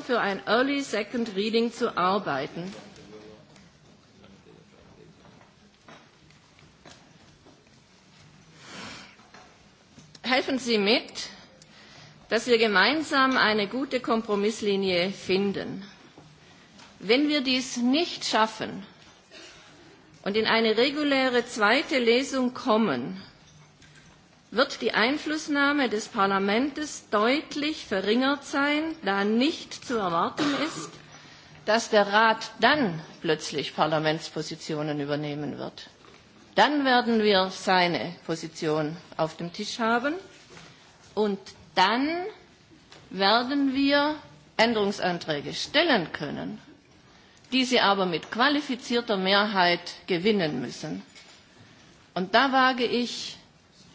Empfehlung für ein Early Second Reading zu arbeiten. Helfen Sie mit, dass wir gemeinsam eine gute Kompromisslinie finden. Wenn wir dies nicht schaffen und in eine reguläre zweite Lesung kommen, wird die Einflussnahme des Parlaments deutlich verringert sein, da nicht zu erwarten ist, dass der Rat dann plötzlich Parlamentspositionen übernehmen wird. Dann werden wir seine Position auf dem Tisch haben und dann werden wir Änderungsanträge stellen können, die sie aber mit qualifizierter Mehrheit gewinnen müssen. Und da wage ich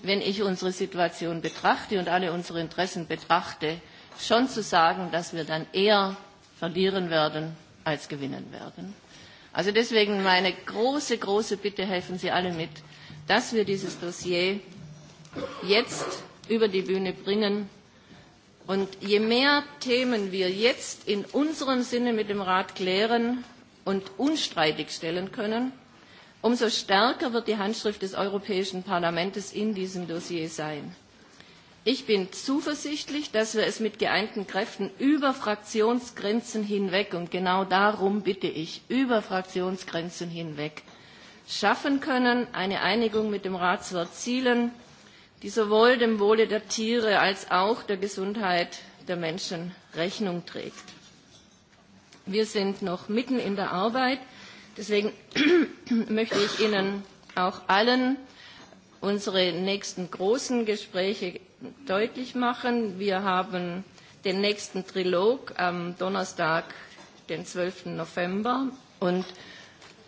wenn ich unsere Situation betrachte und alle unsere Interessen betrachte, schon zu sagen, dass wir dann eher verlieren werden als gewinnen werden. Also deswegen meine große, große Bitte, helfen Sie alle mit, dass wir dieses Dossier jetzt über die Bühne bringen. Und je mehr Themen wir jetzt in unserem Sinne mit dem Rat klären und unstreitig stellen können, Umso stärker wird die Handschrift des Europäischen Parlaments in diesem Dossier sein. Ich bin zuversichtlich, dass wir es mit geeinten Kräften über Fraktionsgrenzen hinweg und genau darum bitte ich über Fraktionsgrenzen hinweg schaffen können, eine Einigung mit dem Rat zu erzielen, die sowohl dem Wohle der Tiere als auch der Gesundheit der Menschen Rechnung trägt. Wir sind noch mitten in der Arbeit. Deswegen möchte ich Ihnen auch allen unsere nächsten großen Gespräche deutlich machen. Wir haben den nächsten Trilog am Donnerstag, den 12. November. Und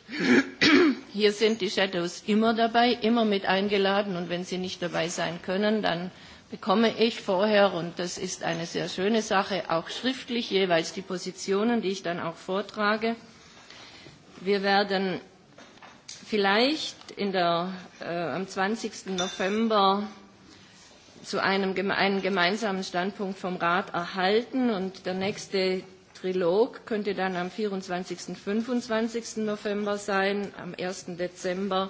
hier sind die Shadows immer dabei, immer mit eingeladen. Und wenn sie nicht dabei sein können, dann bekomme ich vorher, und das ist eine sehr schöne Sache, auch schriftlich jeweils die Positionen, die ich dann auch vortrage. Wir werden vielleicht in der, äh, am 20. November zu einem einen gemeinsamen Standpunkt vom Rat erhalten und der nächste Trilog könnte dann am 24. und 25. November sein, am 1. Dezember.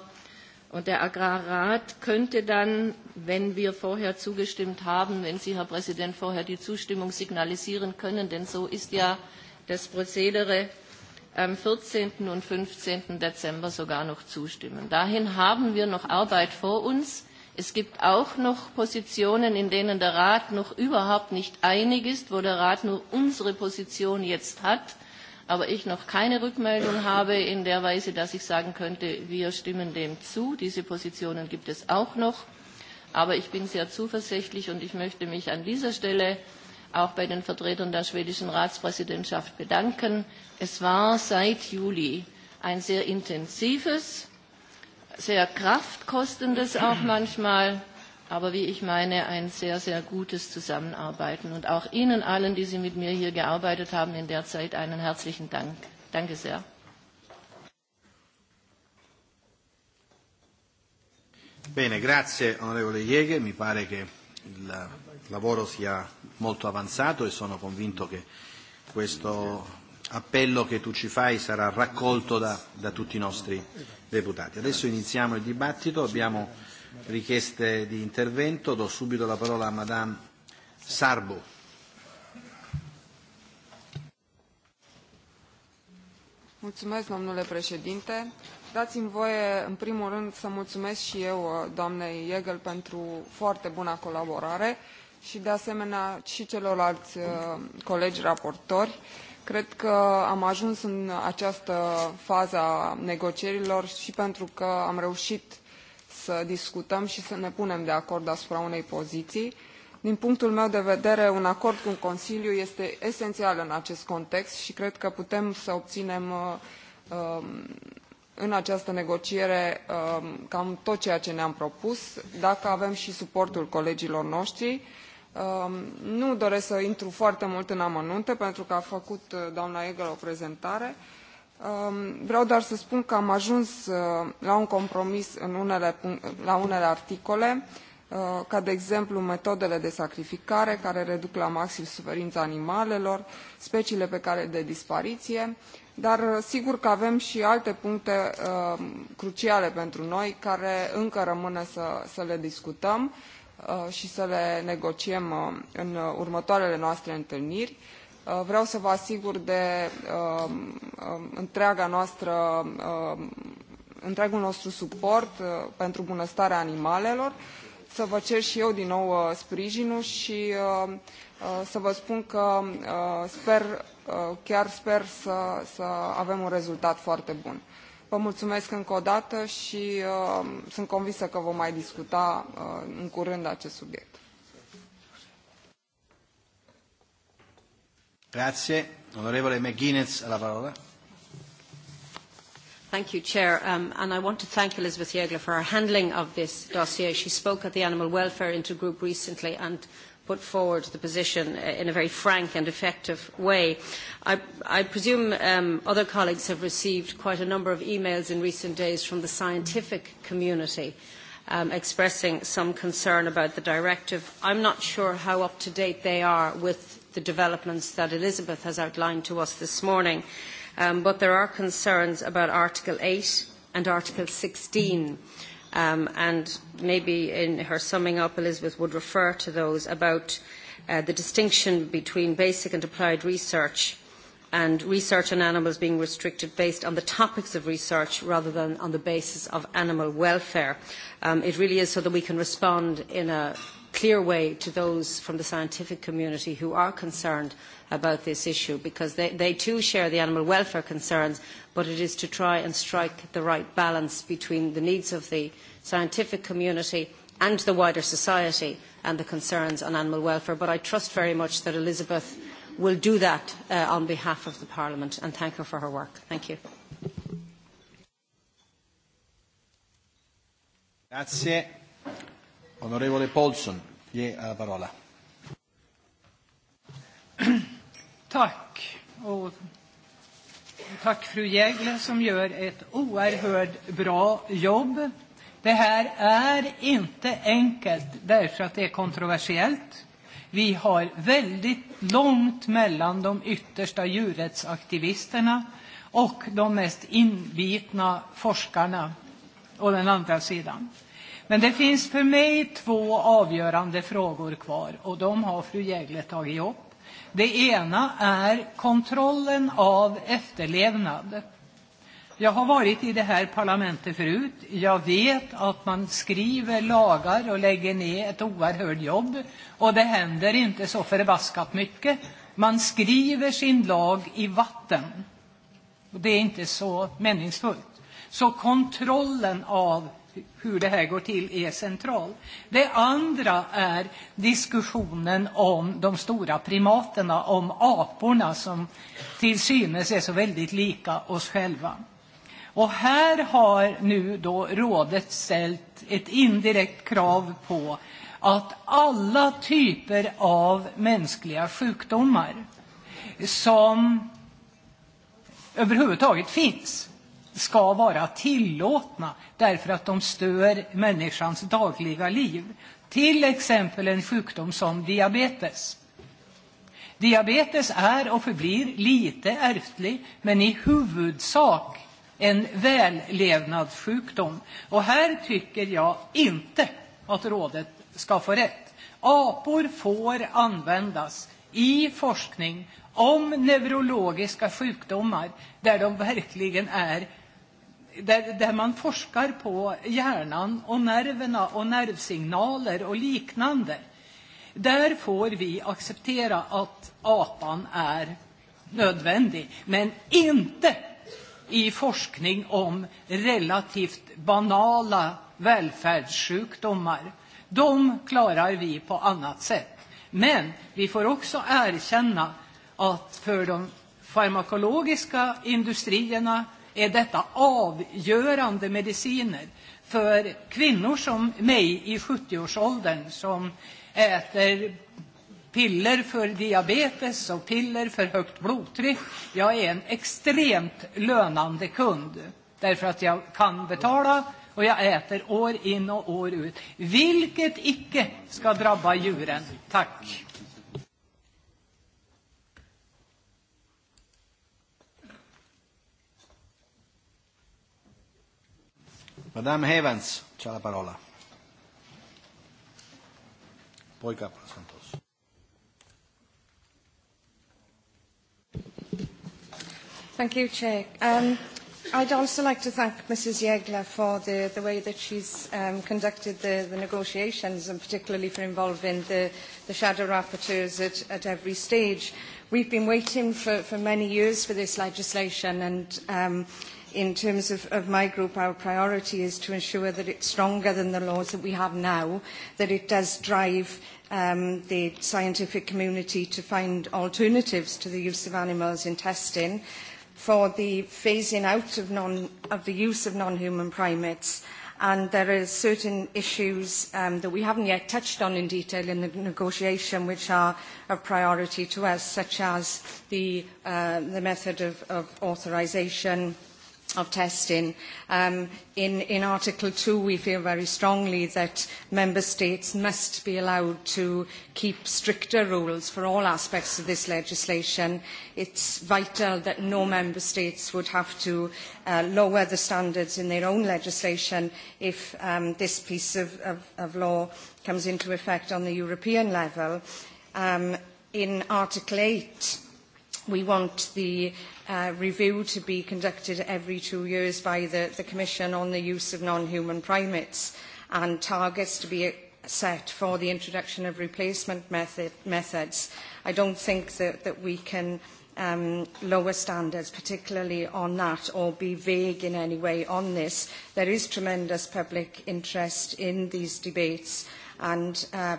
Und der Agrarrat könnte dann, wenn wir vorher zugestimmt haben, wenn Sie, Herr Präsident, vorher die Zustimmung signalisieren können, denn so ist ja das Prozedere, am 14. und 15. Dezember sogar noch zustimmen. Dahin haben wir noch Arbeit vor uns. Es gibt auch noch Positionen, in denen der Rat noch überhaupt nicht einig ist, wo der Rat nur unsere Position jetzt hat, aber ich noch keine Rückmeldung habe in der Weise, dass ich sagen könnte, wir stimmen dem zu. Diese Positionen gibt es auch noch. Aber ich bin sehr zuversichtlich und ich möchte mich an dieser Stelle auch bei den Vertretern der schwedischen Ratspräsidentschaft bedanken. Es war seit Juli ein sehr intensives, sehr kraftkostendes auch manchmal, aber wie ich meine, ein sehr, sehr gutes Zusammenarbeiten. Und auch Ihnen allen, die Sie mit mir hier gearbeitet haben in der Zeit, einen herzlichen Dank. Danke sehr. Bene, grazie onorevole Jäger, mi pare che il lavoro sia molto avanzato e sono convinto che questo appello che tu ci fai sarà raccolto da, da tutti i nostri deputati. Adesso iniziamo il dibattito, abbiamo richieste di intervento, do subito la parola a Madame Sarbo. Mulțumesc, domnule președinte. Dați-mi voie, în primul rând, să mulțumesc și eu, doamnei Iegel, pentru foarte bună colaborare. Uh, și de asemenea și celorlalți uh, colegi raportori. Cred că am ajuns în această fază a negocierilor și pentru că am reușit să discutăm și să ne punem de acord asupra unei poziții. Din punctul meu de vedere, un acord cu Consiliu este esențial în acest context și cred că putem să obținem uh, um, în această negociere um, cam tot ceea ce ne-am propus, dacă avem și suportul colegilor noștri. Um, nu doresc să intru foarte mult în amănunte, pentru că a făcut uh, doamna Egel o prezentare. Um, vreau doar să spun că am ajuns uh, la un compromis în unele, la unele articole, uh, ca de exemplu metodele de sacrificare care reduc la maxim suferința animalelor, speciile pe care de dispariție, dar sigur că avem și alte puncte uh, cruciale pentru noi care încă rămâne să, să le discutăm. Uh, Uh, și să le negociem uh, în următoarele noastre întâlniri. Uh, vreau să vă asigur de întreaga noastră, întregul nostru suport pentru bunăstarea animalelor, să vă cer și eu din nou sprijinul și să vă spun că sper, chiar sper să, să avem un rezultat foarte bun. Vă mulțumesc încă o dată și uh, sunt convinsă că vom mai discuta uh, în curând acest subiect. Grazie. Onorevole McGuinness, la parola. Thank you, Chair. Um, and I want to thank Elizabeth Jägler for her handling of this dossier. She spoke at the Animal Welfare Intergroup recently and put forward the position uh, in a very frank and effective way. I, I presume um, other colleagues have received quite a number of emails in recent days from the scientific community um, expressing some concern about the directive. I'm not sure how up to date they are with the developments that Elizabeth has outlined to us this morning, um, but there are concerns about Article 8 and Article 16. Mm-hmm Um, and maybe in her summing up, Elizabeth would refer to those about uh, the distinction between basic and applied research and research on animals being restricted based on the topics of research rather than on the basis of animal welfare. Um, it really is so that we can respond in a clear way to those from the scientific community who are concerned about this issue because they, they too share the animal welfare concerns but it is to try and strike the right balance between the needs of the scientific community and the wider society and the concerns on animal welfare but I trust very much that Elizabeth will do that uh, on behalf of the Parliament and thank her for her work. Thank you. Grazie. Onorevole Paulson, je la eh, parola. Tack. Och tack fru Jägle som gör ett oerhört bra jobb. Det här är inte enkelt därför att det är kontroversiellt. Vi har väldigt långt mellan de yttersta djurrättsaktivisterna och de mest inbitna forskarna å den andra sidan. Men det finns för mig två avgörande frågor kvar och de har fru Jägle tagit upp. Det ena är kontrollen av efterlevnad. Jag har varit i det här parlamentet förut. Jag vet att man skriver lagar och lägger ned ett oerhört jobb och det händer inte så förbaskat mycket. Man skriver sin lag i vatten. Det är inte så meningsfullt. Så kontrollen av hur det här går till är central. Det andra är diskussionen om de stora primaterna, om aporna som till synes är så väldigt lika oss själva. Och här har nu då rådet ställt ett indirekt krav på att alla typer av mänskliga sjukdomar som överhuvudtaget finns ska vara tillåtna därför att de stör människans dagliga liv. Till exempel en sjukdom som diabetes. Diabetes är och förblir lite ärftlig, men i huvudsak en vällevnadssjukdom. Och här tycker jag inte att rådet ska få rätt. Apor får användas i forskning om neurologiska sjukdomar där de verkligen är där, där man forskar på hjärnan och nerverna och nervsignaler och liknande. Där får vi acceptera att apan är nödvändig, men inte i forskning om relativt banala välfärdssjukdomar. De klarar vi på annat sätt. Men vi får också erkänna att för de farmakologiska industrierna är detta avgörande mediciner för kvinnor som mig i 70-årsåldern som äter piller för diabetes och piller för högt blodtryck. Jag är en extremt lönande kund därför att jag kan betala och jag äter år in och år ut, vilket icke ska drabba djuren. Tack! Madame Evans, c'è la parola. Poi Capo Santos. Thank you, Chair. Um, I'd also like to thank Mrs Yegler for the, the way that she's um, conducted the, the negotiations and particularly for involving the, the shadow rapporteurs at, at every stage. We've been waiting for, for many years for this legislation and um, in terms of, of my group, our priority is to ensure that it's stronger than the laws that we have now, that it does drive um, the scientific community to find alternatives to the use of animals in testing, for the phasing out of, non, of the use of non-human primates and there are certain issues um, that we haven't yet touched on in detail in the negotiation which are of priority to us, such as the, uh, the method of, of authorisation, uh, of testing. Um, in, in Article 2, we feel very strongly that Member States must be allowed to keep stricter rules for all aspects of this legislation. It's vital that no Member States would have to uh, lower the standards in their own legislation if um, this piece of, of, of law comes into effect on the European level. Um, in Article 8, We want the uh, review to be conducted every two years by the, the Commission on the use of non-human primates and targets to be set for the introduction of replacement method, methods. I don't think that, that we can um, lower standards, particularly on that, or be vague in any way on this. There is tremendous public interest in these debates and uh,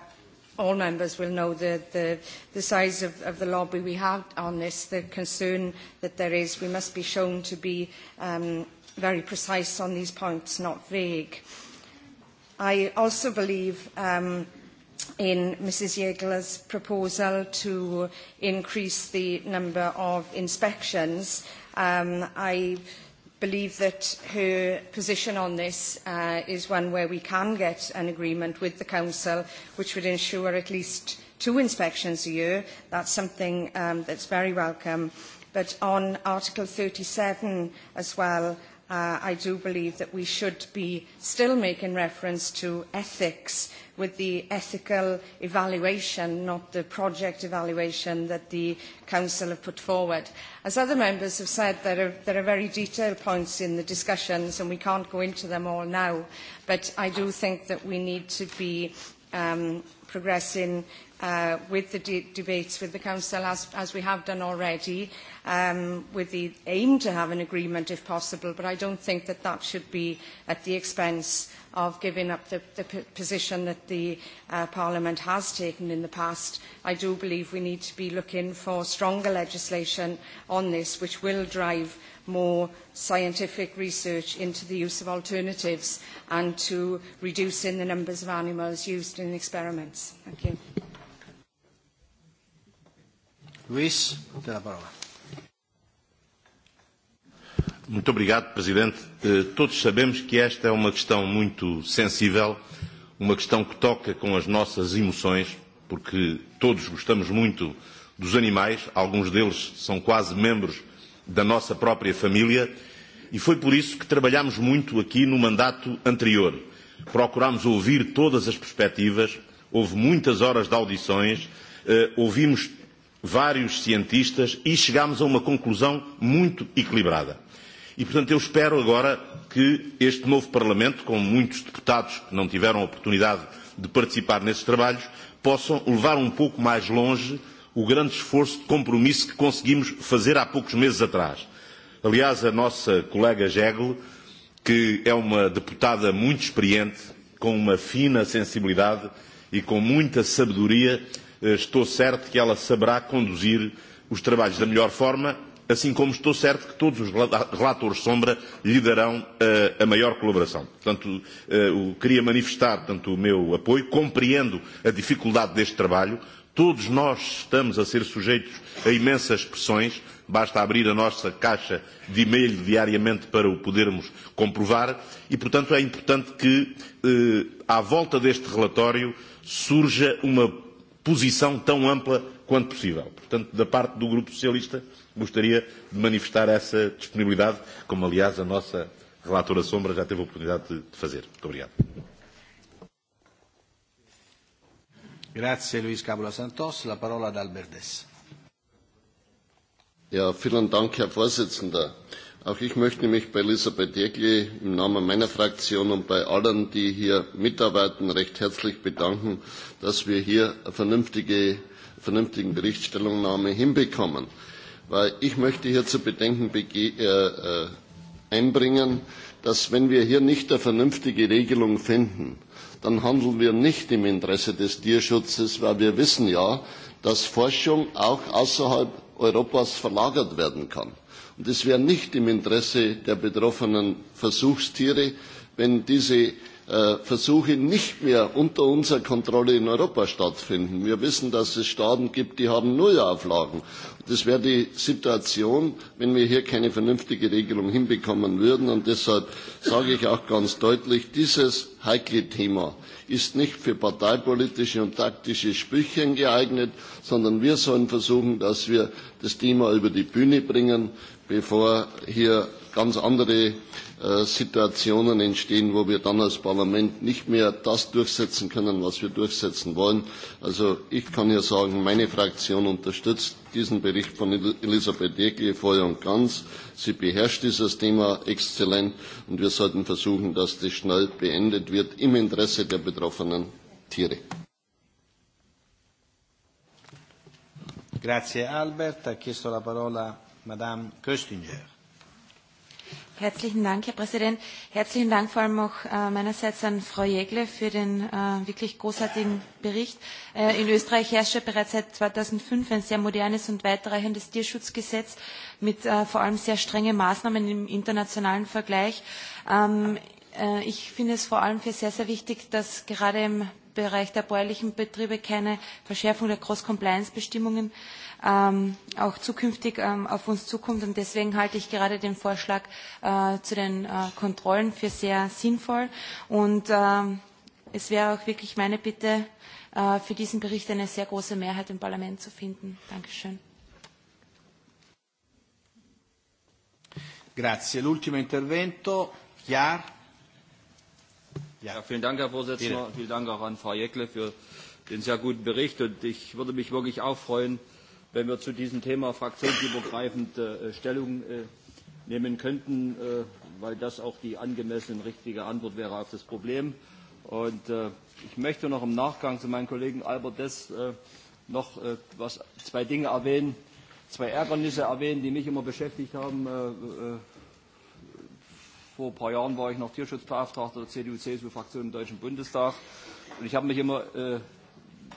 all members will know the, the, the size of, of the lobby we have on this, the concern that there is. We must be shown to be um, very precise on these points, not vague. I also believe um, in Mrs Yeagler's proposal to increase the number of inspections. Um, I believe that her position on this uh, is one where we can get an agreement with the Council, which would ensure at least two inspections a year. That's something um, that's very welcome. But on Article 37 as well, uh, I do believe that we should be still making reference to ethics with the ethical evaluation, not the project evaluation that the Council have put forward. As other members have said, there are, there are very detailed points in the discussions and we can't go into them all now, but I do think that we need to be um, progressing uh, with the de debates with the Council, as, as we have done already, um, with the aim to have an agreement if possible, but I don't think that that should be at the expense of giving up the, the position that the uh, Parliament has taken in the past. I do believe we need to be looking for stronger legislation on this, which will drive more scientific research into the use of alternatives and to reducing the numbers of animals used in experiments. Thank you. Luís, te la palavra. Muito obrigado, Presidente. Eh, todos sabemos que esta é uma questão muito sensível, uma questão que toca com as nossas emoções, porque todos gostamos muito dos animais, alguns deles são quase membros da nossa própria família, e foi por isso que trabalhámos muito aqui no mandato anterior. Procurámos ouvir todas as perspectivas, houve muitas horas de audições, eh, ouvimos vários cientistas e chegámos a uma conclusão muito equilibrada. E, portanto, eu espero agora que este novo Parlamento, com muitos deputados que não tiveram a oportunidade de participar nesses trabalhos, possam levar um pouco mais longe o grande esforço de compromisso que conseguimos fazer há poucos meses atrás. Aliás, a nossa colega Jegle, que é uma deputada muito experiente, com uma fina sensibilidade e com muita sabedoria, Eh, estou certo que ela saberá conduzir os trabalhos da melhor forma, assim como estou certo que todos os relatores sombra lhe darão uh, a maior colaboração. Portanto, uh, queria manifestar tanto o meu apoio, compreendo a dificuldade deste trabalho, todos nós estamos a ser sujeitos a imensas pressões, basta abrir a nossa caixa de e-mail diariamente para o podermos comprovar, e portanto é importante que, eh, à volta deste relatório, surja uma posição tão ampla quanto possível. Portanto, da parte do Grupo Socialista, gostaria de manifestar essa disponibilidade, como aliás a nossa relatora Sombra já teve a oportunidade de fazer. Muito obrigado. Grazie Luis Cabula Santos. La parola ad Albert Dess. Ja, vielen Dank, Herr Vorsitzender. Auch ich möchte mich bei Elisabeth Jäckli im Namen meiner Fraktion und bei allen, die hier mitarbeiten, recht herzlich bedanken, dass wir hier eine vernünftige, vernünftigen Berichtsstellungnahme hinbekommen. Weil ich möchte hier zu bedenken äh, äh, einbringen, dass wenn wir hier nicht eine vernünftige Regelung finden, dann handeln wir nicht im Interesse des Tierschutzes, weil wir wissen ja, dass Forschung auch außerhalb Europas verlagert werden kann. Und es wäre nicht im Interesse der betroffenen Versuchstiere, wenn diese Äh, Versuche nicht mehr unter unserer Kontrolle in Europa stattfinden. Wir wissen, dass es Staaten gibt, die haben Nullauflagen. Das wäre die Situation, wenn wir hier keine vernünftige Regelung hinbekommen würden. Und deshalb sage ich auch ganz deutlich, dieses heikle Thema ist nicht für parteipolitische und taktische Sprüchen geeignet, sondern wir sollen versuchen, dass wir das Thema über die Bühne bringen, bevor hier ganz andere äh, Situationen entstehen, wo wir dann als Parlament nicht mehr das durchsetzen können, was wir durchsetzen wollen. Also ich kann hier sagen, meine Fraktion unterstützt diesen Bericht von Elisabeth Jäckli voll und ganz. Sie beherrscht dieses Thema exzellent und wir sollten versuchen, dass das schnell beendet wird im Interesse der betroffenen Tiere. Grazie Albert. Ha chiesto la parola Madame Köstinger. Herzlichen Dank, Herr Präsident. Herzlichen Dank vor allem auch äh, meinerseits an Frau Jägle für den äh, wirklich großartigen Bericht. Äh, in Österreich herrscht ja bereits seit 2005 ein sehr modernes und weitreichendes Tierschutzgesetz mit äh, vor allem sehr strengen Maßnahmen im internationalen Vergleich. Ähm, äh, ich finde es vor allem für sehr, sehr wichtig, dass gerade im Bereich der bäuerlichen Betriebe keine Verschärfung der Cross-Compliance-Bestimmungen äh, ähm, auch zukünftig ähm, auf uns zukommt. Und deswegen halte ich gerade den Vorschlag äh, zu den äh, Kontrollen für sehr sinnvoll. Und ähm, es wäre auch wirklich meine Bitte, äh, für diesen Bericht eine sehr große Mehrheit im Parlament zu finden. Dankeschön. Grazie. L'ultimo intervento, Jahr. Ja. Ja, vielen Dank, Herr Vorsitzender. Bitte. Vielen Dank auch an Frau Jeckle für den sehr guten Bericht. Und ich würde mich wirklich auch freuen, äh, wenn wir zu diesem Thema fraktionsübergreifend äh, Stellung äh, nehmen könnten, äh, weil das auch die angemessene richtige Antwort wäre auf das Problem. Und äh, ich möchte noch im Nachgang zu meinem Kollegen Albert Dess äh, noch äh, was, zwei Dinge erwähnen, zwei Ärgernisse erwähnen, die mich immer beschäftigt haben. Äh, äh, vor ein paar Jahren war ich noch Tierschutzbeauftragter der CDU-CSU-Fraktion im Deutschen Bundestag. Und ich habe mich immer äh,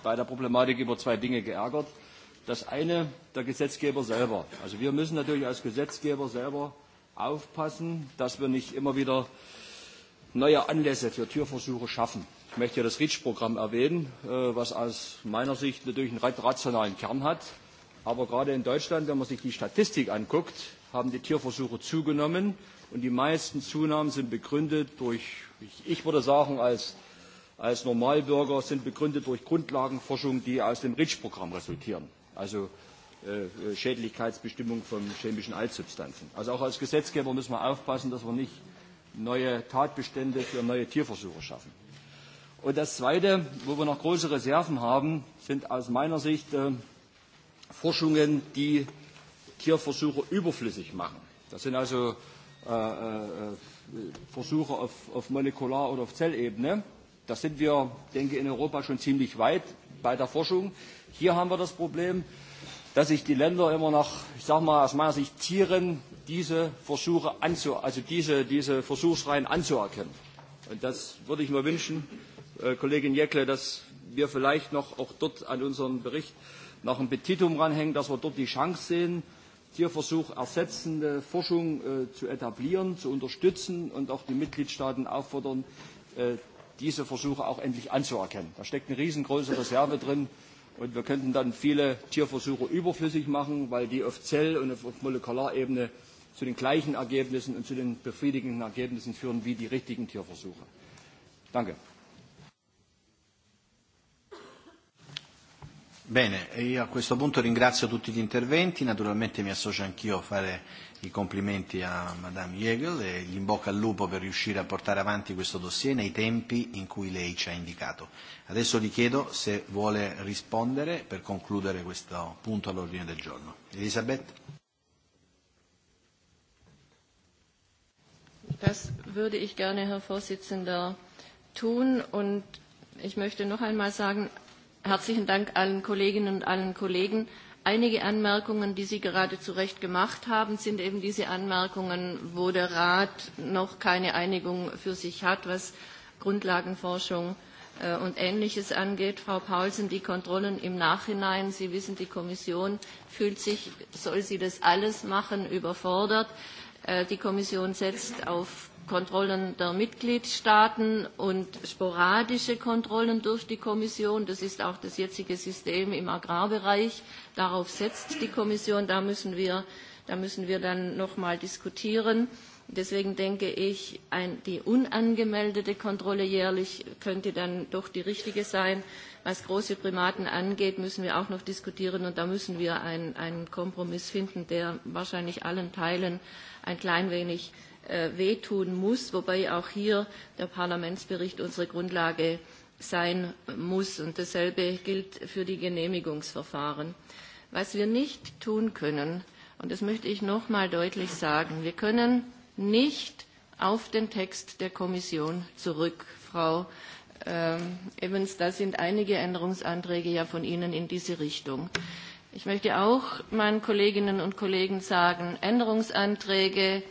bei der Problematik über zwei Dinge geärgert. Das eine, der Gesetzgeber selber. Also wir müssen natürlich als Gesetzgeber selber aufpassen, dass wir nicht immer wieder neue Anlässe für Tierversuche schaffen. Ich möchte hier das REACH-Programm erwähnen, äh, was aus meiner Sicht natürlich einen rationalen Kern hat. Aber gerade in Deutschland, wenn man sich die Statistik anguckt, haben die Tierversuche zugenommen. Und die meisten Zunahmen sind begründet durch, ich würde sagen, als, als Normalbürger sind begründet durch Grundlagenforschung, die aus dem REACH-Programm resultieren also äh, Schädlichkeitsbestimmung von chemischen Altsubstanzen. Also auch als Gesetzgeber müssen wir aufpassen, dass wir nicht neue Tatbestände für neue Tierversuche schaffen. Und das Zweite, wo wir noch große Reserven haben, sind aus meiner Sicht äh, Forschungen, die Tierversuche überflüssig machen. Das sind also äh, äh, Versuche auf, auf Molekular- oder auf Zellebene. Da sind wir, denke ich, in Europa schon ziemlich weit bei der Forschung. Hier haben wir das Problem, dass sich die Länder immer noch, ich sage mal aus meiner Sicht, tieren, diese Versuche anzu, also diese, diese Versuchsreihen anzuerkennen. Und das würde ich mir wünschen, äh, Kollegin Jekle, dass wir vielleicht noch auch dort an unseren Bericht noch ein Petitum ranhängen, dass wir dort die Chance sehen, Tierversuch ersetzende Forschung äh, zu etablieren, zu unterstützen und auch die Mitgliedstaaten auffordern, äh, diese Versuche auch endlich anzuerkennen. Da steckt eine riesengroße Reserve drin. Und wir könnten dann viele Tierversuche überflüssig machen, weil die auf Zell- und auf Molekularebene zu den gleichen Ergebnissen und zu den befriedigenden Ergebnissen führen wie die richtigen Tierversuche. Danke. Bene, e io a questo punto ringrazio tutti gli interventi, naturalmente mi associo anch'io a fare i complimenti a Madame Jägel e gli in bocca al lupo per riuscire a portare avanti questo dossier nei tempi in cui lei ci ha indicato. Adesso gli chiedo se vuole rispondere per concludere questo punto all'ordine del giorno. Elisabeth? Das würde ich gerne, Herr Vorsitzender, tun und ich möchte noch einmal sagen, Herzlichen Dank allen Kolleginnen und allen Kollegen. Einige Anmerkungen, die Sie gerade zu Recht gemacht haben, sind eben diese Anmerkungen, wo der Rat noch keine Einigung für sich hat, was Grundlagenforschung äh, und Ähnliches angeht. Frau Paulsen, die Kontrollen im Nachhinein, Sie wissen, die Kommission fühlt sich, soll sie das alles machen, überfordert. Äh, die Kommission setzt auf Kontrollen der Mitgliedstaaten und sporadische Kontrollen durch die Kommission. Das ist auch das jetzige System im Agrarbereich. Darauf setzt die Kommission. Da müssen wir, da müssen wir dann nochmal diskutieren. Deswegen denke ich, ein, die unangemeldete Kontrolle jährlich könnte dann doch die richtige sein. Was große Primaten angeht, müssen wir auch noch diskutieren und da müssen wir einen, einen Kompromiss finden, der wahrscheinlich allen Teilen ein klein wenig äh, äh, wehtun muss, wobei auch hier der Parlamentsbericht unsere Grundlage sein muss. Und dasselbe gilt für die Genehmigungsverfahren. Was wir nicht tun können, und das möchte ich noch mal deutlich sagen, wir können nicht auf den Text der Kommission zurück, Frau ähm, Evans. Da sind einige Änderungsanträge ja von Ihnen in diese Richtung. Ich möchte auch meinen Kolleginnen und Kollegen sagen, Änderungsanträge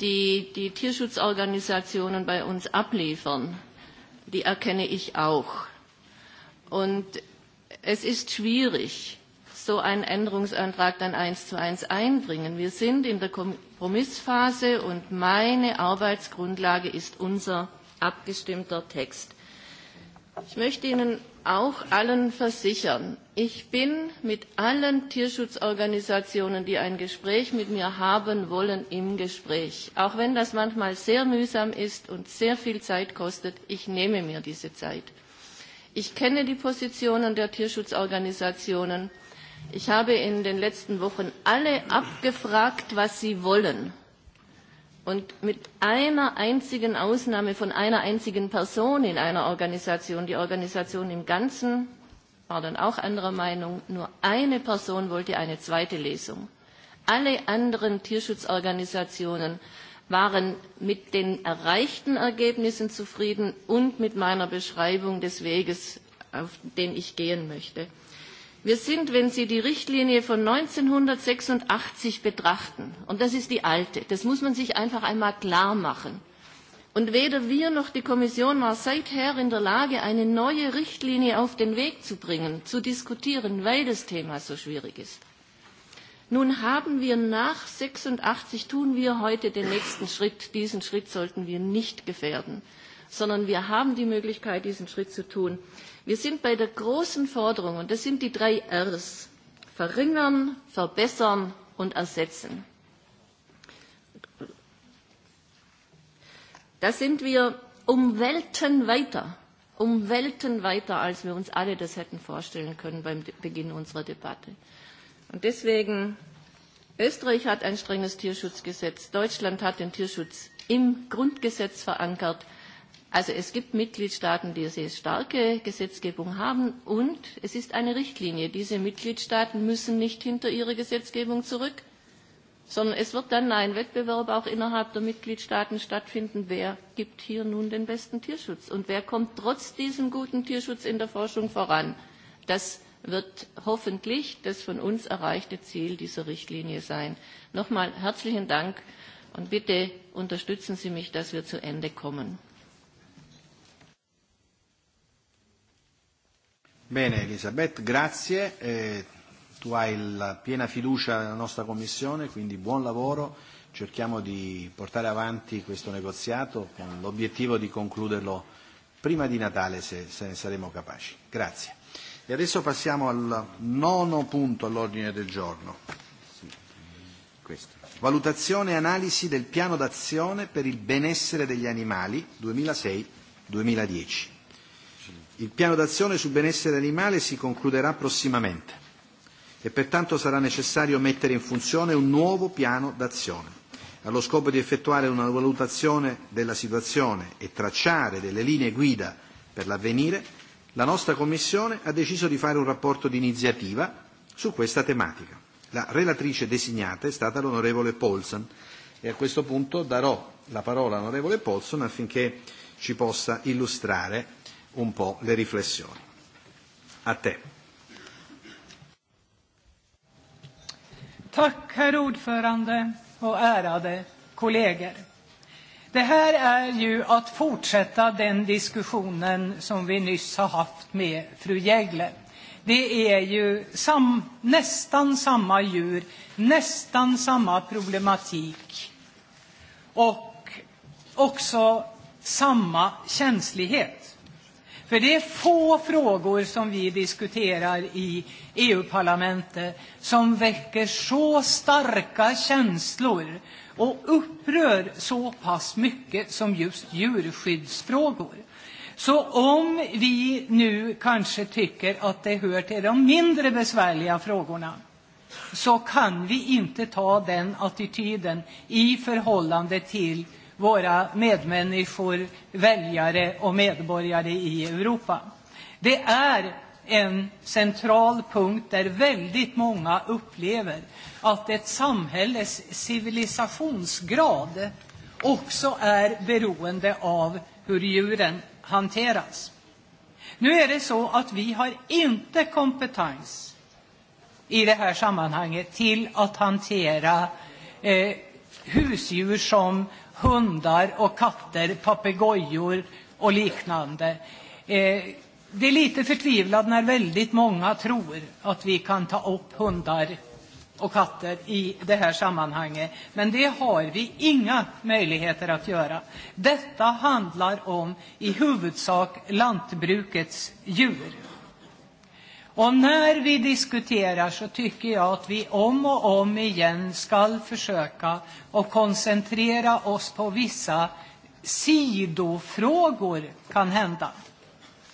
die die Tierschutzorganisationen bei uns abliefern, die erkenne ich auch. Und es ist schwierig, so einen Änderungsantrag dann eins zu eins einbringen. Wir sind in der Kompromissphase und meine Arbeitsgrundlage ist unser abgestimmter Text. Ich möchte Ihnen auch allen versichern, ich bin mit allen Tierschutzorganisationen, die ein Gespräch mit mir haben wollen, im Gespräch. Auch wenn das manchmal sehr mühsam ist und sehr viel Zeit kostet, ich nehme mir diese Zeit. Ich kenne die Positionen der Tierschutzorganisationen. Ich habe in den letzten Wochen alle abgefragt, was sie wollen. Und mit einer einzigen Ausnahme von einer einzigen Person in einer Organisation, die Organisation im Ganzen war dann auch anderer Meinung, nur eine Person wollte eine zweite Lesung. Alle anderen Tierschutzorganisationen waren mit den erreichten Ergebnissen zufrieden und mit meiner Beschreibung des Weges, auf den ich gehen möchte. Wir sind, wenn Sie die Richtlinie von 1986 betrachten, und das ist die alte, das muss man sich einfach einmal klar machen. Und weder wir noch die Kommission war seither in der Lage, eine neue Richtlinie auf den Weg zu bringen, zu diskutieren, weil das Thema so schwierig ist. Nun haben wir nach 86 tun wir heute den nächsten Schritt. Diesen Schritt sollten wir nicht gefährden sondern wir haben die Möglichkeit, diesen Schritt zu tun. Wir sind bei der großen Forderung, und das sind die drei Rs, verringern, verbessern und ersetzen. Da sind wir um Welten weiter, um Welten weiter, als wir uns alle das hätten vorstellen können beim Beginn unserer Debatte. Und deswegen, Österreich hat ein strenges Tierschutzgesetz, Deutschland hat den Tierschutz im Grundgesetz verankert. Also es gibt Mitgliedstaaten, die sehr starke Gesetzgebung haben und es ist eine Richtlinie. Diese Mitgliedstaaten müssen nicht hinter ihre Gesetzgebung zurück, sondern es wird dann ein Wettbewerb auch innerhalb der Mitgliedstaaten stattfinden, wer gibt hier nun den besten Tierschutz und wer kommt trotz diesem guten Tierschutz in der Forschung voran. Das wird hoffentlich das von uns erreichte Ziel dieser Richtlinie sein. Nochmal herzlichen Dank und bitte unterstützen Sie mich, dass wir zu Ende kommen. Bene Elisabeth, grazie. Eh, tu hai la piena fiducia nella nostra Commissione, quindi buon lavoro. Cerchiamo di portare avanti questo negoziato con l'obiettivo di concluderlo prima di Natale se, se ne saremo capaci. Grazie. E adesso passiamo al nono punto all'ordine del giorno. Questo. Valutazione e analisi del piano d'azione per il benessere degli animali 2006-2010. Il piano d'azione sul benessere animale si concluderà prossimamente e pertanto sarà necessario mettere in funzione un nuovo piano d'azione. Allo scopo di effettuare una valutazione della situazione e tracciare delle linee guida per l'avvenire, la nostra Commissione ha deciso di fare un rapporto di iniziativa su questa tematica. La relatrice designata è stata l'onorevole Paulson e a questo punto darò la parola all'onorevole Paulson affinché ci possa illustrare un po' le riflessioni. A te. Tack, herr ordförande och ärade kollegor. Det här är ju att fortsätta den diskussionen som vi nyss har haft med fru Jägle. Det är ju sam, nästan samma djur, nästan samma problematik och också samma känslighet. För det är få frågor som vi diskuterar i EU-parlamentet som väcker så starka känslor och upprör så pass mycket som just djurskyddsfrågor. Så om vi nu kanske tycker att det hör till de mindre besvärliga frågorna så kan vi inte ta den attityden i förhållande till våra medmänniskor, väljare och medborgare i Europa. Det är en central punkt där väldigt många upplever att ett samhälles civilisationsgrad också är beroende av hur djuren hanteras. Nu är det så att vi har inte kompetens i det här sammanhanget till att hantera eh, husdjur som hundar och katter, papegojor och liknande. Eh, det är lite förtvivlat när väldigt många tror att vi kan ta upp hundar och katter i det här sammanhanget. Men det har vi inga möjligheter att göra. Detta handlar om i huvudsak lantbrukets djur. Och när vi diskuterar så tycker jag att vi om och om igen ska försöka att koncentrera oss på vissa sidofrågor kan hända.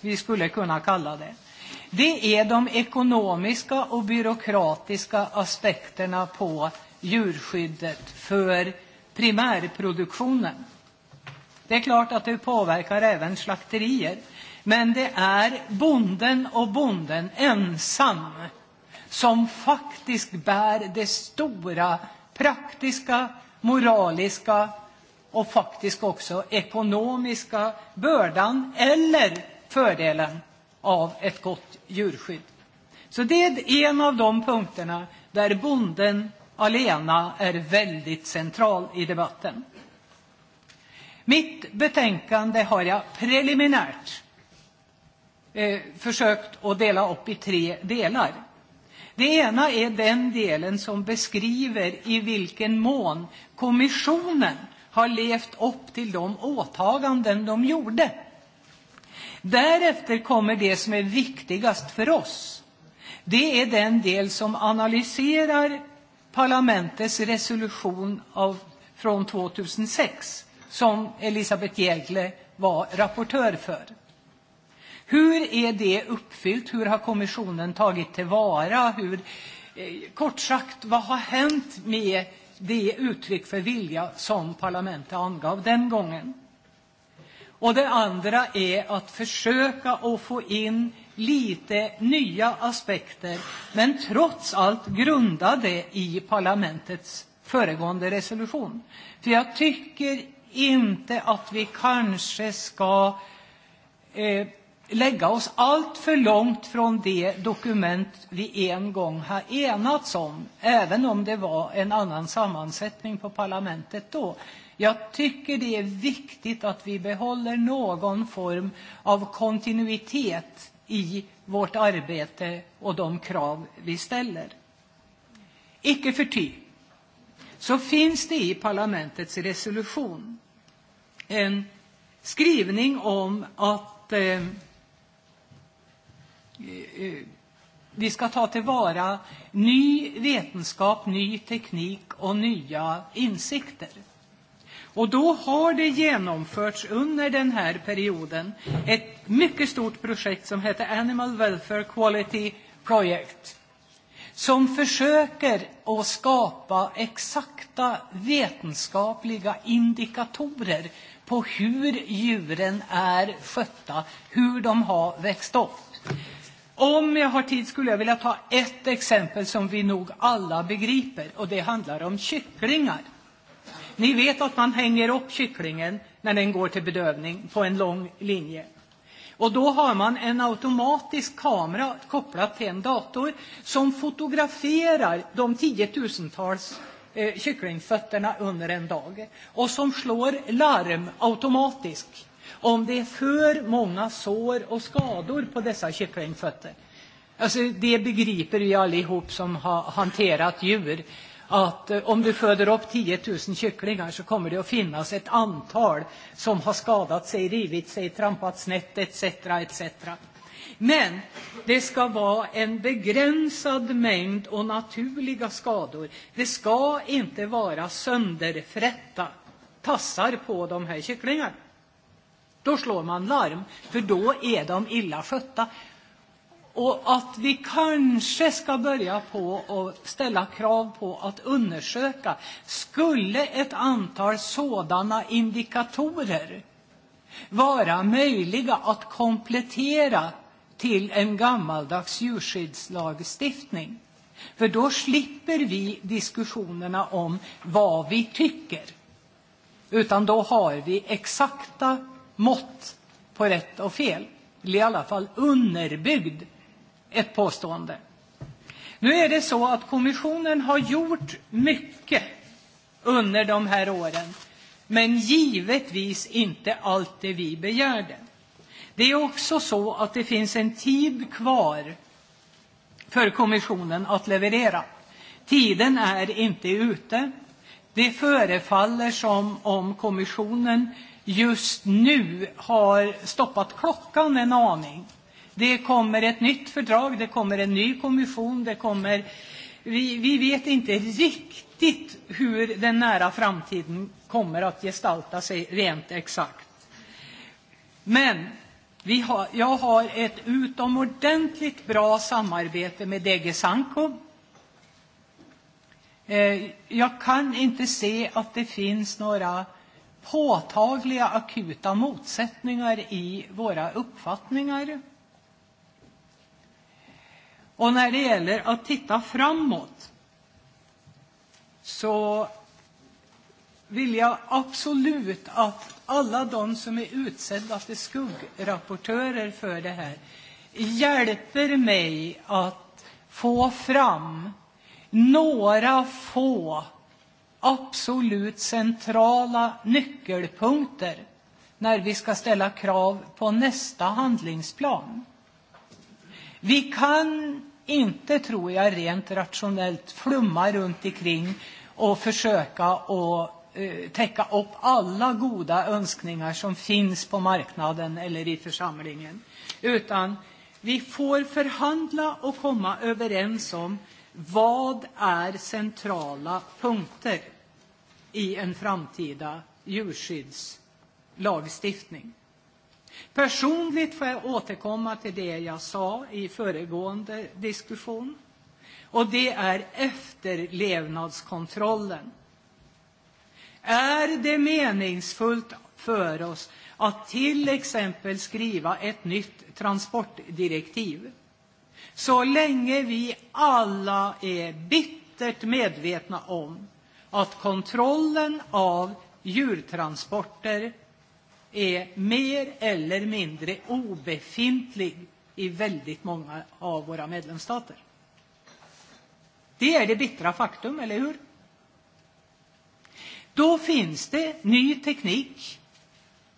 Vi skulle kunna kalla det. Det är de ekonomiska och byråkratiska aspekterna på djurskyddet för primärproduktionen. Det är klart att det påverkar även slakterier. Men det är bonden och bonden ensam som faktiskt bär det stora praktiska, moraliska och faktiskt också ekonomiska bördan eller fördelen av ett gott djurskydd. Så det är en av de punkterna där bonden alena är väldigt central i debatten. Mitt betänkande har jag preliminärt eh, försökt att dela upp i tre delar. Det ena är den delen som beskriver i vilken mån kommissionen har levt upp till de åtaganden de gjorde. Därefter kommer det som är viktigast för oss. Det är den del som analyserar parlamentets resolution av, från 2006 som Elisabeth Jägle var rapportör för. Hur är det uppfyllt? Hur har kommissionen tagit tillvara? Hur, eh, kort sagt, vad har hänt med det uttryck för vilja som parlamentet angav den gången? Och det andra är att försöka att få in lite nya aspekter, men trots allt grundade i parlamentets föregående resolution. För jag tycker inte att vi kanske ska eh, lägga oss allt för långt från det dokument vi en gång har enats om, även om det var en annan sammansättning på parlamentet då. Jag tycker det är viktigt att vi behåller någon form av kontinuitet i vårt arbete och de krav vi ställer. Icke förty så finns det i parlamentets resolution en skrivning om att eh, Eh, eh, vi ska ta tillvara ny vetenskap, ny teknik och nya insikter. Och då har det genomförts under den här perioden ett mycket stort projekt som heter Animal Welfare Quality Project som försöker att skapa exakta vetenskapliga indikatorer på hur djuren är skötta, hur de har växt upp. Om jag har tid skulle jag vilja ta ett exempel som vi nog alla begriper och det handlar om kycklingar. Ni vet att man hänger upp kycklingen när den går till bedövning på en lång linje. Och då har man en automatisk kamera kopplad till en dator som fotograferar de tiotusentals eh, kycklingfötterna under en dag och som slår larm automatiskt om det är för många sår och skador på dessa kycklingfötter. Alltså, det begriper vi allihop som har hanterat djur. Att eh, om du föder upp 10 000 kycklingar så kommer det att finnas ett antal som har skadat sig, rivit sig, trampat snett etc. etc. Men det ska vara en begränsad mängd och naturliga skador. Det ska inte vara sönderfrätta tassar på de här kycklingarna. Då slår man larm, för då är de illa skötta. Och att vi kanske ska börja på att ställa krav på att undersöka, skulle ett antal sådana indikatorer vara möjliga att komplettera till en gammaldags djurskyddslagstiftning? För då slipper vi diskussionerna om vad vi tycker. Utan då har vi exakta mått på rätt och fel, eller i alla fall underbyggd ett påstående. Nu är det så att kommissionen har gjort mycket under de här åren, men givetvis inte allt det vi begärde. Det är också så att det finns en tid kvar för kommissionen att leverera. Tiden är inte ute. Det förefaller som om kommissionen just nu har stoppat klockan en aning. Det kommer ett nytt fördrag, det kommer en ny kommission, det kommer... Vi, vi vet inte riktigt hur den nära framtiden kommer att gestalta sig rent exakt. Men vi har, jag har ett utomordentligt bra samarbete med DG Sanko. Eh, jag kan inte se att det finns några påtagliga akuta motsättningar i våra uppfattningar. Och när det gäller att titta framåt så vill jag absolut att alla de som är utsedda till skuggrapportörer för det här hjälper mig att få fram några få absolut centrala nyckelpunkter när vi ska ställa krav på nästa handlingsplan. Vi kan inte, tror jag, rent rationellt flumma runt omkring och försöka att eh, täcka upp alla goda önskningar som finns på marknaden eller i församlingen. Utan vi får förhandla och komma överens om Vad är centrala punkter i en framtida djurskyddslagstiftning? Personligt får jag återkomma till det jag sa i föregående diskussion. Och det är efterlevnadskontrollen. Är det meningsfullt för oss att till exempel skriva ett nytt transportdirektiv? så länge vi alla är bittert medvetna om att kontrollen av djurtransporter är mer eller mindre obefintlig i väldigt många av våra medlemsstater. Det är det bittra faktum, eller hur? Då finns det ny teknik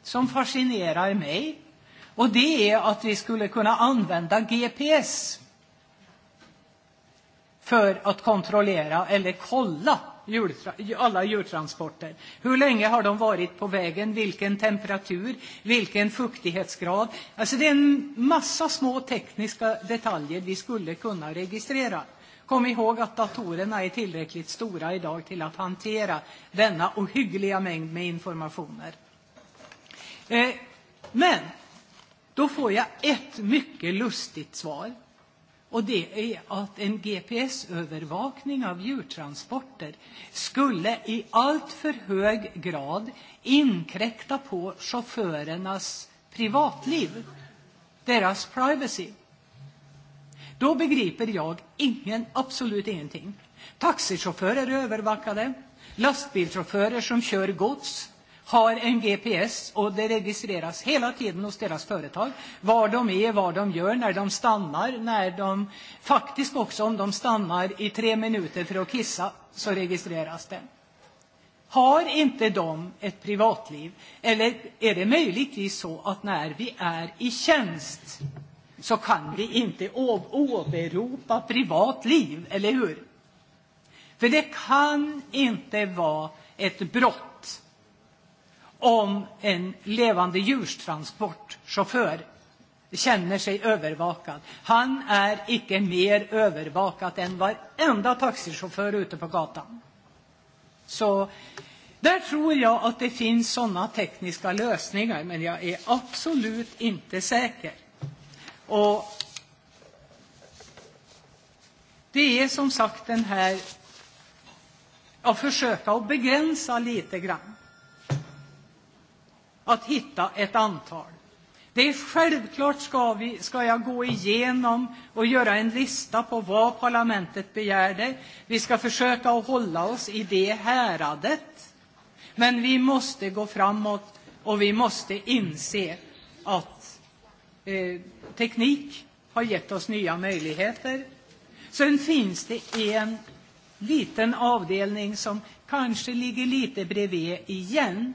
som fascinerar mig. Och det är att vi skulle kunna använda GPS för att kontrollera eller kolla djurtra alla djurtransporter. Hur länge har de varit på vägen? Vilken temperatur? Vilken fuktighetsgrad? Alltså det är en massa små tekniska detaljer vi skulle kunna registrera. Kom ihåg att datorerna är tillräckligt stora idag till att hantera denna ohyggliga mängd med informationer. Eh, men då får jag ett mycket lustigt svar. Och det är att en GPS-övervakning av djurtransporter skulle i allt för hög grad inkräkta på chaufförernas privatliv, deras privacy. Då begriper jag ingen, absolut ingenting. Taxichaufförer är övervakade, lastbilschaufförer som kör gods har en GPS och det registreras hela tiden hos deras företag var de är, vad de gör, när de stannar, när de faktiskt också om de stannar i tre minuter för att kissa så registreras det. Har inte de ett privatliv? Eller är det möjligtvis så att när vi är i tjänst så kan vi inte åberopa privatliv, eller hur? För det kan inte vara ett brott om en levande djurstransportchaufför känner sig övervakad. Han är icke mer övervakad än varenda taxichaufför ute på gatan. Så där tror jag att det finns sådana tekniska lösningar, men jag är absolut inte säker. Och det är som sagt den här att försöka att begränsa lite grann att hitta ett antal. Det är självklart ska, vi, ska jag gå igenom och göra en lista på vad parlamentet begärde. Vi ska försöka att hålla oss i det häradet. Men vi måste gå framåt och vi måste inse att eh, teknik har gett oss nya möjligheter. Sen finns det en liten avdelning som kanske ligger lite bredvid igen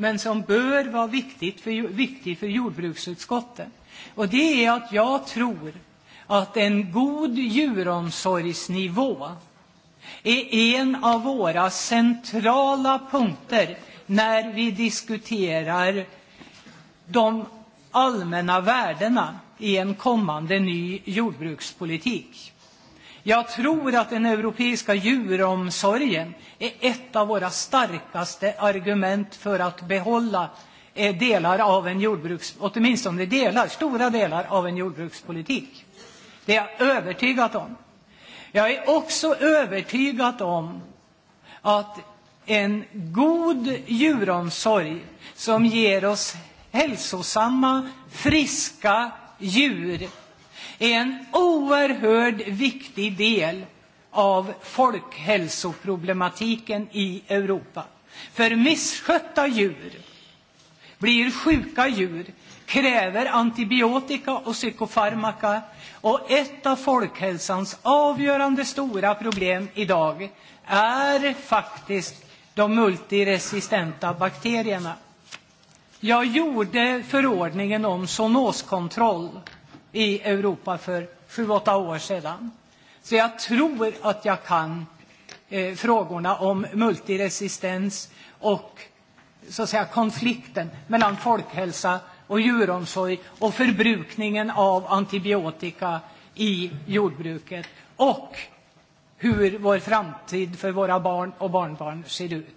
men som bör vara viktigt för, viktig för jordbruksutskottet. Och det är att jag tror att en god djuromsorgsnivå är en av våra centrala punkter när vi diskuterar de allmänna värdena i en kommande ny jordbrukspolitik. Jag tror att den europeiska djuromsorgen är ett av våra starkaste argument för att behålla eh, delar av en jordbruks, åtminstone delar, stora delar av en jordbrukspolitik. Det är jag övertygad om. Jag är också övertygad om att en god djuromsorg som ger oss hälsosamma, friska djur är en oerhörd viktig del av folkhälsoproblematiken i Europa. För misskötta djur blir sjuka djur, kräver antibiotika och psykofarmaka och ett av folkhälsans avgörande stora problem idag är faktiskt de multiresistenta bakterierna. Jag gjorde förordningen om zoonoskontroll i Europa för sju, åtta år sedan. Så jag tror att jag kan eh, frågorna om multiresistens och så att säga, konflikten mellan folkhälsa och djuromsorg och förbrukningen av antibiotika i jordbruket och hur vår framtid för våra barn och barnbarn ser ut.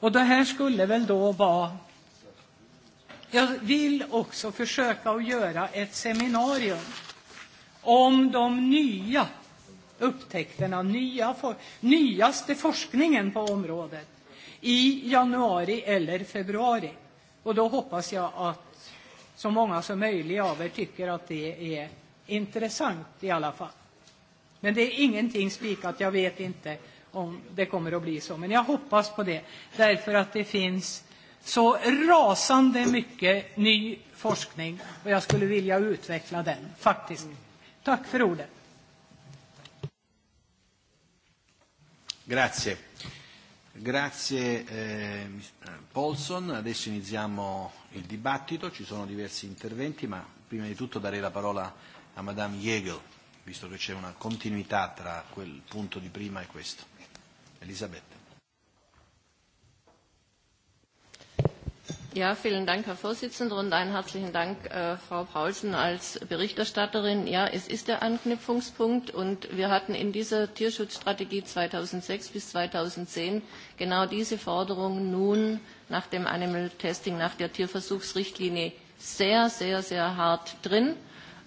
Och det här skulle väl då vara Jag vill också försöka att göra ett seminarium om de nya upptäckterna, nya, nyaste forskningen på området i januari eller februari. Och då hoppas jag att så många som möjligt av er tycker att det är intressant i alla fall. Men det är ingenting spikat. Jag vet inte om det kommer att bli så. Men jag hoppas på det. Därför att det finns Så rasande mycket ny forskning och jag skulle vilja utveckla den faktiskt. Tack för ordet. Grazie. Grazie eh, eh, Paulson, adesso iniziamo il dibattito, ci sono diversi interventi, ma prima di tutto darei la parola a Madame Jägel, visto che c'è una continuità tra quel punto di prima e questo. Elisabetta. Ja, vielen Dank, Herr Vorsitzender, und einen herzlichen Dank, äh, Frau Paulsen als Berichterstatterin. Ja, es ist der Anknüpfungspunkt und wir hatten in dieser Tierschutzstrategie 2006 bis 2010 genau diese Forderung nun nach dem Animal Testing, nach der Tierversuchsrichtlinie sehr, sehr, sehr hart drin.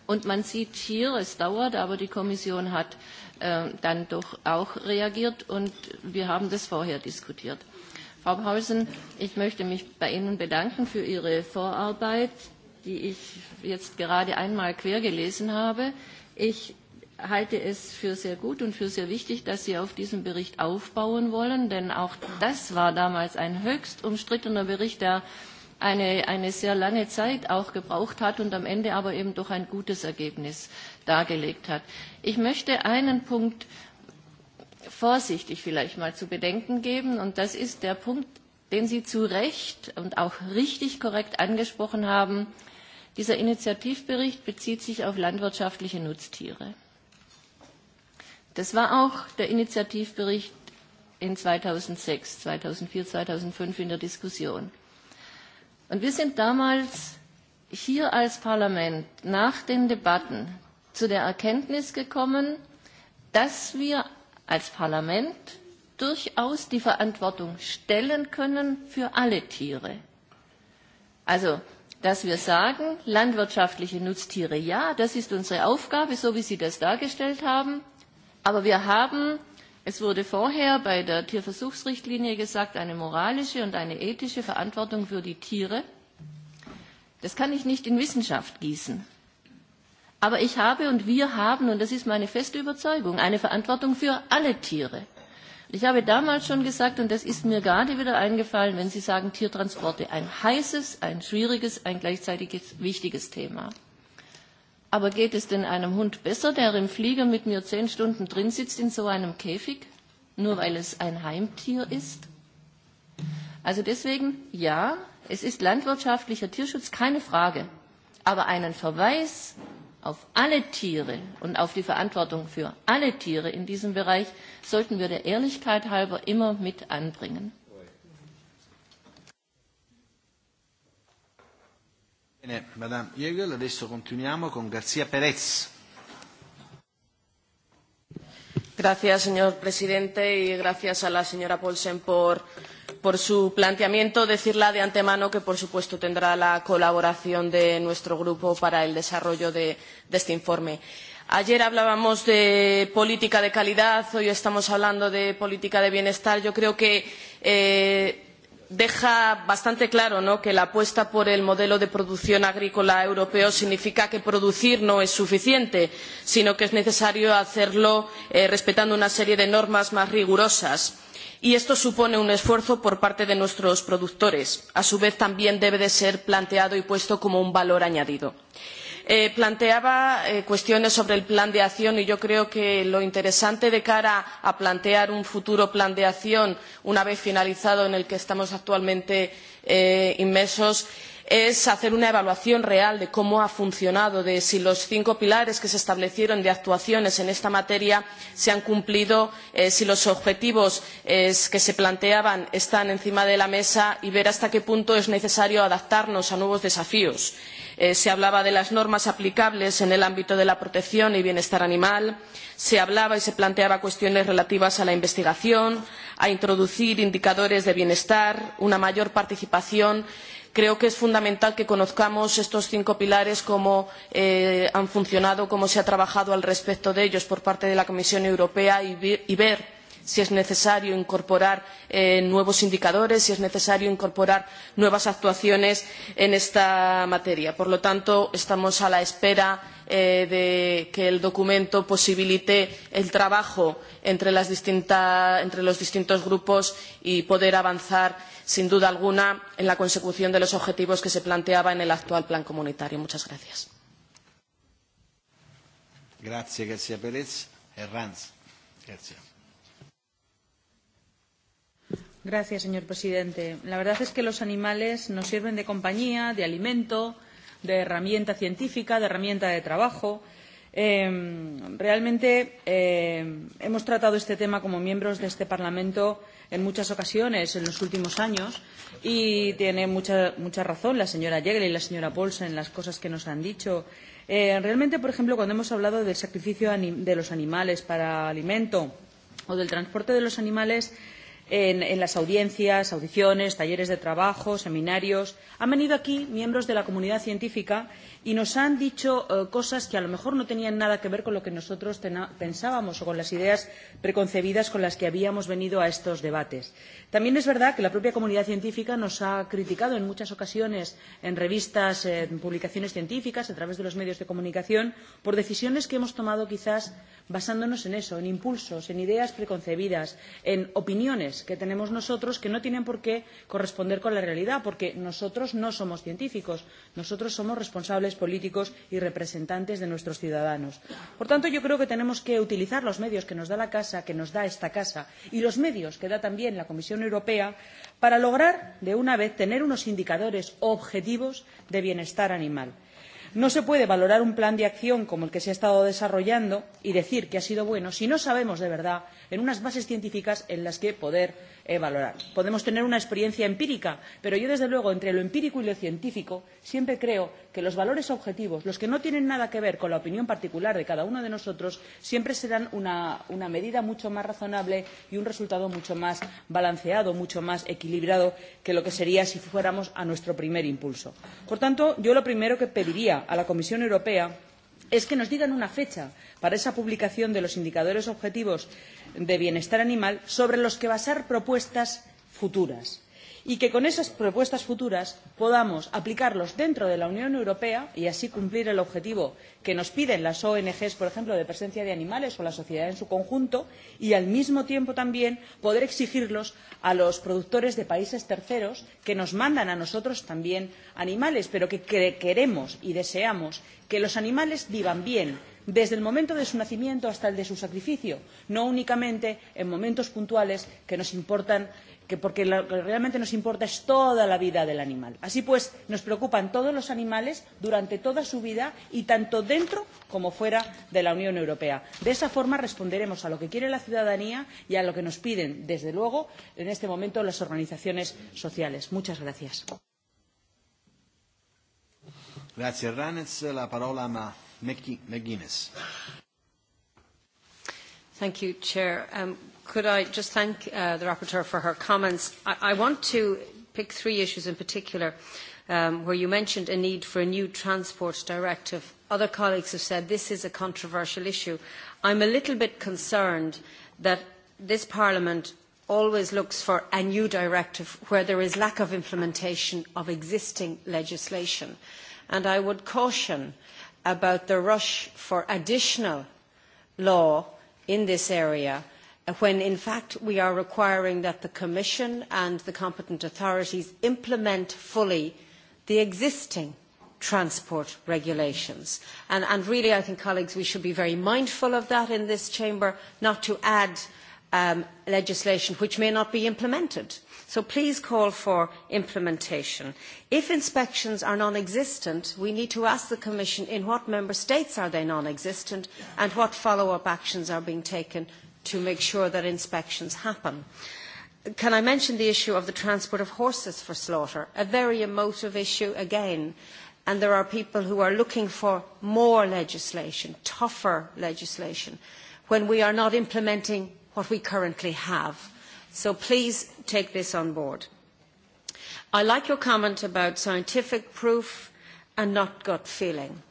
Und man sieht hier, es dauert, aber die Kommission hat äh, dann doch auch reagiert und wir haben das vorher diskutiert. Frau Paulsen, ich möchte mich bei Ihnen bedanken für Ihre Vorarbeit, die ich jetzt gerade einmal quer gelesen habe. Ich halte es für sehr gut und für sehr wichtig, dass Sie auf diesem Bericht aufbauen wollen, denn auch das war damals ein höchst umstrittener Bericht, der eine, eine sehr lange Zeit auch gebraucht hat und am Ende aber eben doch ein gutes Ergebnis dargelegt hat. Ich möchte einen Punkt vorsichtig vielleicht mal zu bedenken geben. Und das ist der Punkt, den Sie zu Recht und auch richtig korrekt angesprochen haben. Dieser Initiativbericht bezieht sich auf landwirtschaftliche Nutztiere. Das war auch der Initiativbericht in 2006, 2004, 2005 in der Diskussion. Und wir sind damals hier als Parlament nach den Debatten zu der Erkenntnis gekommen, dass wir als Parlament durchaus die Verantwortung stellen können für alle Tiere. Also, dass wir sagen, landwirtschaftliche Nutztiere, ja, das ist unsere Aufgabe, so wie Sie das dargestellt haben. Aber wir haben, es wurde vorher bei der Tierversuchsrichtlinie gesagt, eine moralische und eine ethische Verantwortung für die Tiere. Das kann ich nicht in Wissenschaft gießen. Aber ich habe und wir haben, und das ist meine feste Überzeugung, eine Verantwortung für alle Tiere. Ich habe damals schon gesagt, und das ist mir gerade wieder eingefallen, wenn Sie sagen Tiertransporte, ein heißes, ein schwieriges, ein gleichzeitig wichtiges Thema. Aber geht es denn einem Hund besser, der im Flieger mit mir zehn Stunden drin sitzt in so einem Käfig, nur weil es ein Heimtier ist? Also deswegen, ja, es ist landwirtschaftlicher Tierschutz, keine Frage. Aber einen Verweis auf alle Tiere und auf die Verantwortung für alle Tiere in diesem Bereich sollten wir der Ehrlichkeit halber immer mit anbringen. Bene, Madame Jägel, adesso continuiamo con García Pérez. Gracias, señor presidente, y gracias a la señora Paulsen por por su planteamiento, decirla de antemano que, por supuesto, tendrá la colaboración de nuestro grupo para el desarrollo de, de este informe. Ayer hablábamos de política de calidad, hoy estamos hablando de política de bienestar. Yo creo que eh, deja bastante claro ¿no? que la apuesta por el modelo de producción agrícola europeo significa que producir no es suficiente sino que es necesario hacerlo eh, respetando una serie de normas más rigurosas y esto supone un esfuerzo por parte de nuestros productores. A su vez, también debe de ser planteado y puesto como un valor añadido. Eh, planteaba eh, cuestiones sobre el plan de acción y yo creo que lo interesante de cara a plantear un futuro plan de acción una vez finalizado en el que estamos actualmente eh, inmersos es es hacer una evaluación real de cómo ha funcionado, de si los cinco pilares que se establecieron de actuaciones en esta materia se han cumplido, eh, si los objetivos eh, que se planteaban están encima de la mesa y ver hasta qué punto es necesario adaptarnos a nuevos desafíos. Eh, se hablaba de las normas aplicables en el ámbito de la protección y bienestar animal, se hablaba y se planteaba cuestiones relativas a la investigación, a introducir indicadores de bienestar, una mayor participación creo que es fundamental que conozcamos estos cinco pilares, cómo eh, han funcionado, cómo se ha trabajado al respecto de ellos por parte de la Comisión Europea y, vi, y ver si es necesario incorporar eh, nuevos indicadores, si es necesario incorporar nuevas actuaciones en esta materia. Por lo tanto, estamos a la espera eh, de que el documento posibilite el trabajo entre, las distinta, entre los distintos grupos y poder avanzar, sin duda alguna, en la consecución de los objetivos que se planteaba en el actual plan comunitario. Muchas gracias. Grazie, García Pérez. Herranz. Gracias. Gracias, señor presidente. La verdad es que los animales nos sirven de compañía, de alimento, de herramienta científica, de herramienta de trabajo. Eh, realmente eh, hemos tratado este tema como miembros de este Parlamento en muchas ocasiones en los últimos años y tiene mucha, mucha razón la señora Jägle y la señora Paulsen en las cosas que nos han dicho. Eh, realmente, por ejemplo, cuando hemos hablado del sacrificio de los animales para alimento o del transporte de los animales en, en las audiencias, audiciones, talleres de trabajo, seminarios, han venido aquí miembros de la comunidad científica y nos han dicho eh, cosas que a lo mejor no tenían nada que ver con lo que nosotros pensábamos o con las ideas preconcebidas con las que habíamos venido a estos debates. También es verdad que la propia comunidad científica nos ha criticado en muchas ocasiones en revistas, en publicaciones científicas, a través de los medios de comunicación, por decisiones que hemos tomado quizás basándonos en eso, en impulsos, en ideas preconcebidas, en opiniones que tenemos nosotros que no tienen por qué corresponder con la realidad, porque nosotros no somos científicos, nosotros somos responsables políticos y representantes de nuestros ciudadanos. Por tanto, yo creo que tenemos que utilizar los medios que nos da la casa, que nos da esta casa, y los medios que da también la Comisión Europea para lograr, de una vez, tener unos indicadores objetivos de bienestar animal. No se puede valorar un plan de acción como el que se ha estado desarrollando y decir que ha sido bueno si no sabemos de verdad en unas bases científicas en las que poder eh, valorar. Podemos tener una experiencia empírica, pero yo, desde luego, entre lo empírico y lo científico, siempre creo que los valores objetivos, los que no tienen nada que ver con la opinión particular de cada uno de nosotros, siempre serán una, una medida mucho más razonable y un resultado mucho más balanceado, mucho más equilibrado que lo que sería si fuéramos a nuestro primer impulso. Por tanto, yo lo primero que pediría a la Comisión Europea es que nos digan una fecha para esa publicación de los indicadores objetivos de bienestar animal sobre los que basar propuestas futuras y que con esas propuestas futuras podamos aplicarlos dentro de la Unión Europea y así cumplir el objetivo que nos piden las ONG, por ejemplo, de presencia de animales o la sociedad en su conjunto, y al mismo tiempo también poder exigirlos a los productores de países terceros que nos mandan a nosotros también animales, pero que queremos y deseamos que los animales vivan bien desde el momento de su nacimiento hasta el de su sacrificio, no únicamente en momentos puntuales que nos importan que porque lo que realmente nos importa es toda la vida del animal. Así pues, nos preocupan todos los animales durante toda su vida y tanto dentro como fuera de la Unión Europea. De esa forma responderemos a lo que quiere la ciudadanía y a lo que nos piden, desde luego, en este momento las organizaciones sociales. Muchas gracias. Grazie Ranez. La parola a McGuinness. Thank you, Chair. Um, could I just thank uh, the rapporteur for her comments? I, I want to pick three issues in particular um, where you mentioned a need for a new transport directive. Other colleagues have said this is a controversial issue. I'm a little bit concerned that this Parliament always looks for a new directive where there is lack of implementation of existing legislation. And I would caution about the rush for additional law in this area uh, when in fact we are requiring that the Commission and the competent authorities implement fully the existing transport regulations. And, and really, I think, colleagues, we should be very mindful of that in this chamber, not to add um, legislation which may not be implemented. So please call for implementation. If inspections are non-existent, we need to ask the Commission in what member states are they non-existent and what follow-up actions are being taken to make sure that inspections happen. Can I mention the issue of the transport of horses for slaughter? A very emotive issue again. And there are people who are looking for more legislation, tougher legislation, when we are not implementing what we currently have. So please take this on board. I like your comment about scientific proof and not gut feeling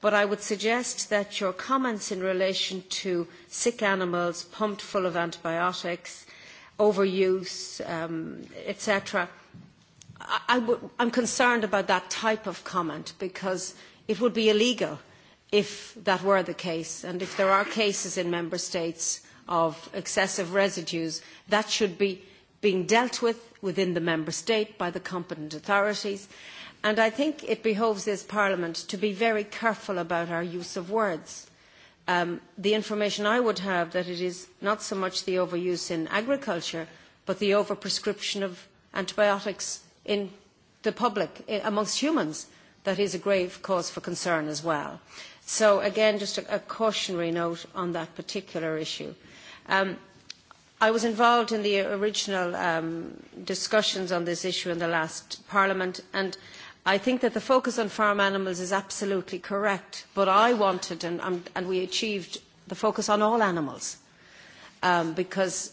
but I would suggest that your comments in relation to sick animals pumped full of antibiotics, overuse, um, etc., I w- I'm concerned about that type of comment because it would be illegal if that were the case. And if there are cases in member states of excessive residues, that should be being dealt with within the member state by the competent authorities. Uh, And I think it behoves this Parliament to be very careful about our use of words. Um, the information I would have that it is not so much the overuse in agriculture, but the overprescription of antibiotics in the public, amongst humans, that is a grave cause for concern as well. So again, just a, a cautionary note on that particular issue. Um, I was involved in the original um, discussions on this issue in the last Parliament, and I think that the focus on farm animals is absolutely correct, but I wanted, and, um, and we achieved, the focus on all animals. Um, because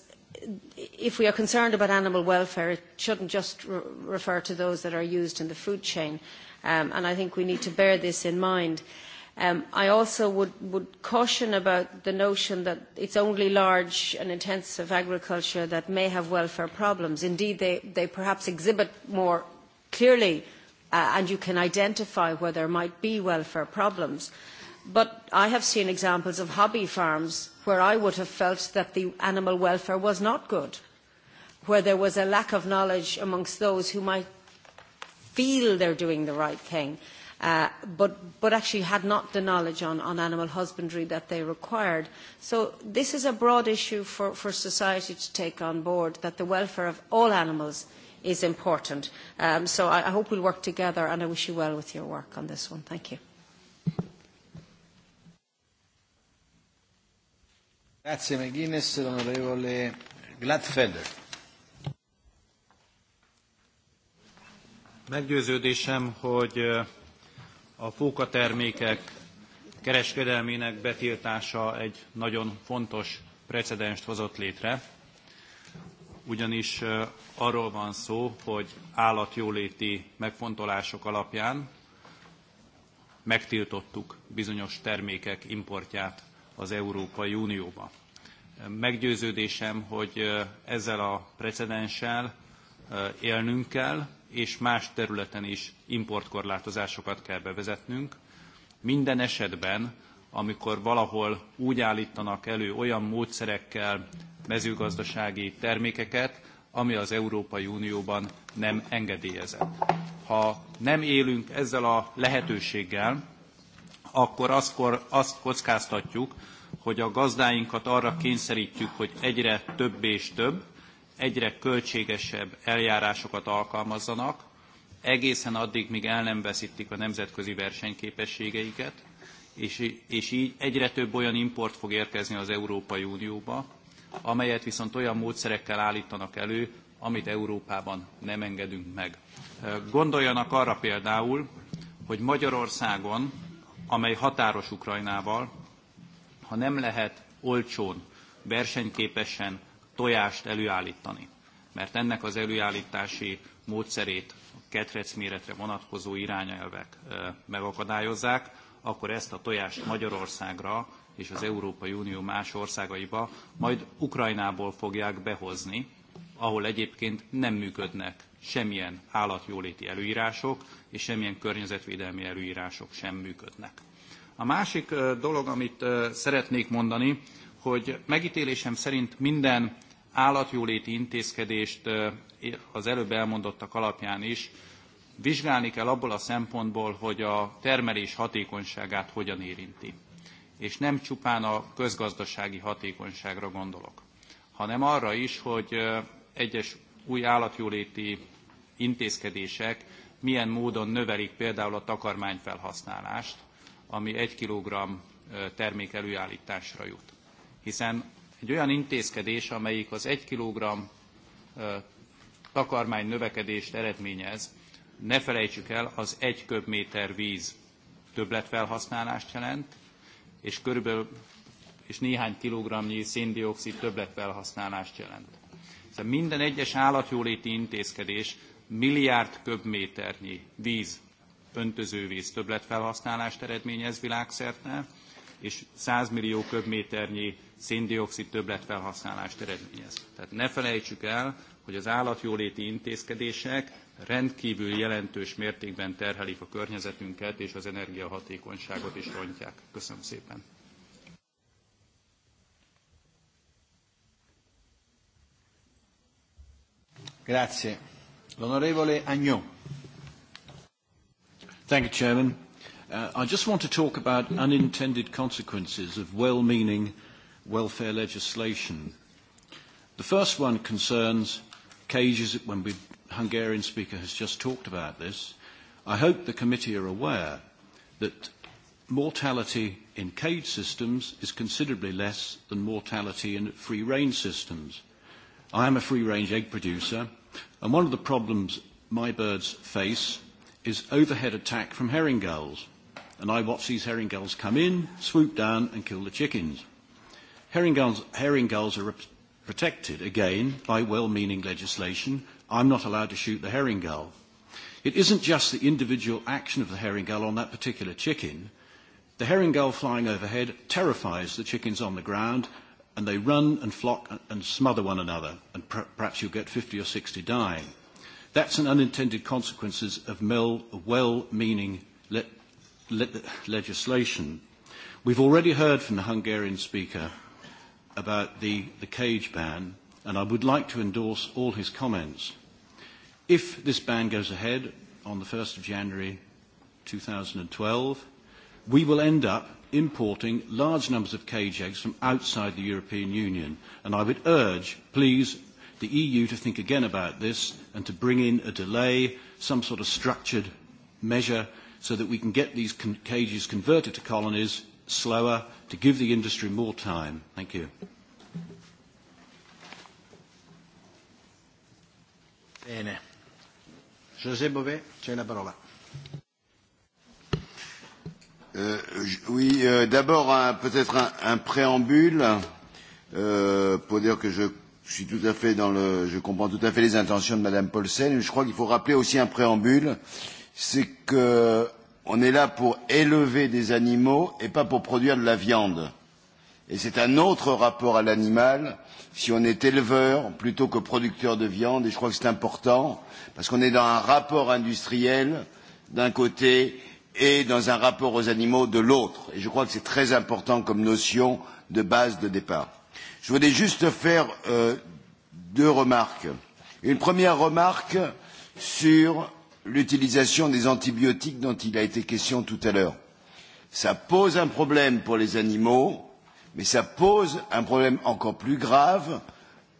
if we are concerned about animal welfare, it shouldn't just re refer to those that are used in the food chain. Um, and I think we need to bear this in mind. Um, I also would, would caution about the notion that it's only large and intensive agriculture that may have welfare problems. Indeed, they, they perhaps exhibit more clearly uh, uh, and you can identify where there might be welfare problems. But I have seen examples of hobby farms where I would have felt that the animal welfare was not good, where there was a lack of knowledge amongst those who might feel they're doing the right thing, uh, but, but actually had not the knowledge on, on animal husbandry that they required. So this is a broad issue for, for society to take on board, that the welfare of all animals – is important. Um, so I, I hope we'll work together and I wish you well with your work on this one. Thank you. Grazie McGuinness, l'onorevole Gladfelder. Meggyőződésem, hogy uh, a fókatermékek kereskedelmének betiltása egy nagyon fontos precedenst hozott létre ugyanis arról van szó, hogy állatjóléti megfontolások alapján megtiltottuk bizonyos termékek importját az Európai Unióba. Meggyőződésem, hogy ezzel a precedenssel élnünk kell, és más területen is importkorlátozásokat kell bevezetnünk. Minden esetben amikor valahol úgy állítanak elő olyan módszerekkel mezőgazdasági termékeket, ami az Európai Unióban nem engedélyezett. Ha nem élünk ezzel a lehetőséggel, akkor azkor azt kockáztatjuk, hogy a gazdáinkat arra kényszerítjük, hogy egyre több és több, egyre költségesebb eljárásokat alkalmazzanak, egészen addig, míg el nem veszítik a nemzetközi versenyképességeiket, és, és így egyre több olyan import fog érkezni az Európai Unióba, amelyet viszont olyan módszerekkel állítanak elő, amit Európában nem engedünk meg. Gondoljanak arra például, hogy Magyarországon, amely határos Ukrajnával, ha nem lehet olcsón, versenyképesen tojást előállítani, mert ennek az előállítási módszerét a ketrec méretre vonatkozó irányelvek megakadályozzák, akkor ezt a tojást Magyarországra és az Európai Unió más országaiba majd Ukrajnából fogják behozni, ahol egyébként nem működnek semmilyen állatjóléti előírások, és semmilyen környezetvédelmi előírások sem működnek. A másik dolog, amit szeretnék mondani, hogy megítélésem szerint minden állatjóléti intézkedést az előbb elmondottak alapján is vizsgálni kell abból a szempontból, hogy a termelés hatékonyságát hogyan érinti. És nem csupán a közgazdasági hatékonyságra gondolok, hanem arra is, hogy egyes új állatjóléti intézkedések milyen módon növelik például a takarmányfelhasználást, ami egy kilogramm termék előállításra jut. Hiszen egy olyan intézkedés, amelyik az 1 kg takarmány növekedést eredményez, ne felejtsük el, az egy köbméter víz többletfelhasználást jelent, és körülbelül és néhány kilogramnyi széndiokszid többletfelhasználást jelent. Szóval minden egyes állatjóléti intézkedés milliárd köbméternyi víz, öntözővíz többletfelhasználást eredményez világszerte, és 100 millió köbméternyi széndiokszid többletfelhasználást eredményez. Tehát ne felejtsük el, hogy az állatjóléti intézkedések rendkívül jelentős mértékben terhelik a környezetünket, és az energiahatékonyságot is rontják. Köszönöm szépen! Grazie. L'onorevole Agnon. Thank you, Chairman. Uh, I just want to talk about unintended consequences of well-meaning welfare legislation. The first one concerns cases when we've Hungarian speaker has just talked about this. I hope the committee are aware that mortality in cage systems is considerably less than mortality in free range systems. I am a free range egg producer, and one of the problems my birds face is overhead attack from herring gulls. And I watch these herring gulls come in, swoop down, and kill the chickens. Herring gulls, herring gulls are protected, again, by well meaning legislation, I'm not allowed to shoot the herring gull. It isn't just the individual action of the herring gull on that particular chicken. The herring gull flying overhead terrifies the chickens on the ground, and they run and flock and smother one another, and per- perhaps you'll get 50 or 60 dying. That's an unintended consequences of mel- well-meaning le- le- legislation. We've already heard from the Hungarian speaker about the, the cage ban, and I would like to endorse all his comments. If this ban goes ahead on the 1st of January 2012, we will end up importing large numbers of cage eggs from outside the European Union. And I would urge, please, the EU to think again about this and to bring in a delay, some sort of structured measure so that we can get these con- cages converted to colonies slower to give the industry more time. Thank you. Bene. José Bové, tu as la parole. Euh, oui, euh, d'abord peut-être un, un préambule euh, pour dire que je je suis tout à fait dans le, je comprends tout à fait les intentions de Madame Paulsen. Mais je crois qu'il faut rappeler aussi un préambule, c'est que on est là pour élever des animaux et pas pour produire de la viande. Et c'est un autre rapport à l'animal si on est éleveur plutôt que producteur de viande, et je crois que c'est important, parce qu'on est dans un rapport industriel d'un côté et dans un rapport aux animaux de l'autre, et je crois que c'est très important comme notion de base de départ. Je voulais juste faire euh, deux remarques. Une première remarque sur l'utilisation des antibiotiques dont il a été question tout à l'heure. Ça pose un problème pour les animaux, mais ça pose un problème encore plus grave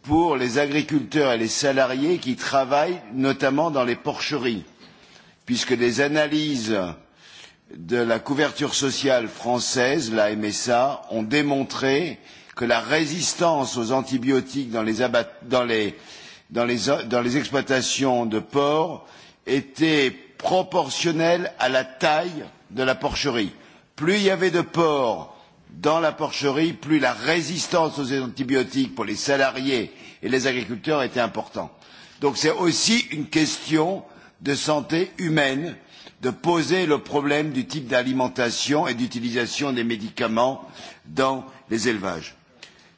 pour les agriculteurs et les salariés qui travaillent notamment dans les porcheries, puisque des analyses de la couverture sociale française, la MSA, ont démontré que la résistance aux antibiotiques dans les, dans les, dans les, dans les exploitations de porcs était proportionnelle à la taille de la porcherie. Plus il y avait de porcs dans la porcherie, plus la résistance aux antibiotiques pour les salariés et les agriculteurs était importante. Donc c'est aussi une question de santé humaine de poser le problème du type d'alimentation et d'utilisation des médicaments dans les élevages.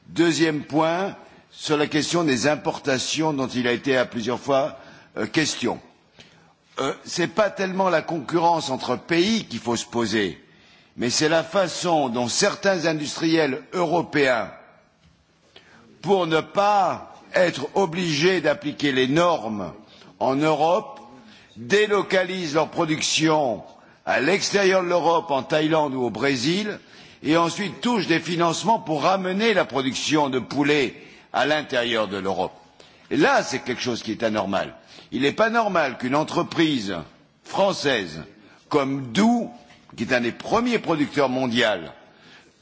Deuxième point, sur la question des importations dont il a été à plusieurs fois euh, question. Euh, Ce n'est pas tellement la concurrence entre pays qu'il faut se poser, mais c'est la façon dont certains industriels européens, pour ne pas être obligés d'appliquer les normes en Europe, délocalisent leur production à l'extérieur de l'Europe, en Thaïlande ou au Brésil, et ensuite touchent des financements pour ramener la production de poulet à l'intérieur de l'Europe. Et là, c'est quelque chose qui est anormal. Il n'est pas normal qu'une entreprise française comme Doux qui est un des premiers producteurs mondiaux,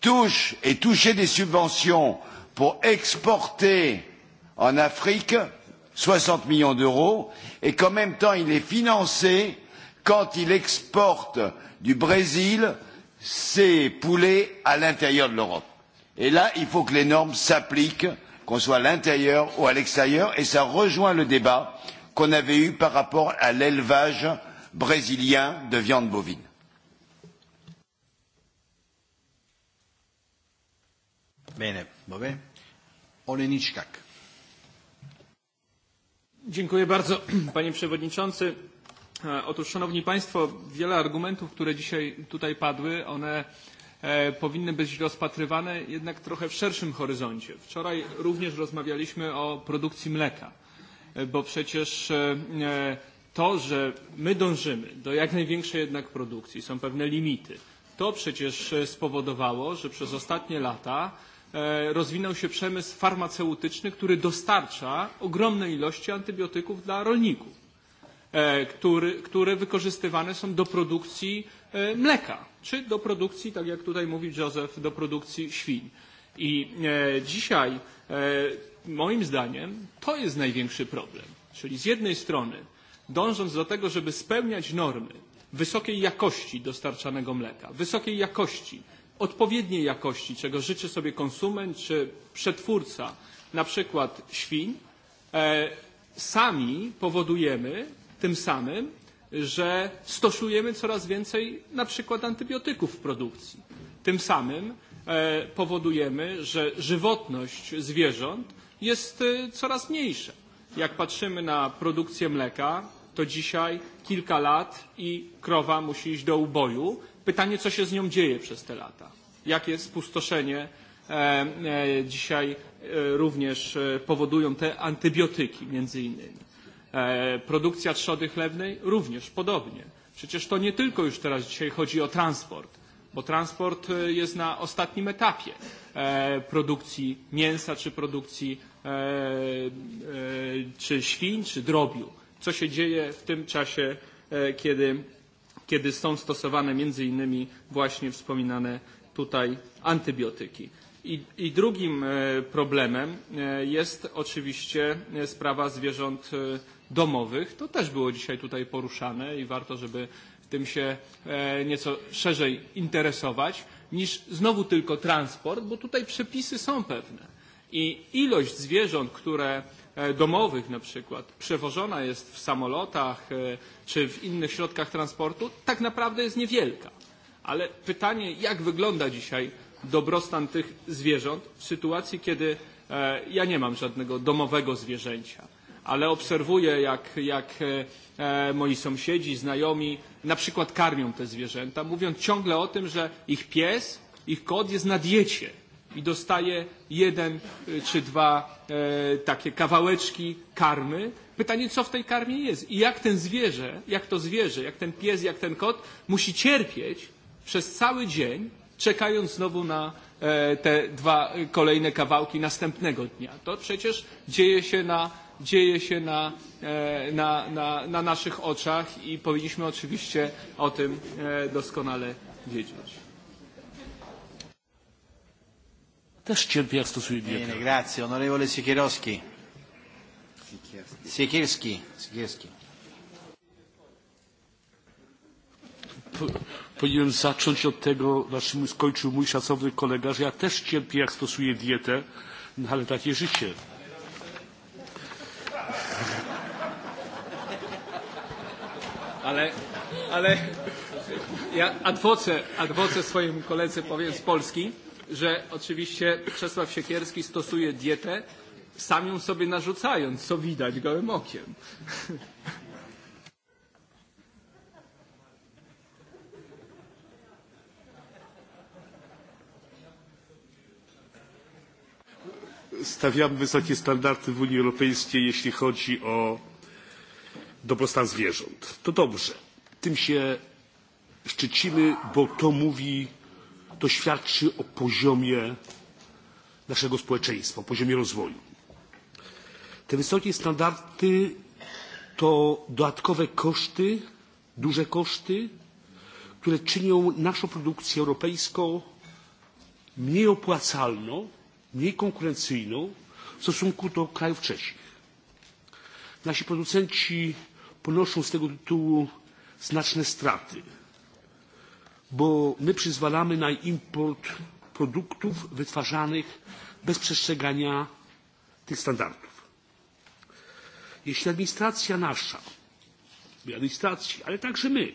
touche et touchait des subventions pour exporter en Afrique 60 millions d'euros et qu'en même temps il est financé quand il exporte du Brésil ses poulets à l'intérieur de l'Europe. Et là, il faut que les normes s'appliquent, qu'on soit à l'intérieur ou à l'extérieur, et ça rejoint le débat qu'on avait eu par rapport à l'élevage brésilien de viande bovine. Bene, vabbè. Oleniczkak. Dziękuję bardzo, panie przewodniczący. E, otóż, szanowni państwo, wiele argumentów, które dzisiaj tutaj padły, one e, powinny być rozpatrywane jednak trochę w szerszym horyzoncie. Wczoraj również rozmawialiśmy o produkcji mleka, e, bo przecież to, że my dążymy do jak największej jednak produkcji, są pewne limity. To przecież spowodowało, że przez ostatnie lata E, rozwinął się przemysł farmaceutyczny, który dostarcza ogromne ilości antybiotyków dla rolników, e, który, które wykorzystywane są do produkcji e, mleka, czy do produkcji, tak jak tutaj mówi Józef, do produkcji świń. I dzisiaj, moim zdaniem, to jest największy problem. Czyli z jednej strony dążąc do tego, żeby spełniać normy wysokiej jakości dostarczanego mleka, wysokiej jakości odpowiedniej jakości, czego życzy sobie konsument czy przetwórca, na przykład świn, e, sami powodujemy tym samym, że stosujemy coraz więcej na przykład antybiotyków w produkcji. Tym samym e, powodujemy, że żywotność zwierząt jest e, coraz mniejsza. Jak patrzymy na produkcję mleka, to dzisiaj kilka lat i krowa musi iść do uboju, Pytanie, co się z nią dzieje przez te lata? Jakie spustoszenie e, e, dzisiaj e, również powodują te antybiotyki między innymi? Produkcja trzody chlewnej również podobnie. Przecież to nie tylko już teraz dzisiaj chodzi o transport, bo transport jest na ostatnim etapie produkcji mięsa czy produkcji czy świń czy drobiu. Co się dzieje w tym czasie, kiedy kiedy są stosowane między innymi właśnie wspominane tutaj antybiotyki. I, I drugim e, problemem e, jest oczywiście e, sprawa zwierząt domowych. To też było dzisiaj tutaj poruszane i warto, żeby tym się nieco szerzej interesować niż znowu tylko transport, bo tutaj przepisy są pewne i ilość zwierząt, które E, domowych na przykład przewożona jest w samolotach e, czy w innych środkach transportu, tak naprawdę jest niewielka. Ale pytanie, jak wygląda dzisiaj dobrostan tych zwierząt w sytuacji, kiedy e, ja nie mam żadnego domowego zwierzęcia, ale obserwuję, jak, jak moi sąsiedzi, znajomi na przykład karmią te zwierzęta, mówiąc ciągle o tym, że ich pies, ich kot jest na diecie i dostaje jeden czy dwa e, takie kawałeczki karmy. Pytanie, co w tej karmie jest i jak ten zwierzę, jak to zwierzę, jak ten pies, jak ten kot musi cierpieć przez cały dzień, czekając znowu na e, te dwa kolejne kawałki następnego dnia. To przecież dzieje się na dzieje się na, e, na, na, na naszych oczach i powinniśmy oczywiście o tym e, doskonale wiedzieć. Też cierpi, jak stosuje dietę. Bene, grazie. Onorevole Sikierowski. Sikierski. Sikierski. Powinienem zacząć od tego, na czym skończył mój szacowny kolega, że ja też cierpię, jak stosuję dietę, no ale takie życie. Ale, ale ja adwocę, adwocę swojemu koledze powiem z Polski że oczywiście Czesław Siekierski stosuje dietę, sam ją sobie narzucając, co widać gołym okiem. Stawiamy wysokie standardy w Unii Europejskiej, jeśli chodzi o dobrostan zwierząt. To dobrze. Tym się szczycimy, bo to mówi to świadczy o poziomie naszego społeczeństwa, o poziomie rozwoju. Te wysokie standardy to dodatkowe koszty, duże koszty, które czynią naszą produkcję europejską mniej opłacalną, mniej konkurencyjną w stosunku do krajów trzecich. Nasi producenci ponoszą z tego tytułu znaczne straty bo my przyzwalamy na import produktów wytwarzanych bez przestrzegania tych standardów. Jeśli administracja nasza, administracji, ale także my,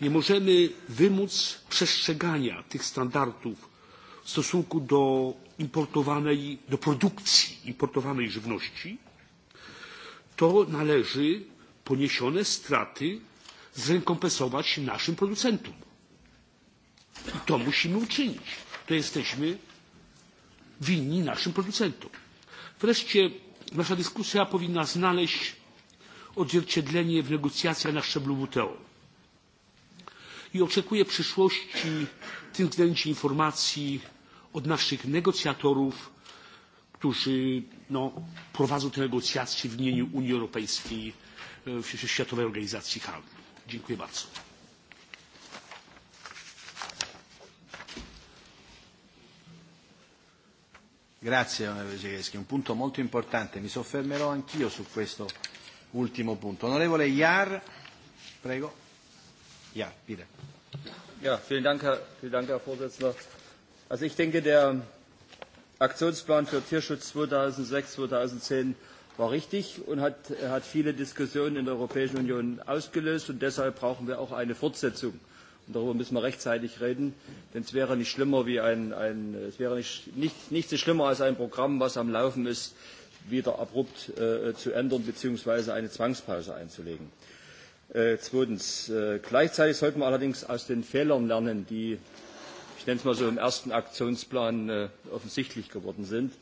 nie możemy wymóc przestrzegania tych standardów w stosunku do importowanej, do produkcji importowanej żywności, to należy poniesione straty zrekompensować naszym producentom I to musimy uczynić. To jesteśmy winni naszym producentom. Wreszcie nasza dyskusja powinna znaleźć odzwierciedlenie w negocjacjach na szczeblu WTO. I oczekuję w przyszłości w tym względzie informacji od naszych negocjatorów, którzy no, prowadzą te negocjacje w imieniu Unii Europejskiej e, w Światowej Organizacji Handlu. Dziękuję bardzo. Grazie onorevole Cecheschi, un punto molto importante, mi soffermerò anch'io su questo ultimo punto. Onorevole Iar, prego. Ja, bitte. Ja, vielen Dank, Herr, vielen Dank, Herr Vorsitzender. Also ich denke, der Aktionsplan für Tierschutz 2006-2010 war richtig und hat, hat viele Diskussionen in der Europäischen Union ausgelöst und deshalb brauchen wir auch eine Fortsetzung. Und darüber müssen wir rechtzeitig reden, denn es wäre nicht schlimmer wie ein, ein es wäre nicht, nicht, nichts ist schlimmer als ein Programm, was am Laufen ist, wieder abrupt äh, zu ändern bzw. eine Zwangspause einzulegen. Äh, zweitens, äh, gleichzeitig sollten wir allerdings aus den Fehlern lernen, die, ich nenne es mal so, im ersten Aktionsplan äh, offensichtlich geworden sind.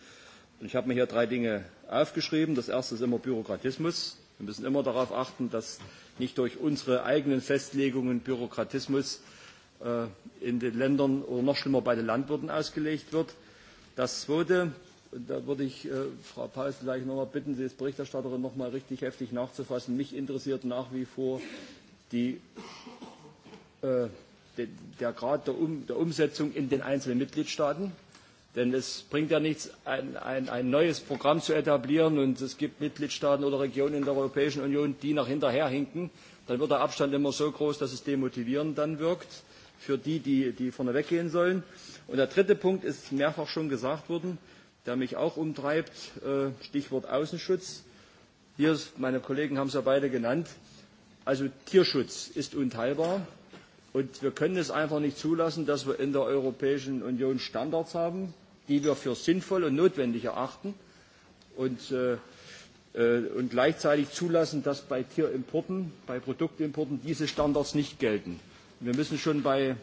Und ich habe mir hier drei Dinge aufgeschrieben. Das erste ist immer Bürokratismus. Wir müssen immer darauf achten, dass nicht durch unsere eigenen Festlegungen Bürokratismus äh, in den Ländern oder noch schlimmer bei den Landwirten ausgelegt wird. Das Zweite, und da würde ich äh, Frau Paus gleich nochmal bitten, Sie als Berichterstatterin nochmal richtig heftig nachzufassen. Mich interessiert nach wie vor die, äh, de, der Grad der, um, der Umsetzung in den einzelnen Mitgliedstaaten. Denn es bringt ja nichts, ein, ein, ein neues Programm zu etablieren und es gibt Mitgliedstaaten oder Regionen in der Europäischen Union, die nach hinterherhinken. Dann wird der Abstand immer so groß, dass es demotivierend dann wirkt für die, die, die vorne weggehen sollen. Und der dritte Punkt ist mehrfach schon gesagt worden, der mich auch umtreibt, äh, Stichwort Außenschutz. Hier, meine Kollegen haben es ja beide genannt. Also Tierschutz ist unteilbar. Und wir können es einfach nicht zulassen, dass wir in der Europäischen Union Standards haben, die wir für sinnvoll und notwendig erachten und, äh, äh, und gleichzeitig zulassen, dass bei Tierimporten, bei Produktimporten diese Standards nicht gelten. Wir müssen schon bei,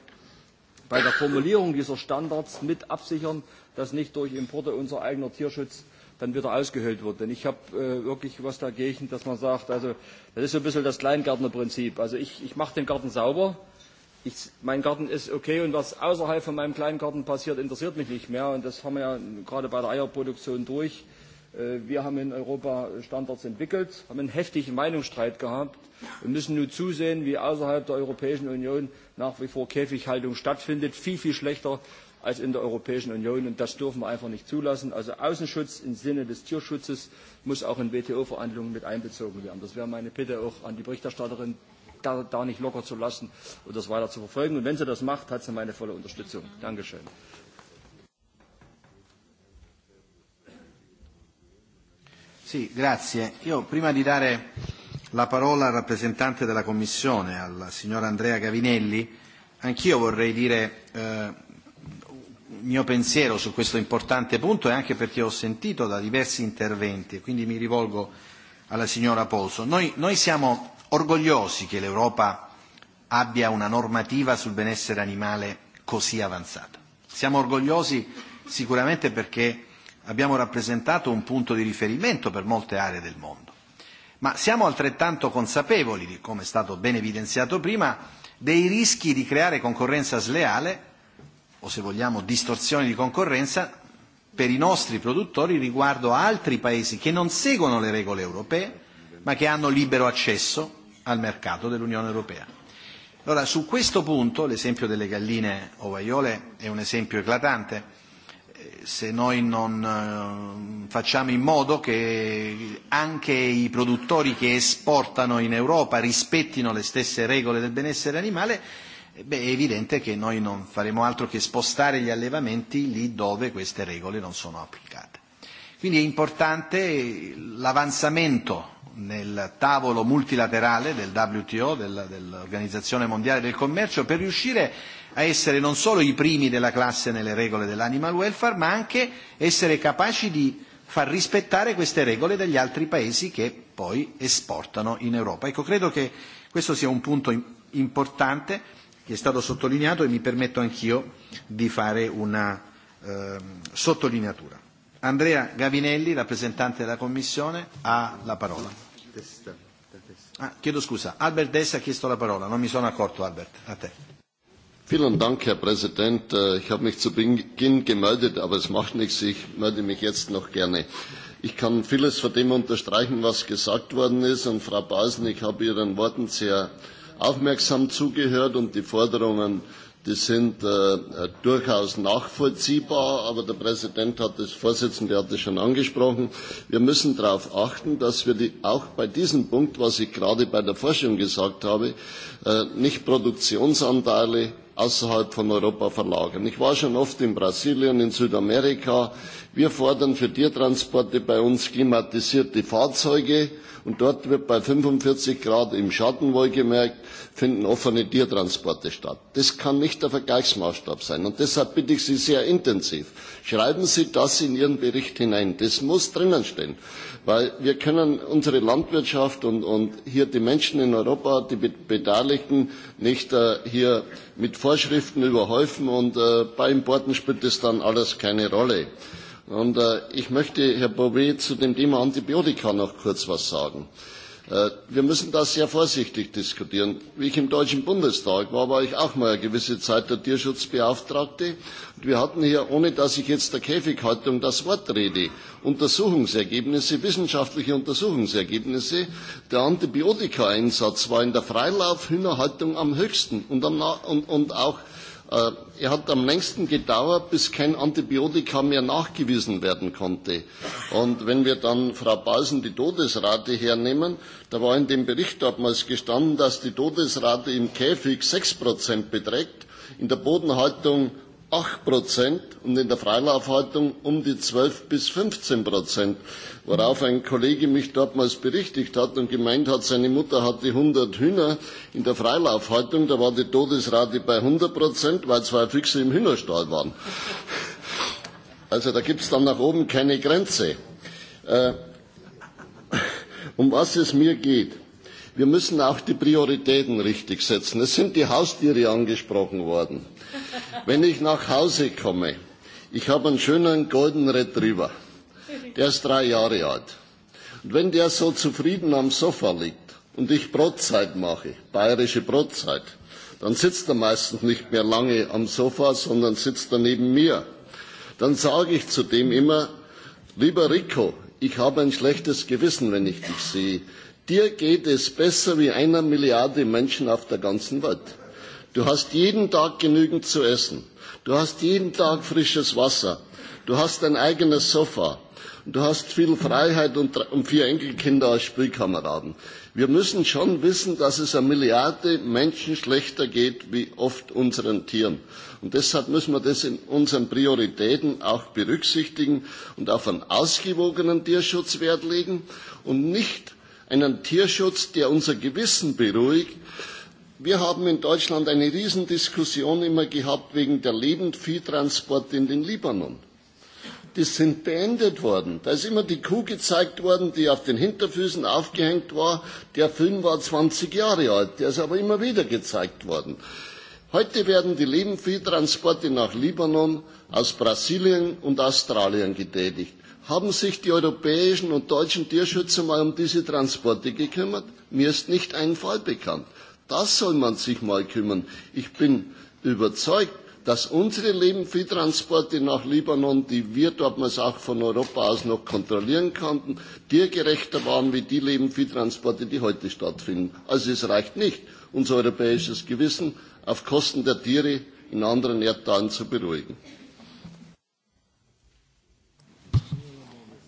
bei der Formulierung dieser Standards mit absichern, dass nicht durch Importe unser eigener Tierschutz dann wieder ausgehöhlt wird. Denn ich habe äh, wirklich was dagegen, dass man sagt, also das ist so ein bisschen das Kleingärtnerprinzip. Also ich, ich mache den Garten sauber, ich, mein Garten ist okay und was außerhalb von meinem kleinen Garten passiert, interessiert mich nicht mehr. Und das haben wir ja gerade bei der Eierproduktion durch. Äh, wir haben in Europa Standards entwickelt, haben einen heftigen Meinungsstreit gehabt und müssen nun zusehen, wie außerhalb der Europäischen Union nach wie vor Käfighaltung stattfindet. Viel, viel schlechter als in der Europäischen Union. Und das dürfen wir einfach nicht zulassen. Also Außenschutz im Sinne des Tierschutzes muss auch in WTO-Verhandlungen mit einbezogen werden. Das wäre meine Bitte auch an die Berichterstatterin da, da nicht locker zu lassen und das weiter zu verfolgen. Und wenn sie das macht, hat sie meine volle Unterstützung. Dankeschön. Sì, grazie. Io prima di dare la parola al rappresentante della Commissione, alla signora Andrea Gavinelli, anch'io vorrei dire eh, il mio pensiero su questo importante punto e anche perché ho sentito da diversi interventi, e quindi mi rivolgo alla signora Polso. Noi, noi siamo orgogliosi che l'Europa abbia una normativa sul benessere animale così avanzata. Siamo orgogliosi sicuramente perché abbiamo rappresentato un punto di riferimento per molte aree del mondo, ma siamo altrettanto consapevoli, come è stato ben evidenziato prima, dei rischi di creare concorrenza sleale o se vogliamo distorsioni di concorrenza per i nostri produttori riguardo a altri paesi che non seguono le regole europee ma che hanno libero accesso al mercato dell'Unione Europea. Allora, su questo punto l'esempio delle galline ovaiole è un esempio eclatante. Eh, se noi non eh, facciamo in modo che anche i produttori che esportano in Europa rispettino le stesse regole del benessere animale, eh, beh, è evidente che noi non faremo altro che spostare gli allevamenti lì dove queste regole non sono applicate. Quindi è importante l'avanzamento nel tavolo multilaterale del WTO, del, dell'Organizzazione Mondiale del Commercio, per riuscire a essere non solo i primi della classe nelle regole dell'animal welfare, ma anche essere capaci di far rispettare queste regole dagli altri paesi che poi esportano in Europa. Ecco, credo che questo sia un punto importante che è stato sottolineato e mi permetto anch'io di fare una eh, sottolineatura. Andrea Gavinelli, rappresentante della Commissione, ha la parola testa. Ah, chiedo scusa, Albert Dess ha chiesto la parola, non mi sono accorto Albert, a te. Vielen Dank, Herr Präsident. Äh, ich habe mich zu Beginn gemeldet, aber es macht nichts. Ich melde mich jetzt noch gerne. Ich kann vieles von dem unterstreichen, was gesagt worden ist. Und Frau Basen, ich habe Ihren Worten sehr aufmerksam zugehört und die Forderungen äh, Die sind äh, durchaus nachvollziehbar, aber der Präsident hat das, Vorsitzende hat es schon angesprochen. Wir müssen darauf achten, dass wir die, auch bei diesem Punkt, was ich gerade bei der Forschung gesagt habe, äh, nicht Produktionsanteile außerhalb von Europa verlagern. Ich war schon oft in Brasilien, in Südamerika. Wir fordern für Tiertransporte bei uns klimatisierte Fahrzeuge und dort wird bei 45 Grad im Schatten wohlgemerkt, finden offene Tiertransporte statt. Das kann nicht der Vergleichsmaßstab sein und deshalb bitte ich Sie sehr intensiv, schreiben Sie das in Ihren Bericht hinein. Das muss drinnen stehen, weil wir können unsere Landwirtschaft und, und hier die Menschen in Europa, die Beteiligten nicht äh, hier mit Vorschriften überhäufen und äh, beim Borden spielt das dann alles keine Rolle. Und äh, ich möchte, Herr Bové, zu dem Thema Antibiotika noch kurz was sagen. Äh, Äh, wir müssen das sehr vorsichtig diskutieren. Wie ich im Deutschen Bundestag war, war ich auch mal eine gewisse Zeit der Tierschutzbeauftragte. Und wir hatten hier, ohne dass ich jetzt der Käfighaltung das Wort rede, Untersuchungsergebnisse, wissenschaftliche Untersuchungsergebnisse. Der Antibiotikaeinsatz war in der Freilaufhühnerhaltung am höchsten und, am, und, und auch äh, Äh, er hat am längsten gedauert, bis kein Antibiotika mehr nachgewiesen werden konnte. Und wenn wir dann Frau Balsen die Todesrate hernehmen, da war in dem Bericht damals gestanden, dass die Todesrate im Käfig 6% beträgt, in der Bodenhaltung 8 Prozent und in der Freilaufhaltung um die 12 bis 15 Prozent, worauf ein Kollege mich damals berichtigt hat und gemeint hat, seine Mutter hatte 100 Hühner in der Freilaufhaltung, da war die Todesrate bei 100 Prozent, weil zwei Füchse im Hühnerstall waren. Also da gibt es dann nach oben keine Grenze. Äh, um was es mir geht. Wir müssen auch die Prioritäten richtig setzen. Es sind die Haustiere angesprochen worden Wenn ich nach Hause komme, ich habe einen schönen Golden Retriever. Der ist drei Jahre alt. Und wenn der so zufrieden am Sofa liegt und ich Brotzeit mache, bayerische Brotzeit, dann sitzt er meistens nicht mehr lange am Sofa, sondern sitzt er neben mir. Dann sage ich zu dem immer, lieber Rico, ich habe ein schlechtes Gewissen, wenn ich dich sehe. Dir geht es besser wie einer Milliarde Menschen auf der ganzen Welt. Du hast jeden Tag genügend zu essen. Du hast jeden Tag frisches Wasser. Du hast dein eigenes Sofa. Du hast viel Freiheit und, und vier Enkelkinder als Spielkameraden. Wir müssen schon wissen, dass es einer Milliarde Menschen schlechter geht wie oft unseren Tieren. Und deshalb müssen wir das in unseren Prioritäten auch berücksichtigen und auf einen ausgewogenen Tierschutz Wert legen und nicht einen Tierschutz, der unser Gewissen beruhigt, Wir haben in Deutschland eine Riesendiskussion immer gehabt wegen der Lebendviehtransporte in den Libanon. Die sind beendet worden. Da ist immer die Kuh gezeigt worden, die auf den Hinterfüßen aufgehängt war. Der Film war 20 Jahre alt, der ist aber immer wieder gezeigt worden. Heute werden die Lebendviehtransporte nach Libanon aus Brasilien und Australien getätigt. Haben sich die europäischen und deutschen Tierschützer mal um diese Transporte gekümmert? Mir ist nicht ein Fall bekannt. Das soll man sich mal kümmern. Ich bin überzeugt, dass unsere Lebendviehtransporte nach Libanon, die wir damals auch von Europa aus noch kontrollieren konnten, tiergerechter waren wie die Lebendviehtransporte, die heute stattfinden. Also es reicht nicht, unser europäisches Gewissen auf Kosten der Tiere in anderen Erdteilen zu beruhigen.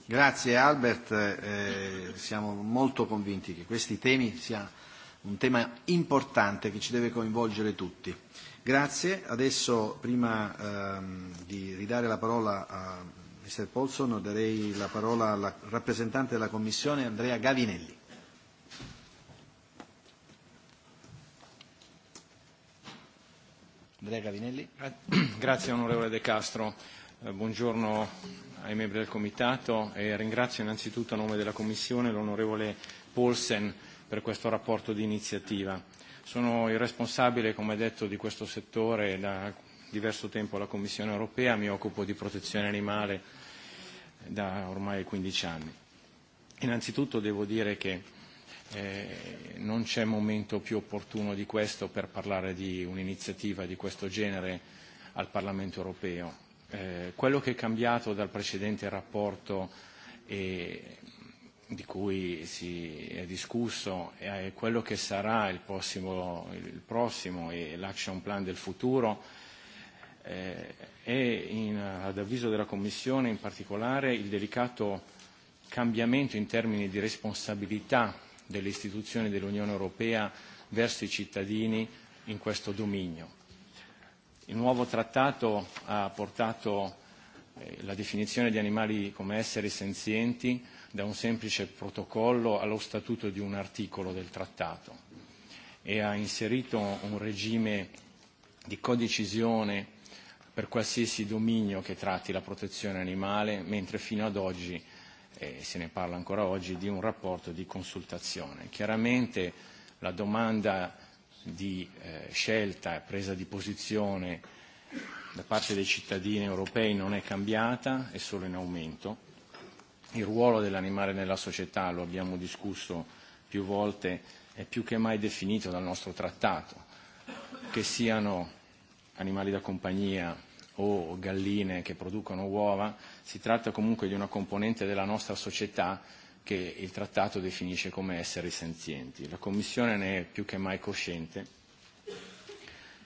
Grazie Albert, eh, siamo molto convinti che questi temi siano un tema importante che ci deve coinvolgere tutti. Grazie. Adesso, prima ehm, di ridare la parola a Mr. Polson, darei la parola alla rappresentante della Commissione, Andrea Gavinelli. Andrea Gavinelli. Grazie onorevole De Castro. Eh, buongiorno ai membri del Comitato e ringrazio innanzitutto a nome della Commissione l'onorevole Polsen per questo rapporto di iniziativa. Sono il responsabile, come detto, di questo settore e da diverso tempo alla Commissione europea, mi occupo di protezione animale da ormai 15 anni. Innanzitutto devo dire che eh, non c'è momento più opportuno di questo per parlare di un'iniziativa di questo genere al Parlamento europeo. Eh, quello che è cambiato dal precedente rapporto e di cui si è discusso e quello che sarà il prossimo, il prossimo e l'action plan del futuro eh, è, in, ad avviso della Commissione in particolare, il delicato cambiamento in termini di responsabilità delle istituzioni dell'Unione Europea verso i cittadini in questo dominio. Il nuovo trattato ha portato eh, la definizione di animali come esseri senzienti, da un semplice protocollo allo statuto di un articolo del trattato e ha inserito un regime di codecisione per qualsiasi dominio che tratti la protezione animale, mentre fino ad oggi, e se ne parla ancora oggi, di un rapporto di consultazione. Chiaramente la domanda di eh, scelta e presa di posizione da parte dei cittadini europei non è cambiata, è solo in aumento Il ruolo dell'animale nella società, lo abbiamo discusso più volte, è più che mai definito dal nostro trattato, che siano animali da compagnia o galline che producono uova, si tratta comunque di una componente della nostra società che il trattato definisce come esseri senzienti. La Commissione ne è più che mai cosciente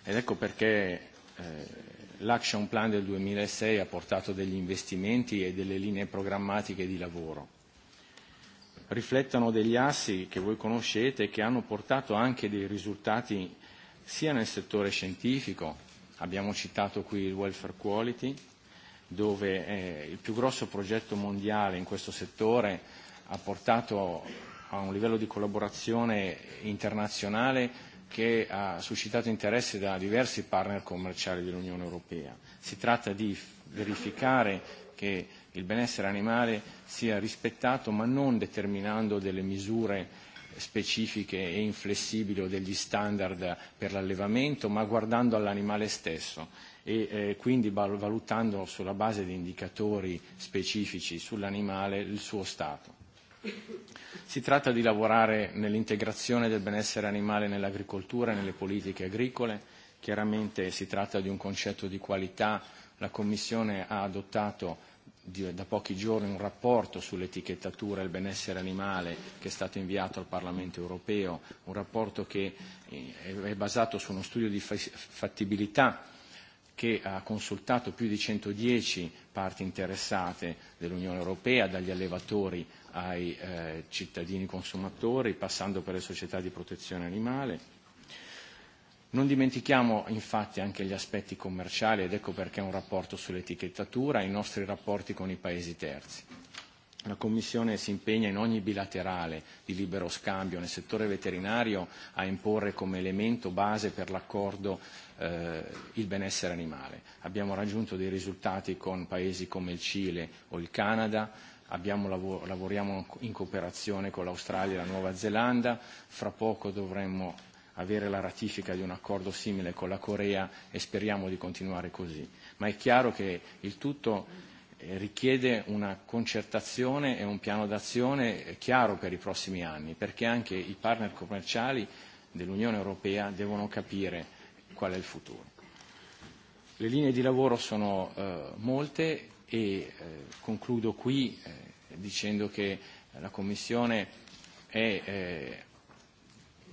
ed ecco perché eh, l'action plan del 2006 ha portato degli investimenti e delle linee programmatiche di lavoro. Riflettono degli assi che voi conoscete che hanno portato anche dei risultati sia nel settore scientifico, abbiamo citato qui il welfare quality, dove eh, il più grosso progetto mondiale in questo settore ha portato a un livello di collaborazione internazionale che ha suscitato interesse da diversi partner commerciali dell'Unione Europea. Si tratta di verificare che il benessere animale sia rispettato, ma non determinando delle misure specifiche e inflessibili o degli standard per l'allevamento, ma guardando all'animale stesso e eh, quindi valutando sulla base di indicatori specifici sull'animale il suo stato. Si tratta di lavorare nell'integrazione del benessere animale nell'agricoltura e nelle politiche agricole. Chiaramente si tratta di un concetto di qualità. La Commissione ha adottato da pochi giorni un rapporto sull'etichettatura e il benessere animale che è stato inviato al Parlamento europeo, un rapporto che eh, è basato su uno studio di fattibilità che ha consultato più di 110 parti interessate dell'Unione Europea, dagli allevatori ai eh, cittadini consumatori, passando per le società di protezione animale. Non dimentichiamo infatti anche gli aspetti commerciali ed ecco perché un rapporto sull'etichettatura e i nostri rapporti con i paesi terzi. La Commissione si impegna in ogni bilaterale di libero scambio nel settore veterinario a imporre come elemento base per l'accordo eh, il benessere animale. Abbiamo raggiunto dei risultati con paesi come il Cile o il Canada, abbiamo lav- lavoriamo in cooperazione con l'Australia e la Nuova Zelanda, fra poco dovremmo avere la ratifica di un accordo simile con la Corea e speriamo di continuare così. Ma è chiaro che il tutto eh, richiede una concertazione e un piano d'azione eh, chiaro per i prossimi anni, perché anche i partner commerciali dell'Unione Europea devono capire qual è il futuro. Le linee di lavoro sono eh, molte, e eh, concludo qui eh, dicendo che la Commissione è eh,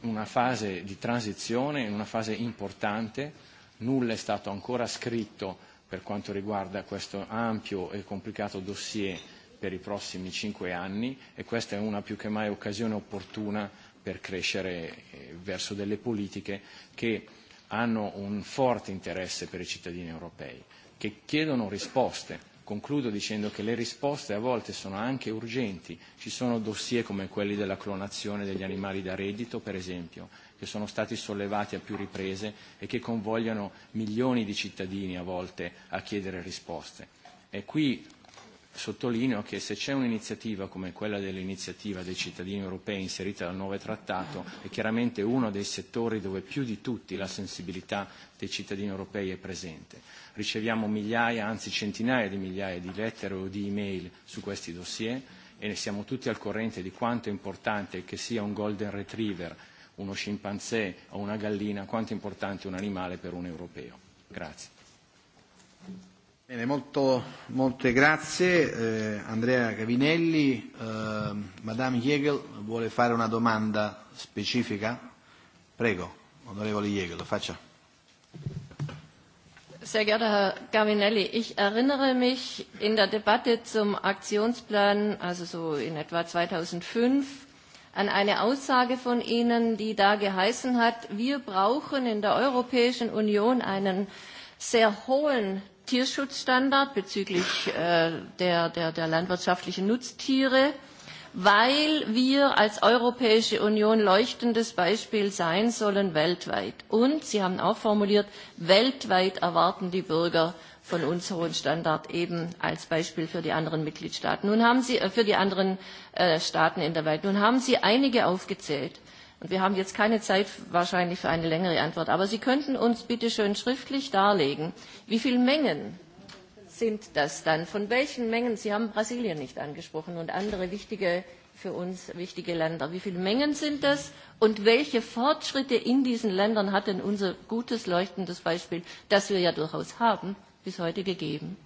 una fase di transizione, una fase importante, nulla è stato ancora scritto per quanto riguarda questo ampio e complicato dossier per i prossimi cinque anni e questa è una più che mai occasione opportuna per crescere eh, verso delle politiche che hanno un forte interesse per i cittadini europei, che chiedono risposte Concludo dicendo che le risposte a volte sono anche urgenti. Ci sono dossier come quelli della clonazione degli animali da reddito, per esempio, che sono stati sollevati a più riprese e che convogliano milioni di cittadini a volte a chiedere risposte. E qui sottolineo che se c'è un'iniziativa come quella dell'iniziativa dei cittadini europei inserita dal nuovo trattato, è chiaramente uno dei settori dove più di tutti la sensibilità dei cittadini europei è presente. Riceviamo migliaia, anzi centinaia di migliaia di lettere o di email su questi dossier e ne siamo tutti al corrente di quanto è importante che sia un golden retriever, uno scimpanzé o una gallina, quanto è importante un animale per un europeo. Grazie. Bene, molto, molte grazie eh, Andrea Cavinelli. Eh, Madame Jägel vuole fare una domanda specifica? Prego, onorevole Jägel, faccia. Sehr geehrter Herr Gavinelli, ich erinnere mich in der Debatte zum Aktionsplan, also so in etwa 2005, an eine Aussage von Ihnen, die da geheißen hat, wir brauchen in der Europäischen Union einen sehr hohen Tierschutzstandard bezüglich äh, der, der, der landwirtschaftlichen Nutztiere, weil wir als Europäische Union leuchtendes Beispiel sein sollen weltweit. Und Sie haben auch formuliert, weltweit erwarten die Bürger von uns hohen Standard eben als Beispiel für die anderen Mitgliedstaaten. Nun haben Sie äh, für die anderen äh, Staaten in der Welt. Nun haben Sie einige aufgezählt. Und wir haben jetzt keine Zeit wahrscheinlich für eine längere Antwort. Aber Sie könnten uns bitte schön schriftlich darlegen, wie viele Mengen sind das dann? Von welchen Mengen? Sie haben Brasilien nicht angesprochen und andere wichtige, für uns wichtige Länder. Wie viele Mengen sind das? Und welche Fortschritte in diesen Ländern hat denn unser gutes, leuchtendes Beispiel, das wir ja durchaus haben, bis heute gegeben?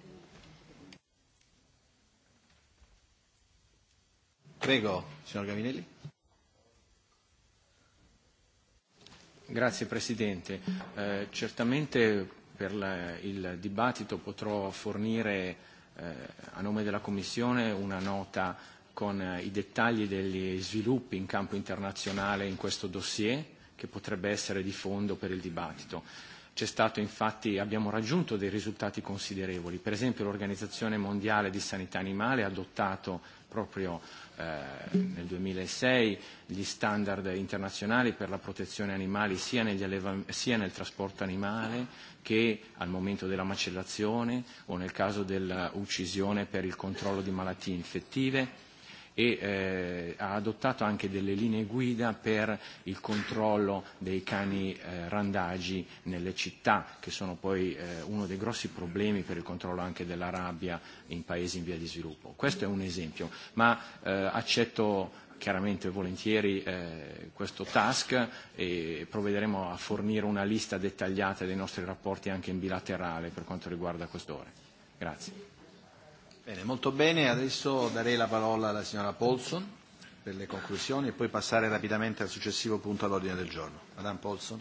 Prego, signor Gavinelli. Grazie Presidente. Eh, certamente per la, il dibattito potrò fornire eh, a nome della Commissione una nota con eh, i dettagli degli sviluppi in campo internazionale in questo dossier che potrebbe essere di fondo per il dibattito. C'è stato infatti, abbiamo raggiunto dei risultati considerevoli, per esempio l'Organizzazione Mondiale di Sanità Animale ha adottato proprio eh, nel 2006 gli standard internazionali per la protezione animali sia, negli alleva- sia nel trasporto animale che al momento della macellazione o nel caso dell'uccisione per il controllo di malattie infettive e eh, ha adottato anche delle linee guida per il controllo dei cani eh, randagi nelle città, che sono poi eh, uno dei grossi problemi per il controllo anche della rabbia in paesi in via di sviluppo. Questo è un esempio, ma eh, accetto chiaramente e volentieri eh, questo task e provvederemo a fornire una lista dettagliata dei nostri rapporti anche in bilaterale per quanto riguarda quest'ora. Grazie. Bene, molto bene. Adesso darei la parola alla signora Paulson per le conclusioni e poi passare rapidamente al successivo punto all'ordine del giorno. Madame Paulson.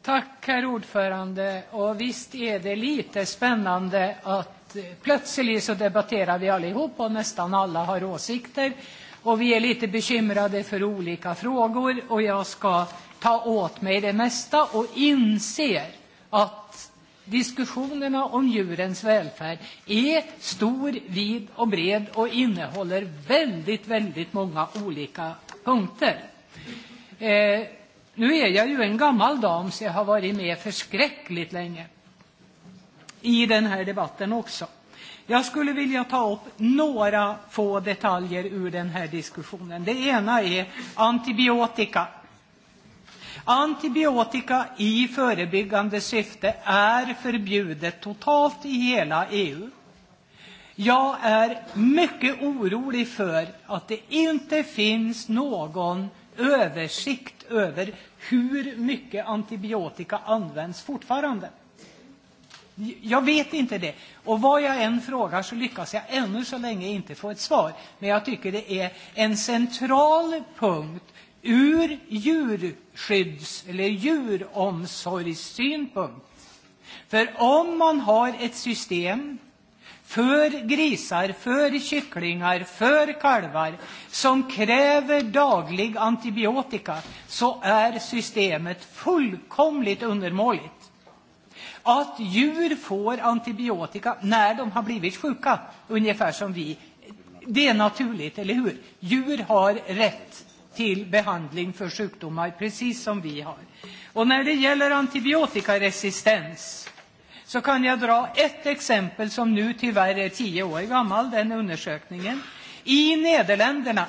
Tack, herr ordförande. Och visst är det lite spännande att plötsligt så debatterar vi allihop och nästan alla har åsikter. Och vi är lite bekymrade för olika frågor och jag ska ta åt mig det mesta och inser att diskussionerna om djurens välfärd är stor, vid och bred och innehåller väldigt, väldigt många olika punkter. Eh, nu är jag ju en gammal dam så jag har varit med förskräckligt länge i den här debatten också. Jag skulle vilja ta upp några få detaljer ur den här diskussionen. Det ena är antibiotika. Antibiotika i förebyggande syfte är förbjudet totalt i hela EU. Jag är mycket orolig för att det inte finns någon översikt över hur mycket antibiotika används fortfarande. Jag vet inte det. Och vad jag än frågar så lyckas jag ännu så länge inte få ett svar. Men jag tycker det är en central punkt ur djurskydds eller djuromsorgssynpunkt. För om man har ett system för grisar, för kycklingar, för kalvar som kräver daglig antibiotika så är er systemet fullkomligt undermåligt. Att djur får antibiotika när de har blivit sjuka, ungefär som vi, det är er naturligt, eller hur? Djur har rätt till behandling för sjukdomar, precis som vi har. Och när det gäller antibiotikaresistens så kan jag dra ett exempel som nu tyvärr är tio år gammal, den undersökningen. I Nederländerna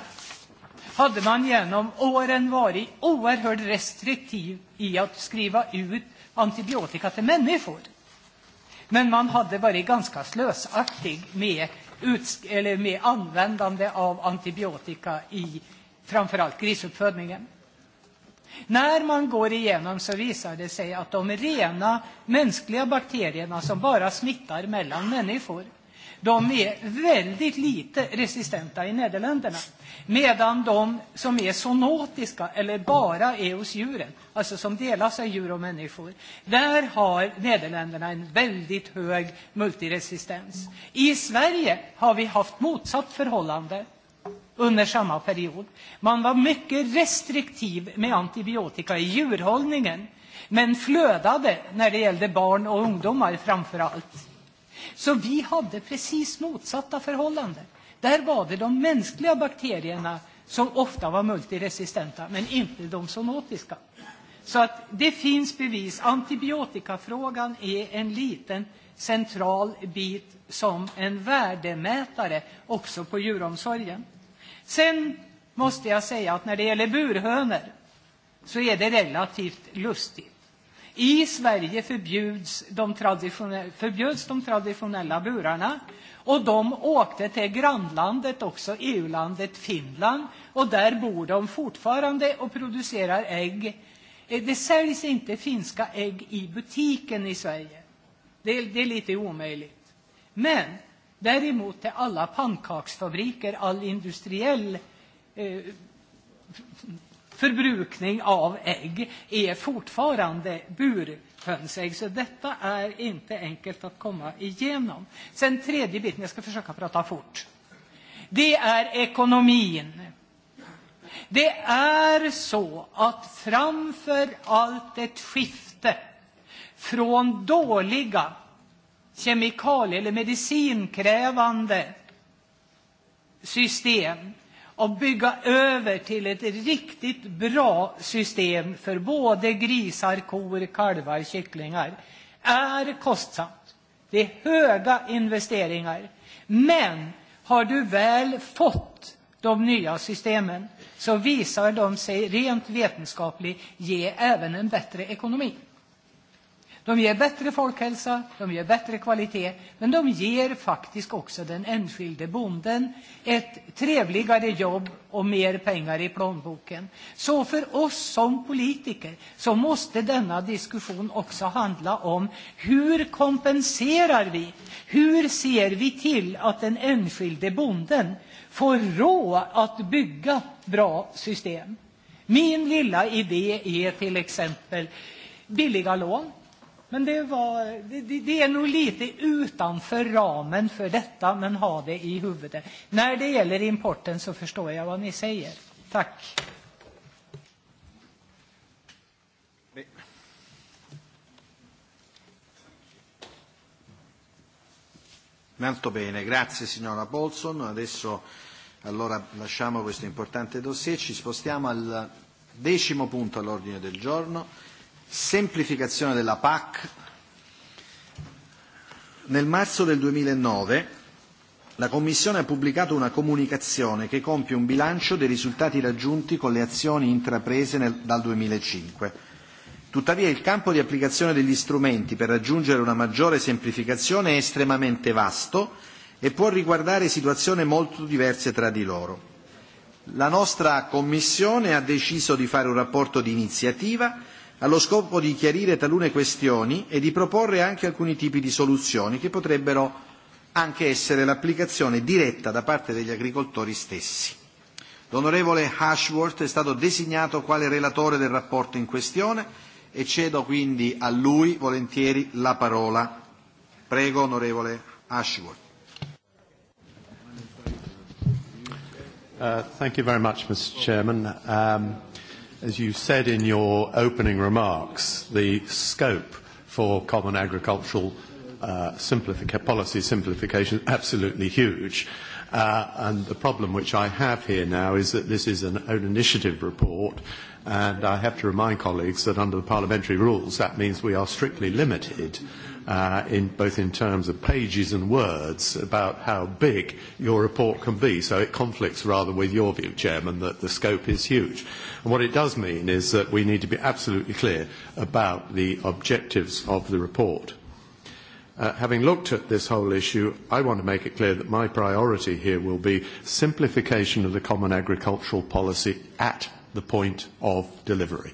hade man genom åren varit oerhört restriktiv i att skriva ut antibiotika till människor. Men man hade varit ganska slösaktig med, med användande av antibiotika i framförallt grisuppfödningen. När man går igenom så visar det sig att de rena mänskliga bakterierna som bara smittar mellan människor, de är väldigt lite resistenta i Nederländerna. Medan de som är zoonotiska, eller bara är hos djuren, alltså som delas av djur och människor, där har Nederländerna en väldigt hög multiresistens. I Sverige har vi haft motsatt förhållande under samma period. Man var mycket restriktiv med antibiotika i djurhållningen men flödade när det gällde barn och ungdomar framför allt. Så vi hade precis motsatta förhållanden. Där var det de mänskliga bakterierna som ofta var multiresistenta, men inte de zoonotiska. Så att det finns bevis. Antibiotikafrågan är en liten central bit som en värdemätare också på djuromsorgen. Sen måste jag säga att när det gäller burhönor så är det relativt lustigt. I Sverige förbjuds de traditionella, förbjöds de traditionella burarna och de åkte till grannlandet också, EU-landet Finland och där bor de fortfarande och producerar ägg. Eh, det säljs inte finska ägg i butiken i Sverige. Det, det är lite omöjligt. Men Däremot är alla pannkaksfabriker, all industriell eh, förbrukning av ägg är fortfarande burhönsägg. Så detta är inte enkelt att komma igenom. Sen tredje biten, jag ska försöka prata fort. Det är ekonomin. Det är så att framför allt ett skifte från dåliga kemikalie eller medicinkrävande system och bygga över till ett riktigt bra system för både grisar, kor, kalvar, kycklingar är kostsamt. Det är höga investeringar. Men har du väl fått de nya systemen så visar de sig rent vetenskapligt ge även en bättre ekonomi. De ger bättre folkhälsa, de ger bättre kvalitet, men de ger faktiskt också den enskilde bonden ett trevligare jobb och mer pengar i plånboken. Så för oss som politiker så måste denna diskussion också handla om hur kompenserar vi? Hur ser vi till att den enskilde bonden får råd att bygga bra system? Min lilla idé är till exempel billiga lån. Men det, var, det, det är nog lite utanför ramen för detta, men ha det i huvudet. När det gäller importen så förstår jag vad ni säger. Tack. Molto bene, grazie signora Bolson. Adesso allora lasciamo questo importante dossier, ci spostiamo al decimo punto all'ordine del giorno semplificazione della PAC, nel marzo del 2009 la Commissione ha pubblicato una comunicazione che compie un bilancio dei risultati raggiunti con le azioni intraprese nel, dal 2005. Tuttavia il campo di applicazione degli strumenti per raggiungere una maggiore semplificazione è estremamente vasto e può riguardare situazioni molto diverse tra di loro. La nostra Commissione ha deciso di fare un rapporto di iniziativa allo scopo di chiarire talune questioni e di proporre anche alcuni tipi di soluzioni che potrebbero anche essere l'applicazione diretta da parte degli agricoltori stessi. L'onorevole Ashworth è stato designato quale relatore del rapporto in questione e cedo quindi a lui volentieri la parola. Prego, onorevole Ashworth. Uh, thank you very much, Mr. Chairman. Um, as you said in your opening remarks, the scope for common agricultural uh, simplific policy simplification is absolutely huge. Uh, and the problem which I have here now is that this is an own initiative report, and I have to remind colleagues that under the parliamentary rules, that means we are strictly limited uh, in both in terms of pages and words about how big your report can be. So it conflicts rather with your view, Chairman, that the scope is huge. And what it does mean is that we need to be absolutely clear about the objectives of the report. Uh, having looked at this whole issue, I want to make it clear that my priority here will be simplification of the common agricultural policy at the point of delivery.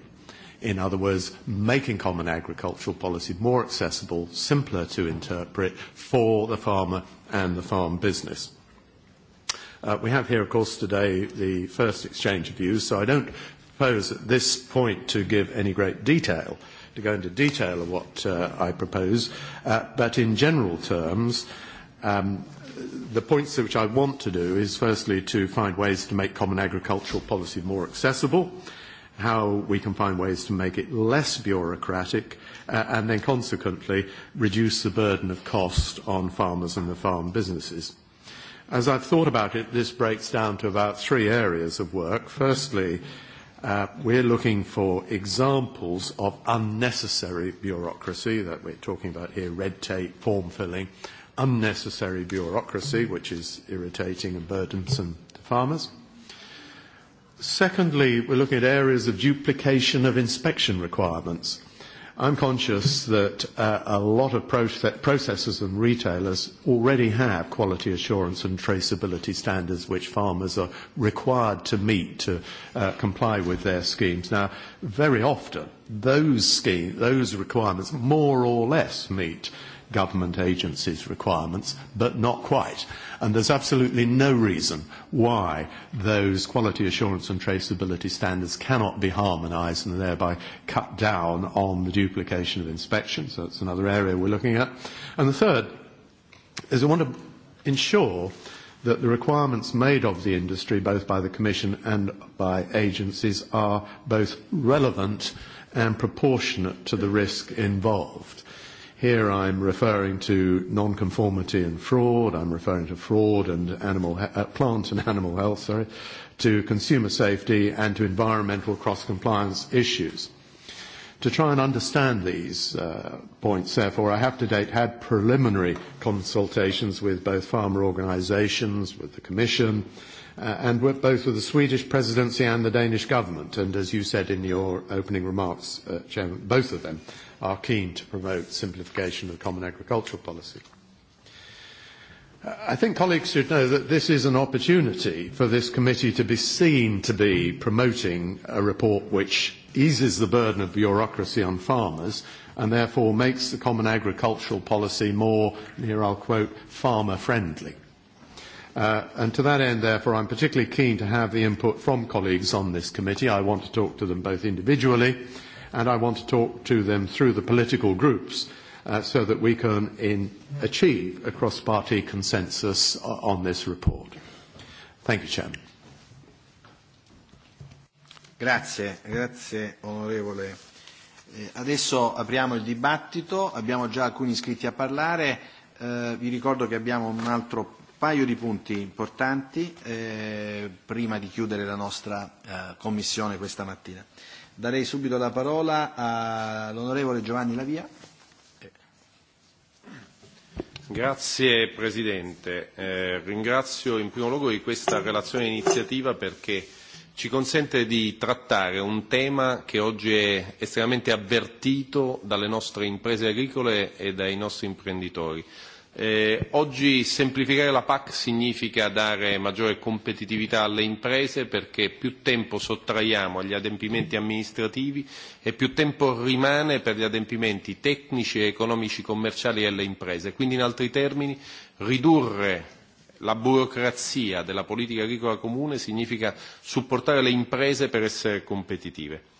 In other words, making common agricultural policy more accessible, simpler to interpret for the farmer and the farm business. Uh, we have here, of course, today the first exchange of views, so I don't propose at this point to give any great detail, to go into detail of what uh, I propose, uh, but in general terms, um, the points which I want to do is firstly to find ways to make common agricultural policy more accessible, how we can find ways to make it less bureaucratic, uh, and then consequently reduce the burden of cost on farmers and the farm businesses. As I've thought about it, this breaks down to about three areas of work. Firstly, Uh, we're looking for examples of unnecessary bureaucracy that we're talking about here, red tape, form filling, unnecessary bureaucracy, which is irritating and burdensome to farmers. Secondly, we're looking at areas of duplication of inspection requirements. Uh, I'm conscious that uh, a lot of proce- processors and retailers already have quality assurance and traceability standards which farmers are required to meet to uh, comply with their schemes. Now, very often, those, scheme, those requirements more or less meet uh, government agencies' requirements, but not quite. And there's absolutely no reason why those quality assurance and traceability standards cannot be harmonized and thereby cut down on the duplication of inspections. That's another area we're looking at. And the third is I want to ensure that the requirements made of the industry, both by the Commission and by agencies, are both relevant and proportionate to the risk involved. Here I'm referring to nonconformity and fraud. I'm referring to fraud and animal, uh, plant and animal health, sorry, to consumer safety and to environmental cross-compliance issues. To try and understand these uh, points, therefore, I have to date had preliminary consultations with both farmer organizations, with the Commission, uh, and with both with the Swedish presidency and the Danish government. And as you said in your opening remarks, uh, Chairman, both of them are keen to promote simplification of the common agricultural policy. I think colleagues should know that this is an opportunity for this committee to be seen to be promoting a report which eases the burden of bureaucracy on farmers and therefore makes the common agricultural policy more, here I'll quote, farmer friendly. Uh, and to that end, therefore, I'm particularly keen to have the input from colleagues on this committee. I want to talk to them both individually and I want to talk to them through the political groups uh, so that we can in, achieve a cross-party consensus uh, on this report. Thank you, Chairman. Grazie, grazie onorevole. Eh, adesso apriamo il dibattito, abbiamo già alcuni iscritti a parlare, eh, vi ricordo che abbiamo un altro paio di punti importanti eh, prima di chiudere la nostra eh, commissione questa mattina. Darei subito la parola all'onorevole Giovanni Lavia. Grazie Presidente, eh, ringrazio in primo luogo di questa relazione iniziativa perché ci consente di trattare un tema che oggi è estremamente avvertito dalle nostre imprese agricole e dai nostri imprenditori Eh, oggi semplificare la PAC significa dare maggiore competitività alle imprese perché più tempo sottraiamo agli adempimenti amministrativi e più tempo rimane per gli adempimenti tecnici e economici commerciali alle imprese. Quindi, in altri termini, ridurre la burocrazia della politica agricola comune significa supportare le imprese per essere competitive.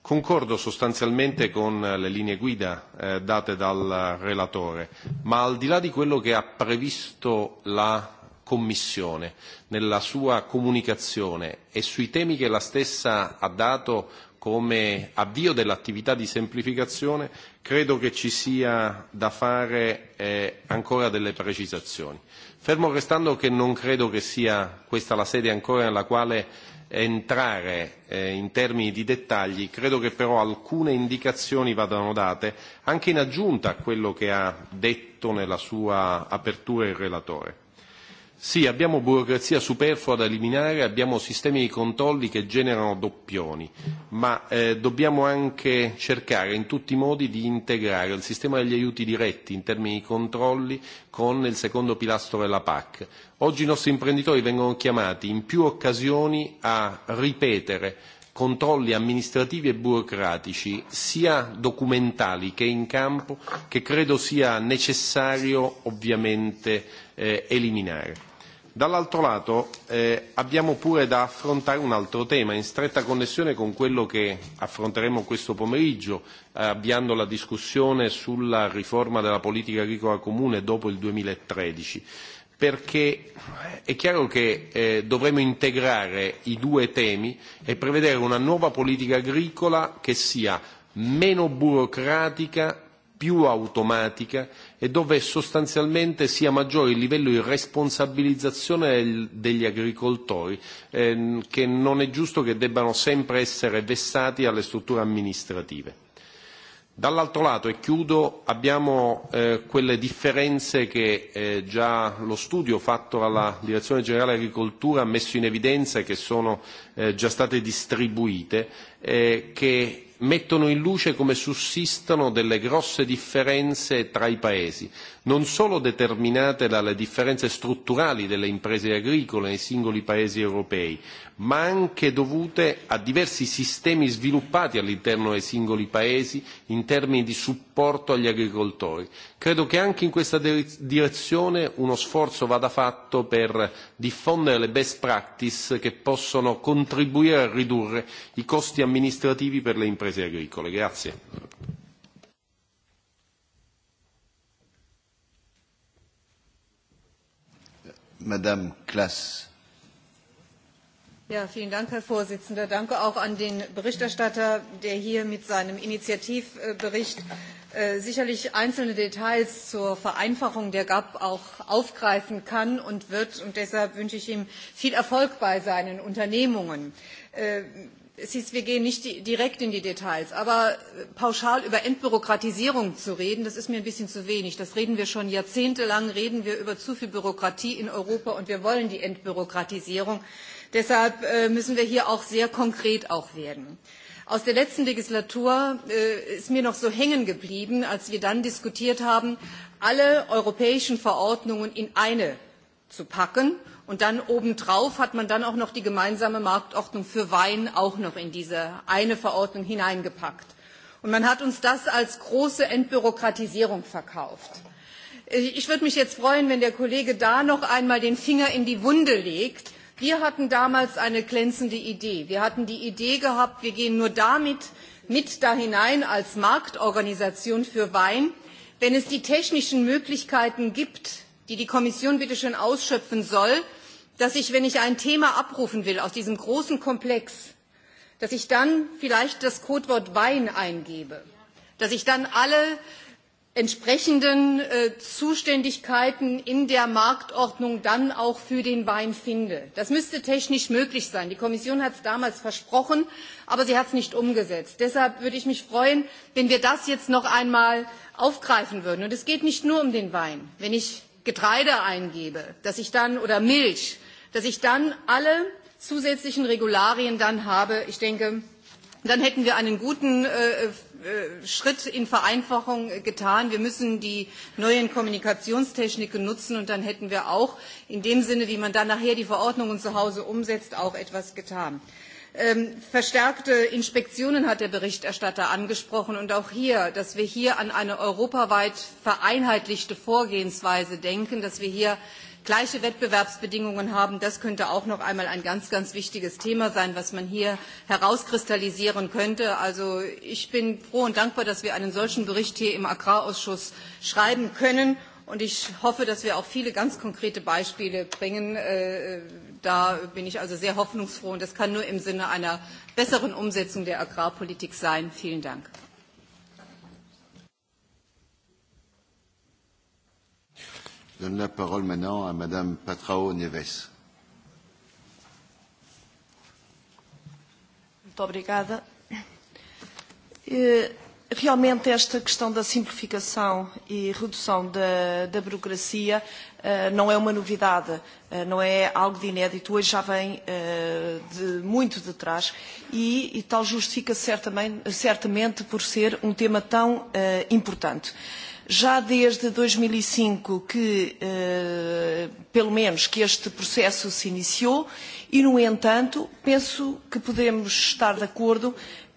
Concordo sostanzialmente con eh, le linee guida eh, date dal eh, relatore, ma al di là di quello che ha previsto la Commissione nella sua comunicazione e sui temi che la stessa ha dato come avvio dell'attività di semplificazione, credo che ci sia da fare eh, ancora delle precisazioni. Fermo restando che non credo che sia questa la sede ancora nella quale entrare eh, in termini di dettagli, credo che però alcune indicazioni vadano date anche in aggiunta a quello che ha detto nella sua apertura il relatore. Sì, abbiamo burocrazia superflua da eliminare, abbiamo sistemi di controlli che generano doppioni, ma eh, dobbiamo anche cercare in tutti i modi di integrare il sistema degli aiuti diretti in termini di controlli con il secondo pilastro della PAC, Oggi i nostri imprenditori vengono chiamati in più occasioni a ripetere controlli amministrativi e burocratici, sia documentali che in campo, che credo sia necessario ovviamente eh, eliminare. Dall'altro lato eh, abbiamo pure da affrontare un altro tema in stretta connessione con quello che affronteremo questo pomeriggio, eh, avviando la discussione sulla riforma della politica agricola comune dopo il 2013 perché è chiaro che eh, dovremo integrare i due temi e prevedere una nuova politica agricola che sia meno burocratica, più automatica e dove sostanzialmente sia maggiore il livello di responsabilizzazione degli agricoltori, ehm, che non è giusto che debbano sempre essere vessati alle strutture amministrative. Dall'altro lato, e chiudo, abbiamo eh, quelle differenze che eh, già lo studio fatto dalla Direzione Generale Agricoltura ha messo in evidenza e che sono eh, già state distribuite, eh, che mettono in luce come sussistono delle grosse differenze tra i paesi non solo determinate dalle differenze strutturali delle imprese agricole nei singoli paesi europei, ma anche dovute a diversi sistemi sviluppati all'interno dei singoli paesi in termini di supporto agli agricoltori. Credo che anche in questa direzione uno sforzo vada fatto per diffondere le best practice che possono contribuire a ridurre i costi amministrativi per le imprese agricole. Grazie. Madame Klaas. Ja, vielen Dank, Herr Vorsitzender. Danke auch an den Berichterstatter, der hier mit seinem Initiativbericht äh, sicherlich einzelne Details zur Vereinfachung der GAP auch aufgreifen kann und wird. Und deshalb wünsche ich ihm viel Erfolg bei seinen Unternehmungen. Äh, es hieß, wir gehen nicht die, direkt in die Details, aber äh, pauschal über Entbürokratisierung zu reden, das ist mir ein bisschen zu wenig. Das reden wir schon jahrzehntelang, reden wir über zu viel Bürokratie in Europa und wir wollen die Entbürokratisierung. Deshalb äh, müssen wir hier auch sehr konkret auch werden. Aus der letzten Legislatur äh, ist mir noch so hängen geblieben, als wir dann diskutiert haben, alle europäischen Verordnungen in eine zu packen Und dann obendrauf hat man dann auch noch die gemeinsame Marktordnung für Wein auch noch in diese eine Verordnung hineingepackt. Und man hat uns das als große Entbürokratisierung verkauft. Ich würde mich jetzt freuen, wenn der Kollege da noch einmal den Finger in die Wunde legt. Wir hatten damals eine glänzende Idee. Wir hatten die Idee gehabt, wir gehen nur damit mit da hinein als Marktorganisation für Wein, wenn es die technischen Möglichkeiten gibt, die die Kommission bitte schön ausschöpfen soll, dass ich, wenn ich ein Thema abrufen will aus diesem großen Komplex, dass ich dann vielleicht das Codewort Wein eingebe, dass ich dann alle entsprechenden äh, Zuständigkeiten in der Marktordnung dann auch für den Wein finde. Das müsste technisch möglich sein. Die Kommission hat es damals versprochen, aber sie hat es nicht umgesetzt. Deshalb würde ich mich freuen, wenn wir das jetzt noch einmal aufgreifen würden. Und es geht nicht nur um den Wein. Wenn ich Getreide eingebe, dass ich dann oder Milch, dass ich dann alle zusätzlichen Regularien dann habe. Ich denke, dann hätten wir einen guten äh, äh, Schritt in Vereinfachung getan. Wir müssen die neuen Kommunikationstechniken nutzen und dann hätten wir auch in dem Sinne, wie man dann nachher die Verordnungen zu Hause umsetzt, auch etwas getan. Ähm, verstärkte Inspektionen hat der Berichterstatter angesprochen und auch hier, dass wir hier an eine europaweit vereinheitlichte Vorgehensweise denken, dass wir hier gleiche Wettbewerbsbedingungen haben. Das könnte auch noch einmal ein ganz, ganz wichtiges Thema sein, was man hier herauskristallisieren könnte. Also ich bin froh und dankbar, dass wir einen solchen Bericht hier im Agrarausschuss schreiben können. Und ich hoffe, dass wir auch viele ganz konkrete Beispiele bringen. Äh, da bin ich also sehr hoffnungsfroh. Und das kann nur im Sinne einer besseren Umsetzung der Agrarpolitik sein. Vielen Dank. Je donne la parole maintenant à Madame Patrao Neves. Muito obrigada. Eh, realmente esta questão da simplificação e redução da, da burocracia uh, não é uma novidade, uh, não é algo de inédito, hoje já vem uh, de muito de trás e, e tal justifica certamente, certamente por ser um tema tão uh, importante. Uh, Já desde 2005 e que, eh, pelo menos, que este processo se iniciou e, no entanto, penso que podemos estar de acordo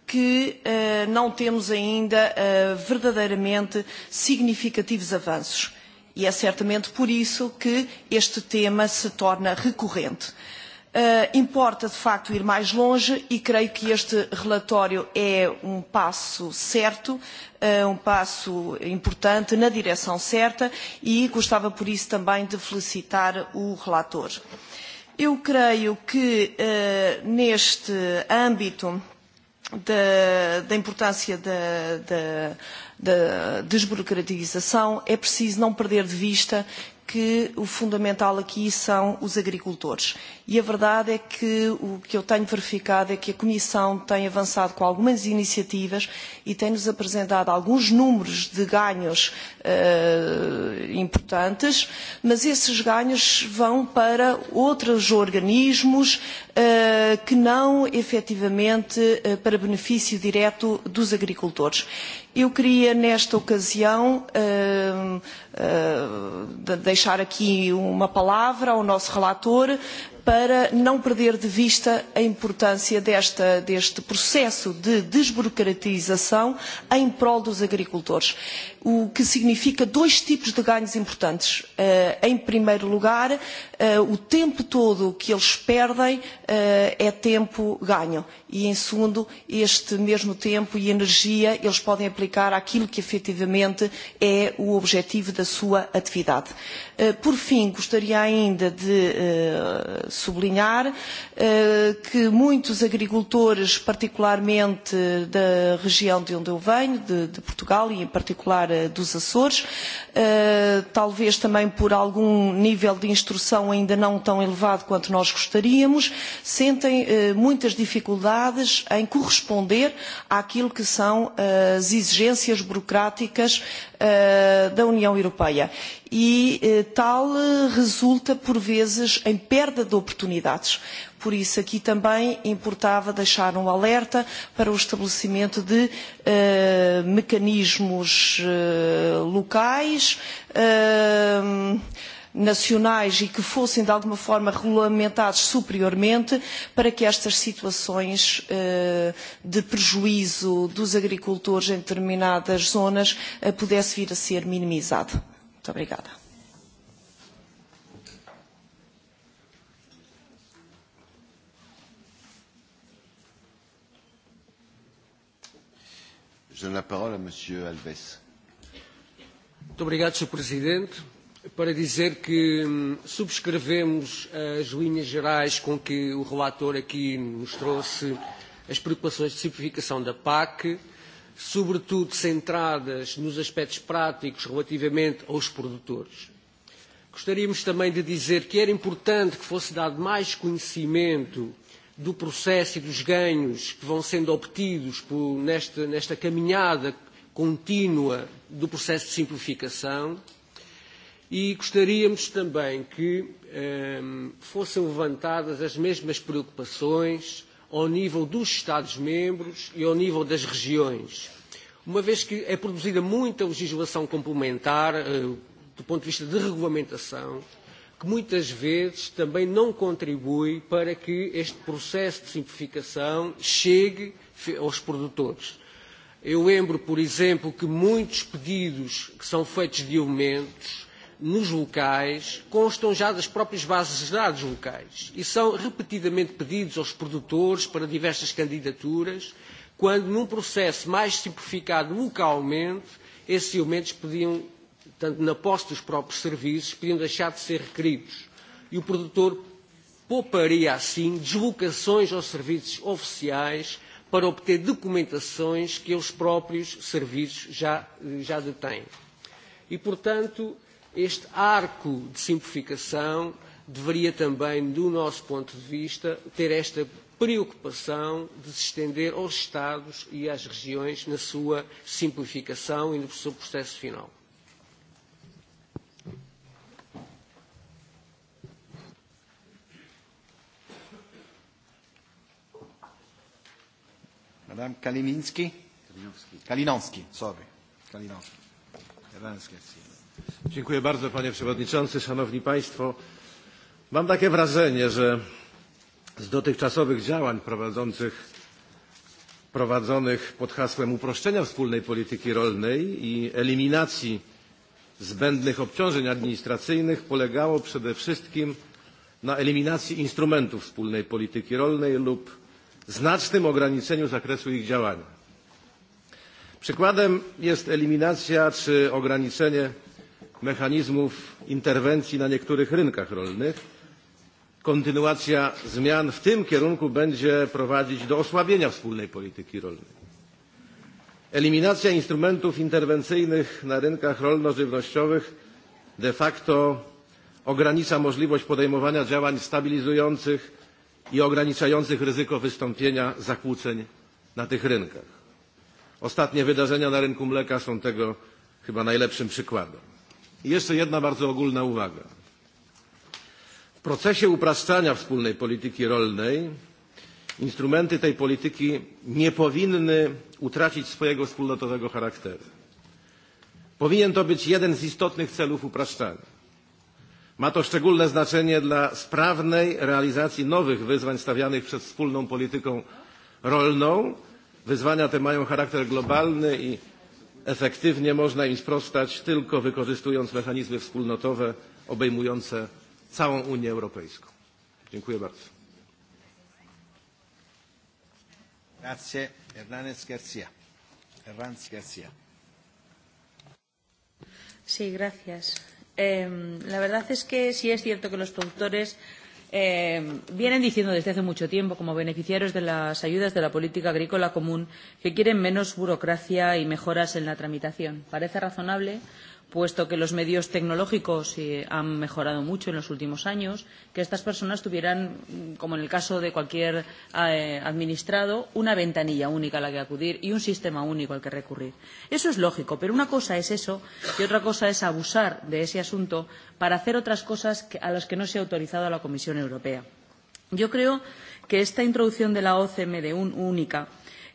que eh, não temos ainda eh, verdadeiramente significativos avanços. E é certamente por isso que este tema se torna recorrente. Eh, Uh, importa, de facto, ir mais longe e creio que este relatório é um passo certo, uh, um passo importante na direção certa e gostava, por isso, também de felicitar o relator. Eu creio que uh, neste âmbito da, da importância da, da, da desburocratização, é preciso não perder de vista que o fundamental aqui são os agricultores. E a verdade é que o que eu tenho verificado é que a Comissão tem avançado com algumas iniciativas e tem-nos apresentado alguns números de ganhos uh, importantes, mas esses ganhos vão para outros organismos uh, que não efetivamente uh, para benefício direto dos agricultores. Eu queria, nesta ocasião, uh, uh, deixar aqui uma palavra ao nosso relator, para não perder de vista a importância desta, deste processo de desburocratização em prol dos agricultores, o que significa dois tipos de ganhos importantes. Uh, em primeiro lugar, uh, o tempo todo que eles perdem uh, é tempo ganho e, em segundo, este mesmo tempo e energia eles podem aplicar àquilo que efetivamente é o objetivo da sua atividade. Uh, Eh, por fim, gostaria ainda de eh, sublinhar eh, que muitos agricultores, particularmente da região de onde eu venho, de, de Portugal e em particular dos Açores, talvez também por algum nível de instrução ainda não tão elevado quanto nós gostaríamos, sentem muitas dificuldades em corresponder àquilo que são as exigências burocráticas da União Europeia e eh, tal eh, resulta, por vezes, em perda de oportunidades. Por isso, aqui também importava deixar um alerta para o estabelecimento de eh, mecanismos eh, locais. Eh, nacionais e que fossem de alguma forma regulamentados superiormente para que estas situações eh, de prejuízo dos agricultores em determinadas zonas eh, pudesse vir a ser minimizado. Muito obrigada. Je donne la parole à Monsieur Alves. Muito obrigado, Sr. Presidente. Para dizer que subscrevemos as linhas gerais com que o relator aqui nos trouxe as preocupações de simplificação da PAC, sobretudo centradas nos aspectos práticos relativamente aos produtores. Gostaríamos também de dizer que era importante que fosse dado mais conhecimento do processo e dos ganhos que vão sendo obtidos por, nesta, nesta caminhada contínua do processo de simplificação e gostaríamos também que um, eh, fossem levantadas as mesmas preocupações ao nível dos Estados-membros e ao nível das regiões, uma vez que é produzida muita legislação complementar eh, do ponto de vista de regulamentação, que muitas vezes também não contribui para que este processo de simplificação chegue aos produtores. Eu lembro, por exemplo, que muitos pedidos que são feitos de aumentos nos locais constam já das próprias bases de dados locais e são repetidamente pedidos aos produtores para diversas candidaturas, quando num processo mais simplificado localmente, esses elementos podiam, tanto na posse dos próprios serviços, podiam deixar de ser requeridos. E o produtor pouparia assim deslocações aos serviços oficiais para obter documentações que os próprios serviços já, já detêm. E, portanto, Este arco de simplificação deveria também, do nosso ponto de vista, ter esta preocupação de se estender aos Estados e às regiões na sua simplificação e no seu processo final. Madame Kalinowski. Kalinowski. Kalinowski, sorry. Kalinowski. Kalinowski. Dziękuję bardzo, panie przewodniczący, szanowni państwo. Mam takie wrażenie, że z dotychczasowych działań prowadzących, prowadzonych pod hasłem uproszczenia wspólnej polityki rolnej i eliminacji zbędnych obciążeń administracyjnych polegało przede wszystkim na eliminacji instrumentów wspólnej polityki rolnej lub znacznym ograniczeniu zakresu ich działania. Przykładem jest eliminacja czy ograniczenie mechanizmów interwencji na niektórych rynkach rolnych. Kontynuacja zmian w tym kierunku będzie prowadzić do osłabienia wspólnej polityki rolnej. Eliminacja instrumentów interwencyjnych na rynkach rolno-żywnościowych de facto ogranicza możliwość podejmowania działań stabilizujących i ograniczających ryzyko wystąpienia zakłóceń na tych rynkach. Ostatnie wydarzenia na rynku mleka są tego chyba najlepszym przykładem. I jeszcze jedna bardzo ogólna uwaga. W procesie upraszczania wspólnej polityki rolnej instrumenty tej polityki nie powinny utracić swojego wspólnotowego charakteru. Powinien to być jeden z istotnych celów upraszczania. Ma to szczególne znaczenie dla sprawnej realizacji nowych wyzwań stawianych przez wspólną polityką rolną. Wyzwania te mają charakter globalny i Efektywnie można im sprostać tylko wykorzystując mechanizmy wspólnotowe obejmujące całą Unię Europejską. Dziękuję bardzo. Grazie. Hernández García. Hernández García. Sí, gracias. Eh, la verdad es que sí es cierto que los productores eh, eh, vienen diciendo desde hace mucho tiempo, como beneficiarios de las ayudas de la política agrícola común, que quieren menos burocracia y mejoras en la tramitación. Parece razonable, pero puesto que los medios tecnológicos eh, han mejorado mucho en los últimos años, que estas personas tuvieran, mm, como en el caso de cualquier eh, administrado, una ventanilla única a la que acudir y un sistema único al que recurrir. Eso es lógico, pero una cosa es eso y otra cosa es abusar de ese asunto para hacer otras cosas que, a las que no se ha autorizado a la Comisión Europea. Yo creo que esta introducción de la OCMD un, única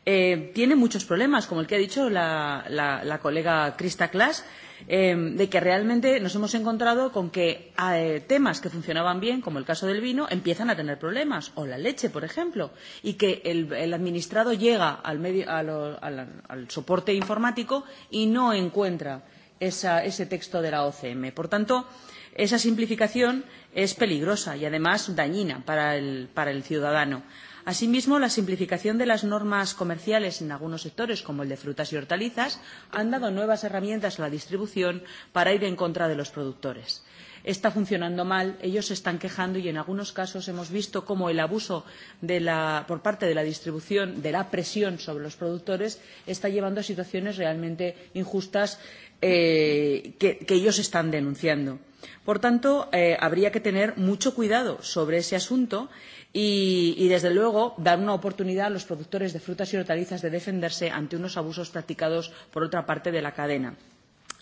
eh, tiene muchos problemas, como el que ha dicho la, la, la colega Krista Klaas, eh, de que realmente nos hemos encontrado con que eh, temas que funcionaban bien, como el caso del vino, empiezan a tener problemas, o la leche, por ejemplo, y que el, el administrado llega al, medio, a lo, al, al soporte informático y no encuentra esa, ese texto de la OCM. Por tanto, eh, Esa simplificación es peligrosa y además dañina para el, para el ciudadano. Asimismo, la simplificación de las normas comerciales en algunos sectores, como el de frutas y hortalizas, han dado nuevas herramientas a la distribución para ir en contra de los productores. Está funcionando mal, ellos se están quejando y en algunos casos hemos visto cómo el abuso de la, por parte de la distribución de la presión sobre los productores está llevando a situaciones realmente injustas eh, que, que ellos están denunciando. Por tanto, eh, habría que tener mucho cuidado sobre ese asunto y, y, desde luego, dar una oportunidad a los productores de frutas y hortalizas de defenderse ante unos abusos practicados por otra parte de la cadena.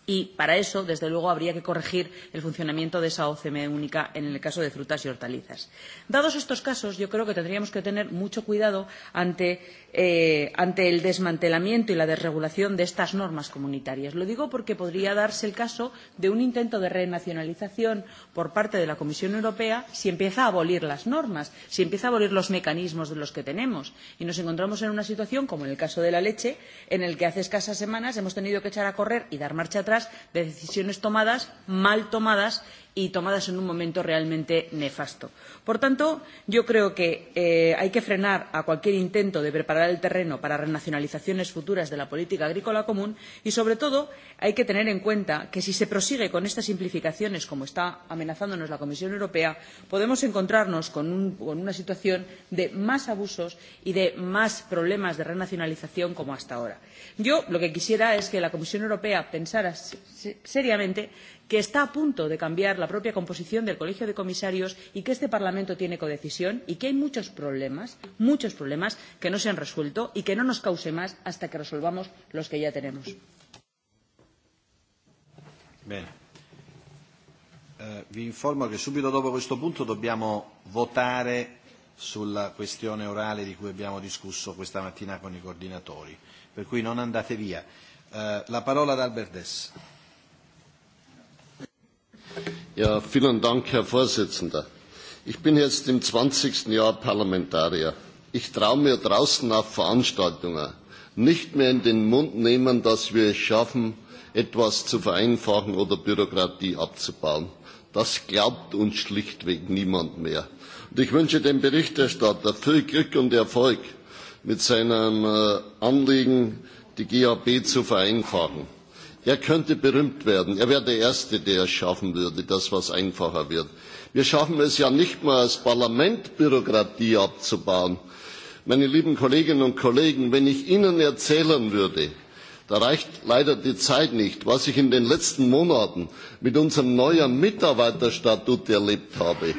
Y para eso, desde luego, habría que corregir el funcionamiento de esa OCM única en el caso de frutas y hortalizas. Dados estos casos, yo creo que tendríamos que tener mucho cuidado ante eh, ante el desmantelamiento y la desregulación de estas normas comunitarias. Lo digo porque podría darse el caso de un intento de renacionalización por parte de la Comisión Europea si empieza a abolir las normas, si empieza a abolir los mecanismos de los que tenemos. Y nos encontramos en una situación, como en el caso de la leche, en el que hace escasas semanas hemos tenido que echar a correr y dar marcha atrás de decisiones tomadas, mal tomadas y tomadas en un momento realmente nefasto. Por tanto, yo creo que eh, hay que frenar a cualquier intento de preparar el terreno para renacionalizaciones futuras de la política agrícola común y, sobre todo, hay que tener en cuenta que si se prosigue con estas simplificaciones, como está amenazándonos la Comisión Europea, podemos encontrarnos con, un, con una situación de más abusos y de más problemas de renacionalización como hasta ahora. Yo lo que quisiera es que la Comisión Europea pensara seriamente que está a punto de cambiar la propia composición del Colegio de Comisarios y que este Parlamento tiene codecisión y que hay muchos problemas, muchos problemas que no se han resuelto y que no nos cause más hasta que resolvamos los que ya tenemos. Bene. Eh, vi informo che subito dopo questo punto dobbiamo votare sulla questione orale di cui abbiamo discusso questa mattina con i coordinatori, per cui non andate via. Eh, la parola ad Albert Dess. Ja, vielen Dank, Herr Vorsitzender. Ich bin jetzt im 20. Jahr Parlamentarier. Ich traue mir draußen auf Veranstaltungen nicht mehr in den Mund nehmen, dass wir es schaffen, etwas zu vereinfachen oder Bürokratie abzubauen. Das glaubt uns schlichtweg niemand mehr. Und ich wünsche dem Berichterstatter viel Glück und Erfolg mit seinem äh, Anliegen, die GAB zu vereinfachen. Er könnte berühmt werden. Er wäre der Erste, der es schaffen würde, dass was einfacher wird. Wir schaffen es ja nicht mal als Parlament, Bürokratie abzubauen. Meine lieben Kolleginnen und Kollegen, wenn ich Ihnen erzählen würde, da reicht leider die Zeit nicht, was ich in den letzten Monaten mit unserem neuen Mitarbeiterstatut erlebt habe,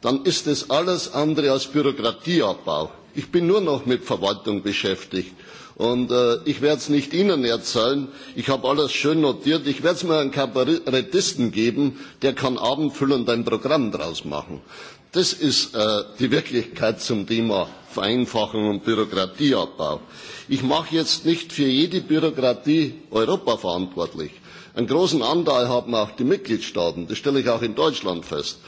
dann ist es alles andere als Bürokratieabbau. Ich bin nur noch mit Verwaltung beschäftigt Und äh, ich werde es nicht Ihnen erzählen. Ich habe alles schön notiert. Ich werde es mal einem Kabarettisten geben, der kann abendfüllend ein Programm draus machen. Das ist äh, die Wirklichkeit zum Thema Vereinfachung und Bürokratieabbau. Ich mache jetzt nicht für jede Bürokratie Europa verantwortlich. Einen großen Anteil haben auch die Mitgliedstaaten. Das stelle ich auch in Deutschland fest.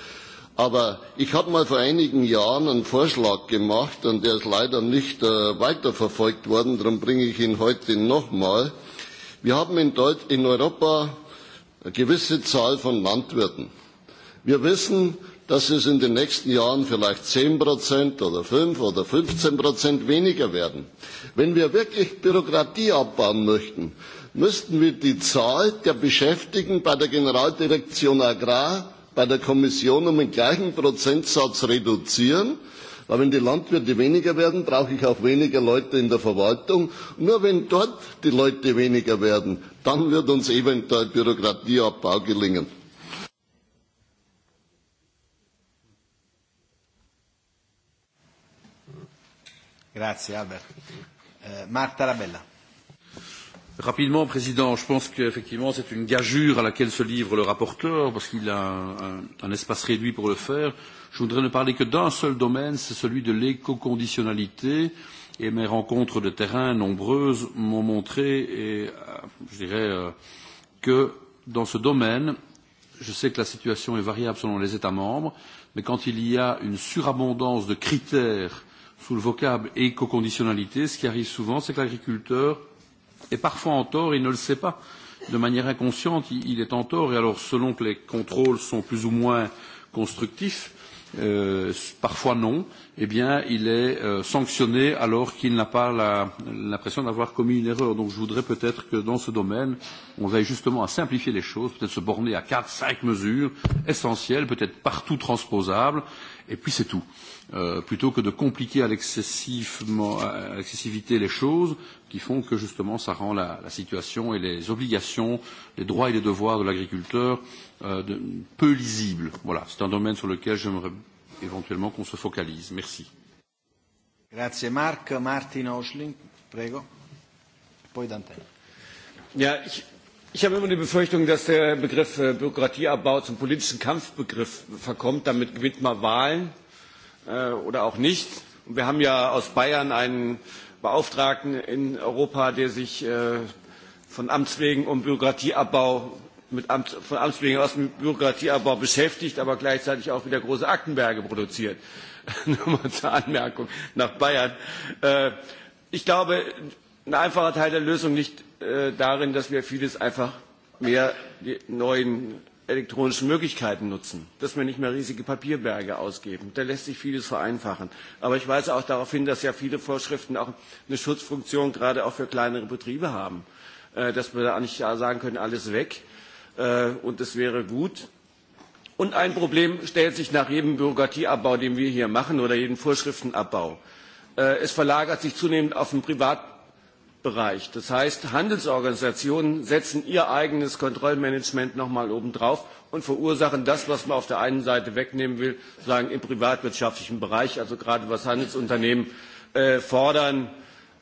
Aber ich habe mal vor einigen Jahren einen Vorschlag gemacht und der ist leider nicht äh, weiterverfolgt worden, darum bringe ich ihn heute nochmal. Wir haben in, Deut in Europa eine gewisse Zahl von Landwirten. Wir wissen, dass es in den nächsten Jahren vielleicht 10 Prozent oder 5 oder 15 Prozent weniger werden. Wenn wir wirklich Bürokratie abbauen möchten, müssten wir die Zahl der Beschäftigten bei der Generaldirektion Agrar bei der Kommission um den gleichen Prozentsatz reduzieren. Weil wenn die Landwirte weniger werden, brauche ich auch weniger Leute in der Verwaltung. Nur wenn dort die Leute weniger werden, dann wird uns eventuell Bürokratieabbau gelingen. Grazie Albert. Eh, Marta Rabella. Rapidement, Président, je pense qu'effectivement c'est une gageure à laquelle se livre le rapporteur, parce qu'il a un, un, un espace réduit pour le faire. Je voudrais ne parler que d'un seul domaine, c'est celui de l'éco-conditionnalité, et mes rencontres de terrain nombreuses m'ont montré, et, euh, je dirais, euh, que dans ce domaine, je sais que la situation est variable selon les États membres, mais quand il y a une surabondance de critères sous le vocable éco-conditionnalité, ce qui arrive souvent, c'est que l'agriculteur – est parfois en tort et ne le sait pas. De manière inconsciente, il est en tort et alors selon que les contrôles sont plus ou moins constructifs, euh, parfois non, eh bien il est euh, sanctionné alors qu'il n'a pas l'impression d'avoir commis une erreur. Donc je voudrais peut-être que dans ce domaine, on veille justement à simplifier les choses, peut-être se borner à quatre, cinq mesures essentielles, peut-être partout transposables, et puis c'est tout. Euh, euh, plutôt que de compliquer à l'excessivité les choses qui font que justement ça rend la, la situation et les obligations, les droits et les devoirs de l'agriculteur euh, de, peu lisibles. Voilà, c'est un domaine sur lequel j'aimerais éventuellement qu'on se focalise. Merci. Grazie Marc. Martin Oschling, prego. Poi Dante. Ja, ich, ich habe immer die Befürchtung, dass der Begriff äh, Bürokratieabbau zum politischen Kampfbegriff verkommt. Damit gewinnt man Wahlen äh, oder auch nicht. Wir haben ja aus Bayern einen Beauftragten in Europa, der sich äh, von Amts wegen um Bürokratieabbau mit Amts, von Amts wegen aus dem Bürokratieabbau beschäftigt, aber gleichzeitig auch wieder große Aktenberge produziert. Nur mal zur Anmerkung nach Bayern. Äh, ich glaube, ein einfacher Teil der Lösung liegt äh, darin, dass wir vieles einfach mehr die neuen elektronischen Möglichkeiten nutzen, dass wir nicht mehr riesige Papierberge ausgeben. Da lässt sich vieles vereinfachen. Aber ich weise auch darauf hin, dass ja viele Vorschriften auch eine Schutzfunktion gerade auch für kleinere Betriebe haben, äh, dass wir da nicht sagen können, alles weg äh, und das wäre gut. Und ein Problem stellt sich nach jedem Bürokratieabbau, den wir hier machen, oder jedem Vorschriftenabbau. Äh, es verlagert sich zunehmend auf den Privat Bereich. Das heißt, Handelsorganisationen setzen ihr eigenes Kontrollmanagement nochmal obendrauf und verursachen das, was man auf der einen Seite wegnehmen will, sagen im privatwirtschaftlichen Bereich, also gerade was Handelsunternehmen äh, fordern.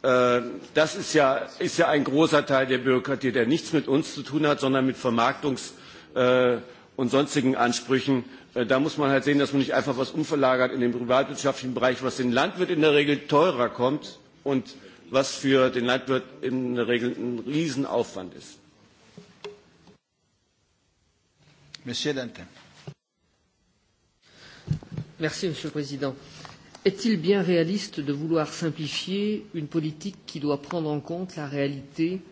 Äh, das ist ja, ist ja ein großer Teil der Bürokratie, der nichts mit uns zu tun hat, sondern mit Vermarktungs- äh, und sonstigen Ansprüchen. Äh, da muss man halt sehen, dass man nicht einfach was umverlagert in den privatwirtschaftlichen Bereich, was den Landwirt in der Regel teurer kommt und äh, was für den Landwirt in der Regel ein Riesenaufwand ist. Monsieur Dantin. Merci, Monsieur le Président. Est-il bien réaliste de vouloir simplifier une politique qui doit prendre en compte la réalité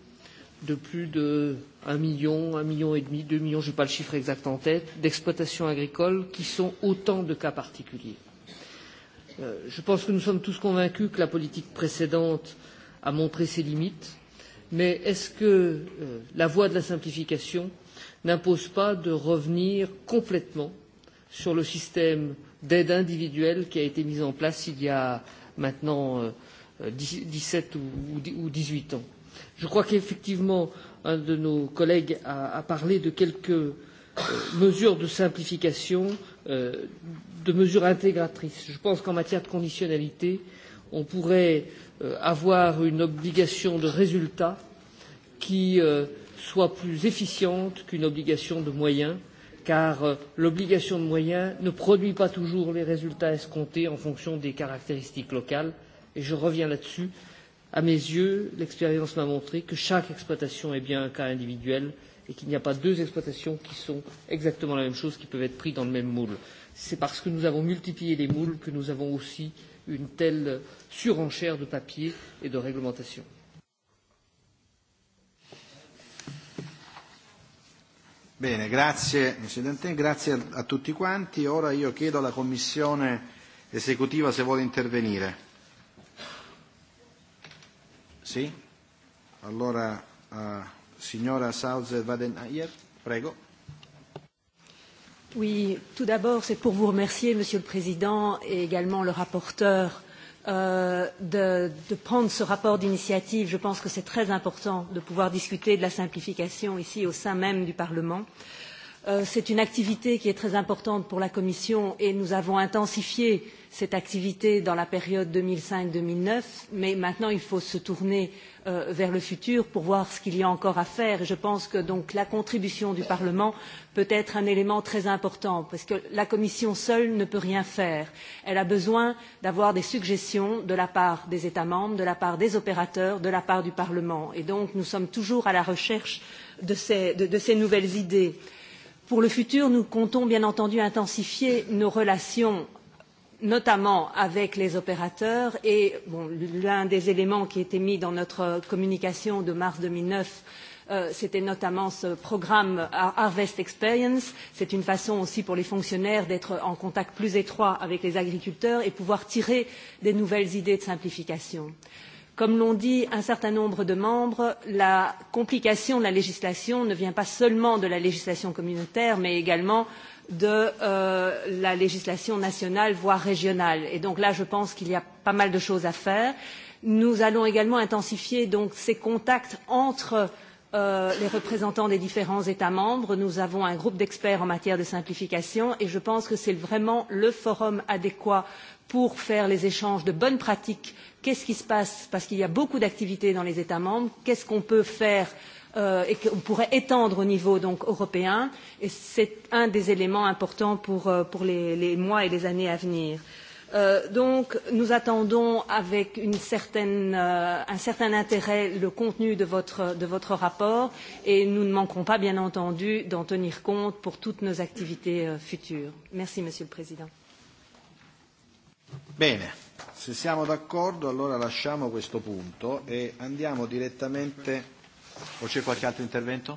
de plus de 1 million, 1 million et demi, 2 millions, je n'ai pas le chiffre exact en tête, d'exploitations agricoles qui sont autant de cas particuliers euh, Je pense que nous sommes tous convaincus que la politique précédente euh, a montré ses limites, mais est-ce que euh, la voie de la simplification n'impose pas de revenir complètement sur le système d'aide individuelle qui a été mis en place il y a maintenant euh, 17 euh, ou 18 ans Je crois qu'effectivement, un de nos collègues a, a parlé de quelques euh, mesures de simplification, euh, de mesures intégratrices. Je pense qu'en matière de conditionnalité, on pourrait euh, euh, avoir une obligation de résultat qui euh, soit plus efficiente qu'une obligation de moyens, car euh, l'obligation de moyens ne produit pas toujours les résultats escomptés en fonction des caractéristiques locales. Et je reviens là-dessus. À mes yeux, l'expérience m'a montré que chaque exploitation est bien un cas individuel et qu'il n'y a pas deux exploitations qui sont exactement la même chose, qui peuvent être prises dans le même moule. C'est parce que nous avons multiplié les moules que nous avons aussi euh, une telle surenchère de papier et de réglementation. Bene, grazie Presidente, grazie a tutti quanti. Ora io chiedo alla Commissione esecutiva se vuole intervenire. Sì? Allora, uh, signora Sauze Wadenayer, prego. Oui, tout d'abord, c'est pour vous remercier, Monsieur le Président, et également le rapporteur euh, de, de prendre ce rapport d'initiative. Je pense que c'est très important de pouvoir discuter de la simplification ici au sein même du Parlement. Euh, Euh, c'est une activité qui est très importante pour la Commission et nous avons intensifié cette activité dans la période 2005-2009, mais maintenant il faut se tourner euh, vers le futur pour voir ce qu'il y a encore à faire. Et je pense que donc la contribution du Parlement peut être un élément très important parce que la Commission seule ne peut rien faire. Elle a besoin d'avoir des suggestions de la part des États membres, de la part des opérateurs, de la part du Parlement. Et donc nous sommes toujours à la recherche de ces, de, de ces nouvelles idées. Euh, Pour le futur, nous comptons bien entendu intensifier nos relations notamment avec les opérateurs et bon, l'un des éléments qui était mis dans notre communication de mars 2009 euh, c'était notamment ce programme Harvest Experience. C'est une façon aussi pour les fonctionnaires d'être en contact plus étroit avec les agriculteurs et pouvoir tirer des nouvelles idées de simplification. Euh, Comme l'ont dit un certain nombre de membres, la complication de la législation ne vient pas seulement de la législation communautaire, mais également de euh, la législation nationale, voire régionale. Et donc là, je pense qu'il y a pas mal de choses à faire. Nous allons également intensifier donc ces contacts entre euh, les représentants des différents États membres. Nous avons un groupe d'experts en matière de simplification et je pense que c'est vraiment le forum adéquat pour faire les échanges de bonnes pratiques qu'est-ce qui se passe parce qu'il y a beaucoup d'activités dans les États membres, qu'est-ce qu'on peut faire euh, et qu'on pourrait étendre au niveau donc, européen. Et c'est un des éléments importants pour, euh, pour les, les mois et les années à venir. Euh, donc, nous attendons avec une certaine, euh, un certain intérêt le contenu de votre, de votre rapport et nous ne manquerons pas, bien entendu, d'en tenir compte pour toutes nos activités euh, futures. Merci, Monsieur le Président. Bene. Se siamo d'accordo allora lasciamo questo punto e andiamo direttamente... O c'è qualche altro intervento?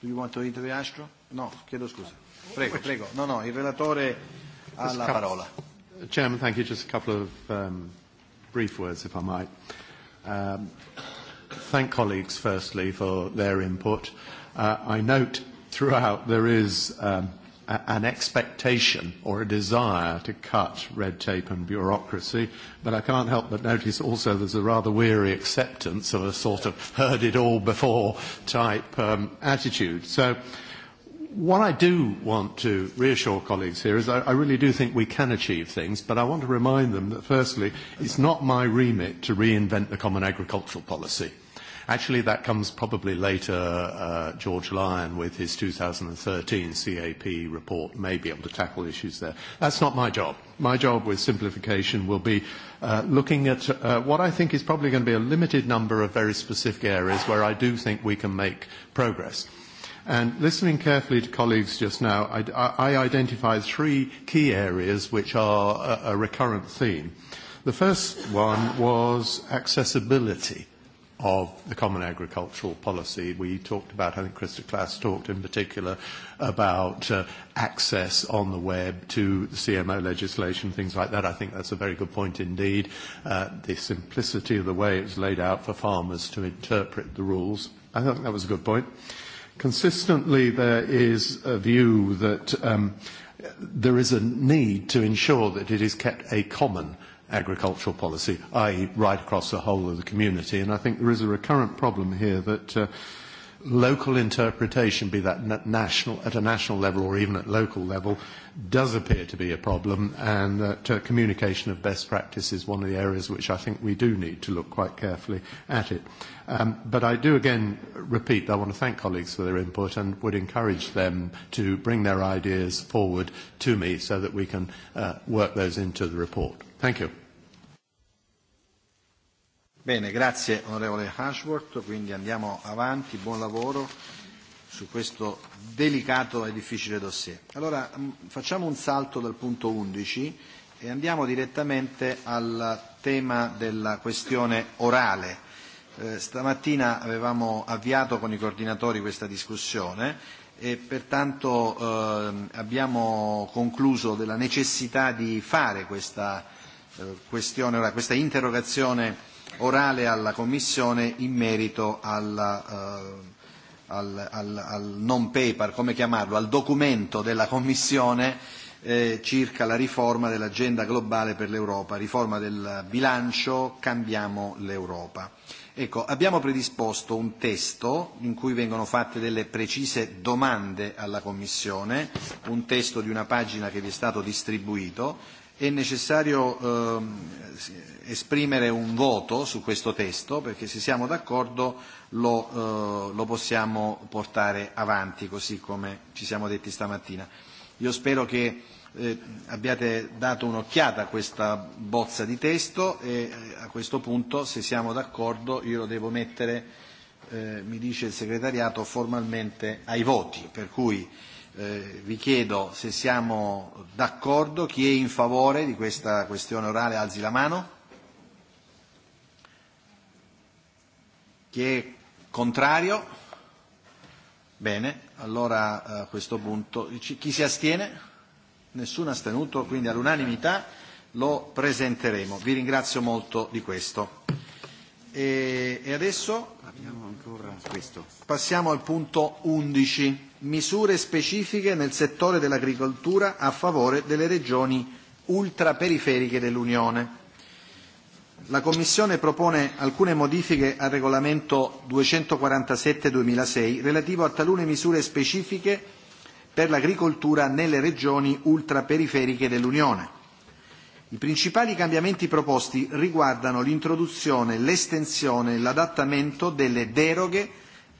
Do you want to intervene Astro? No, chiedo scusa. Prego, prego. No, no, il relatore ha la parola. Chairman, thank you. Just a couple of um, brief words, if I might. Um, thank colleagues, firstly, for their input. Uh, I note throughout there is um, a, an expectation or a desire to cut red tape and bureaucracy, but I can't help but notice also there's a rather weary acceptance of a sort of heard it all before type um, attitude. So what I do want to reassure colleagues here is I, I really do think we can achieve things, but I want to remind them that firstly, it's not my remit to reinvent the common agricultural policy. Actually, that comes probably later. Uh, George Lyon, with his 2013 CAP report, may be able to tackle issues there. That's not my job. My job with simplification will be uh, looking at uh, what I think is probably going to be a limited number of very specific areas where I do think we can make progress. And listening carefully to colleagues just now, I, I identified three key areas which are a, a recurrent theme. The first one was accessibility of the common agricultural policy. We talked about, I think Krista Klaas talked in particular about uh, access on the web to the CMO legislation, things like that. I think that's a very good point indeed. Uh, the simplicity of the way it's laid out for farmers to interpret the rules. I think that was a good point. Consistently, there is a view that um, there is a need to ensure that it is kept a common agricultural policy, i.e. right across the whole of the community. And I think there is a recurrent problem here that uh, local interpretation, be that national, at a national level or even at local level, does appear to be a problem and that uh, communication of best practice is one of the areas which I think we do need to look quite carefully at it. Um, but I do again repeat, I want to thank colleagues for their input and would encourage them to bring their ideas forward to me so that we can uh, work those into the report. Thank you. Bene, grazie onorevole Ashworth, quindi andiamo avanti, buon lavoro su questo delicato e difficile dossier. Allora mm, facciamo un salto dal punto 11 e andiamo direttamente al tema della questione orale. Eh, stamattina avevamo avviato con i coordinatori questa discussione e pertanto eh, abbiamo concluso della necessità di fare questa Eh, questione, questa interrogazione orale alla Commissione in merito alla, eh, al, al, al non paper, come chiamarlo, al documento della Commissione eh, circa la riforma dell'agenda globale per l'Europa, riforma del bilancio, cambiamo l'Europa. Ecco, abbiamo predisposto un testo in cui vengono fatte delle precise domande alla Commissione, un testo di una pagina che vi è stato distribuito è necessario eh, esprimere un voto su questo testo perché se siamo d'accordo lo, eh, lo possiamo portare avanti così come ci siamo detti stamattina. Io spero che eh, abbiate dato un'occhiata a questa bozza di testo e eh, a questo punto se siamo d'accordo io lo devo mettere, eh, mi dice il segretariato, formalmente ai voti. Per cui, eh, eh, vi chiedo se siamo d'accordo, chi è in favore di questa questione orale alzi la mano. Chi è contrario? Bene, allora eh, a questo punto chi si astiene? Nessuno astenuto, quindi all'unanimità lo presenteremo. Vi ringrazio molto di questo. E, e adesso abbiamo ancora questo. passiamo al punto 11 misure specifiche nel settore dell'agricoltura a favore delle regioni ultraperiferiche dell'Unione. La Commissione propone alcune modifiche al regolamento 247-2006 relativo a talune misure specifiche per l'agricoltura nelle regioni ultraperiferiche dell'Unione. I principali cambiamenti proposti riguardano l'introduzione, l'estensione e l'adattamento delle deroghe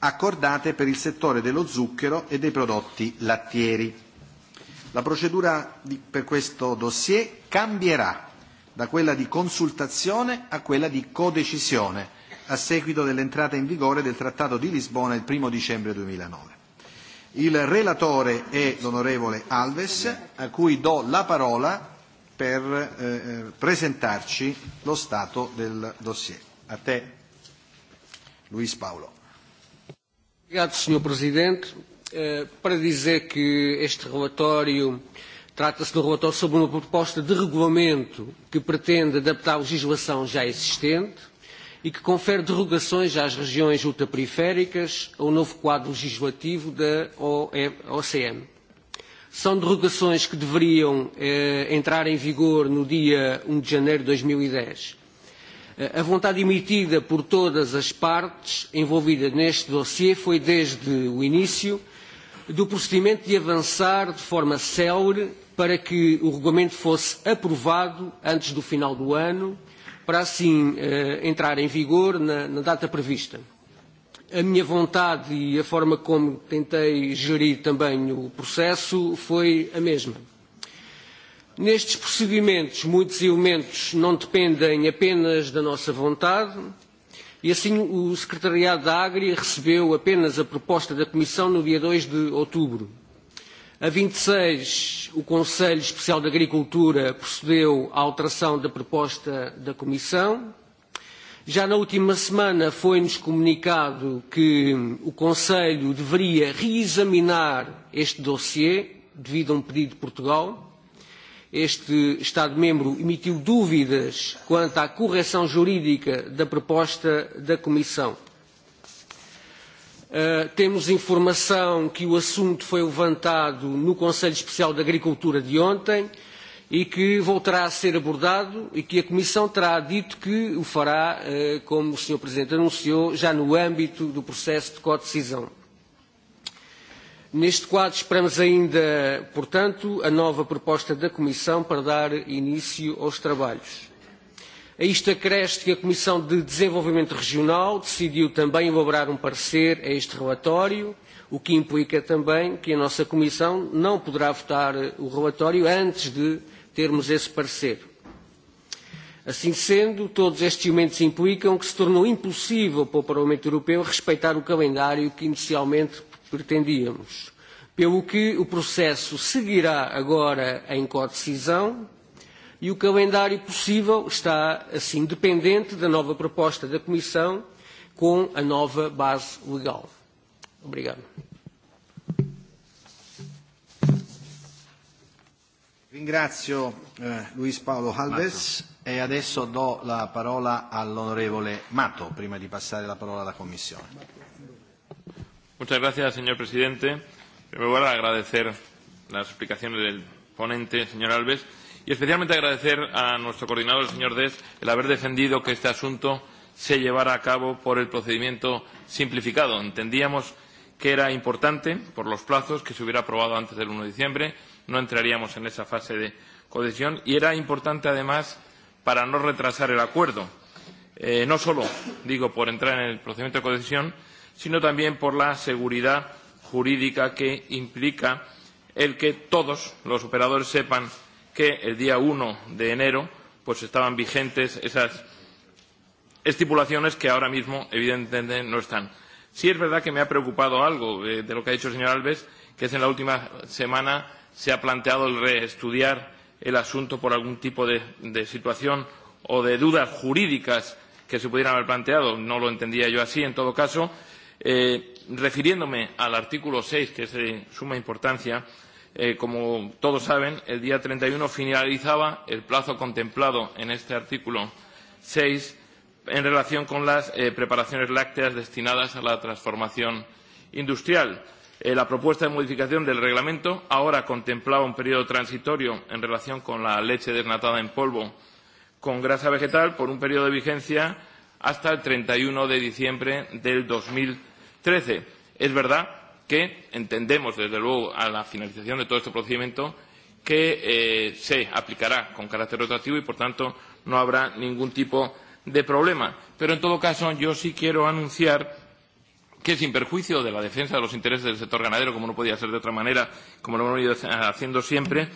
accordate per il settore dello zucchero e dei prodotti lattieri. La procedura di, per questo dossier cambierà da quella di consultazione a quella di codecisione a seguito dell'entrata in vigore del Trattato di Lisbona il 1 dicembre 2009. Il relatore è l'onorevole Alves, a cui do la parola per eh, eh presentarci lo stato del dossier. A te, Luis Paolo. Obrigado, Sr. Presidente. Eh, para dizer que este relatório trata-se de um relatório sobre uma proposta de regulamento que pretende adaptar a legislação já existente e que confere derrogações às regiões ultraperiféricas ao novo quadro legislativo da OCM. E, São derrogações que deveriam eh, entrar em vigor no dia 1 um de janeiro de 2010 A vontade emitida por todas as partes envolvidas neste dossiê foi desde o início do procedimento de avançar de forma célere para que o regulamento fosse aprovado antes do final do ano, para assim eh, entrar em vigor na, na data prevista. A minha vontade e a forma como tentei gerir também o processo foi a mesma Nestes procedimentos, muitos elementos não dependem apenas da nossa vontade e, assim, o Secretariado da Agri recebeu apenas a proposta da Comissão no dia 2 de outubro. A 26, e o Conselho Especial de Agricultura procedeu à alteração da proposta da Comissão. Já na última semana foi-nos comunicado que o Conselho deveria reexaminar este dossiê, devido a um pedido de Portugal este Estado-membro emitiu dúvidas quanto à correção jurídica da proposta da Comissão. Uh, temos informação que o assunto foi levantado no Conselho Especial da Agricultura de ontem e que voltará a ser abordado e que a Comissão terá dito que o fará, uh, como o Sr. Presidente anunciou, já no âmbito do processo de codecisão. decisão Neste quadro, esperamos ainda, portanto, a nova proposta da Comissão para dar início aos trabalhos. A isto acresce que a Comissão de Desenvolvimento Regional decidiu também elaborar um parecer a este relatório, o que implica também que a nossa Comissão não poderá votar o relatório antes de termos esse parecer. Assim sendo, todos estes elementos implicam que se tornou impossível para o Parlamento Europeu respeitar o calendário que inicialmente pretendíamos. Pelo que o processo seguirá agora em codecisão e o calendário possível está, assim, dependente da nova proposta da Comissão com a nova base legal. Obrigado. Ringrazio eh, Luis Paolo Alves Matto. e adesso do la parola all'onorevole Mato prima di passare la parola alla Commissione. Matto. Muchas gracias, señor presidente. En primer lugar, agradecer las explicaciones del ponente, señor Alves, y especialmente agradecer a nuestro coordinador, el señor Des, el haber defendido que este asunto se llevara a cabo por el procedimiento simplificado. Entendíamos que era importante por los plazos que se hubiera aprobado antes del 1 de diciembre, no entraríamos en esa fase de codecisión y era importante además para no retrasar el acuerdo. Eh, no solo, digo, por entrar en el procedimiento de codecisión, sino también por la seguridad jurídica que implica el que todos los operadores sepan que el día 1 de enero pues estaban vigentes esas estipulaciones que ahora mismo evidentemente no están. Sí es verdad que me ha preocupado algo de, eh, de lo que ha dicho el señor Alves, que es en la última semana se ha planteado el reestudiar el asunto por algún tipo de, de situación o de dudas jurídicas que se pudieran haber planteado. No lo entendía yo así, en todo caso. Eh, Eh, refiriéndome al artículo 6, que es de suma importancia, eh, como todos saben, el día 31 finalizaba el plazo contemplado en este artículo 6 en relación con las eh, preparaciones lácteas destinadas a la transformación industrial. Eh, la propuesta de modificación del reglamento ahora contemplaba un periodo transitorio en relación con la leche desnatada en polvo con grasa vegetal por un periodo de vigencia hasta el 31 de diciembre del 2013. Es verdad que entendemos, desde luego, a la finalización de todo este procedimiento que eh, se aplicará con carácter rotativo y, por tanto, no habrá ningún tipo de problema. Pero, en todo caso, yo sí quiero anunciar que sin perjuicio de la defensa de los intereses del sector ganadero, como no podía ser de otra manera, como lo hemos venido haciendo siempre,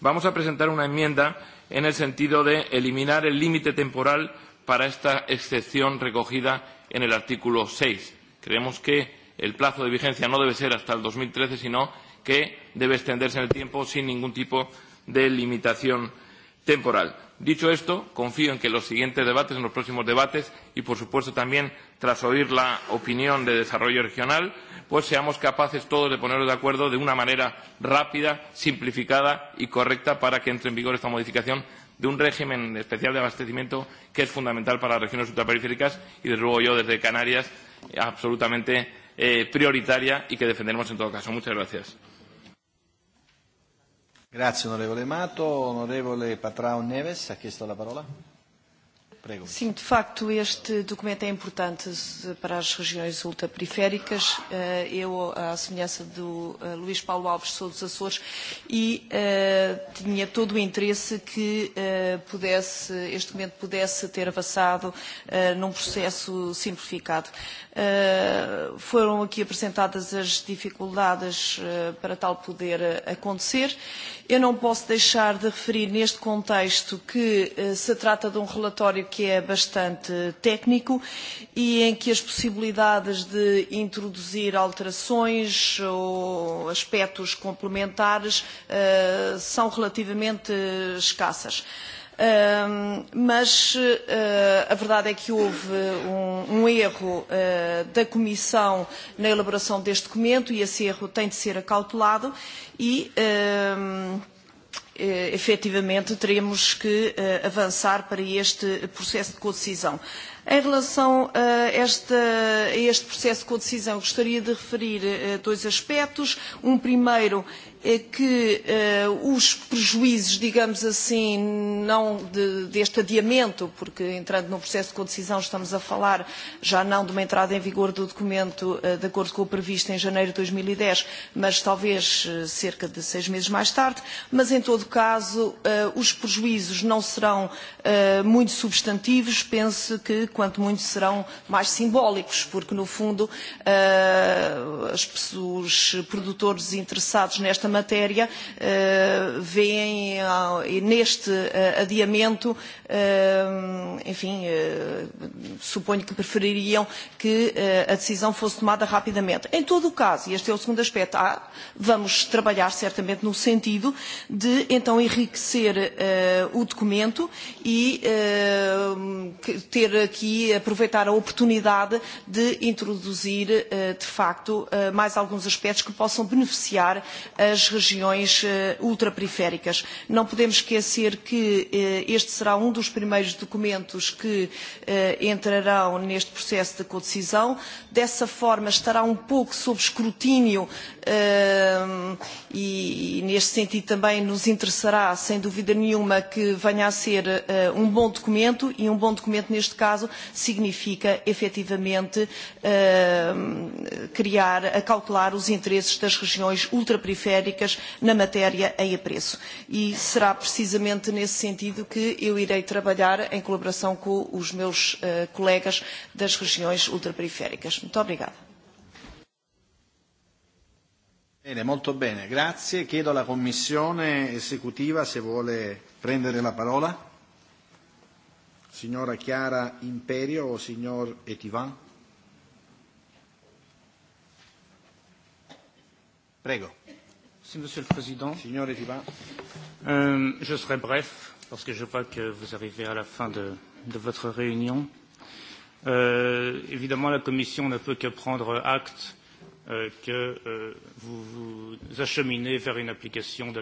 vamos a presentar una enmienda en el sentido de eliminar el límite temporal para esta excepción recogida en el artículo 6. Creemos que el plazo de vigencia no debe ser hasta el 2013, sino que debe extenderse en el tiempo sin ningún tipo de limitación temporal. Dicho esto, confío en que los siguientes debates, en los próximos debates y, por supuesto, también tras oír la opinión de desarrollo regional, pues seamos capaces todos de ponernos de acuerdo de una manera rápida, simplificada y correcta para que entre en vigor esta modificación de un régimen especial de abastecimiento que es fundamental para las regiones ultraperiféricas y, desde luego, yo desde Canarias absolutamente eh, prioritaria y que defenderemos en todo caso. Muchas gracias. Grazie onorevole Mato. Onorevole Patrao Neves ha chiesto la parola. Prego. Sim, de facto, este documento é importante para as regiões ultraperiféricas. Eh, eu, à semelhança do eh, Luís Paulo Alves, sou dos Açores e uh, tinha todo o interesse que uh, pudesse, este documento pudesse ter avançado uh, num processo simplificado. Uh, foram aqui apresentadas as dificuldades uh, para tal poder uh, acontecer. Eu não posso deixar de referir neste contexto que uh, se trata de um relatório que é bastante técnico e em que as possibilidades de introduzir alterações ou aspectos complementares uh, são relativamente escassas. Uh, Um, mas uh, a verdade é que houve um, um erro uh, da Comissão na elaboração deste documento e esse erro tem de ser acautelado e, um, eh, efetivamente, teremos que uh, avançar para este processo de codecisão. Em relação a este, a este processo de codecisão, gostaria de referir uh, dois aspectos. Um primeiro que uh, os prejuízos, digamos assim, não de, deste adiamento, porque entrando no processo de codecisão estamos a falar já não de uma entrada em vigor do documento uh, de acordo com o previsto em janeiro de 2010, e mas talvez uh, cerca de seis meses mais tarde, mas em todo caso uh, os prejuízos não serão uh, muito substantivos, penso que quanto muito serão mais simbólicos, porque no fundo uh, os produtores interessados nesta nesta matéria eh, veem eh, e neste eh, adiamento, enfim, suponho que prefeririam que a decisão fosse tomada rapidamente. Em todo o caso, e este é o segundo aspecto, há, vamos trabalhar certamente no sentido de então enriquecer o documento e ter aqui, aproveitar a oportunidade de introduzir, de facto, mais alguns aspectos que possam beneficiar as nas regiões eh, ultraperiféricas. Não podemos esquecer que eh, este será um dos primeiros documentos que eh, entrarão neste processo de codecisão. Dessa forma, estará um pouco sob escrutínio e, e, neste sentido, também nos interessará, sem dúvida nenhuma, que venha a ser um bom documento e um bom documento, neste caso, significa efetivamente criar, acautelar os interesses das regiões ultraperiféricas genéricas na matéria em apreço. E será precisamente nesse sentido que eu irei trabalhar em colaboração com os meus uh, colegas das regiões ultraperiféricas. Muito obrigada. Bene, molto bene, grazie. Chiedo alla Commissione esecutiva se vuole prendere la parola. Signora Chiara Imperio o signor Etivan? Prego. Merci, Monsieur le Président. Signore Riva. Euh, je serai bref, parce que je crois que vous arrivez à la fin de, de votre réunion. Euh, évidemment, la Commission ne peut que prendre acte euh, que euh, vous vous acheminez vers une application de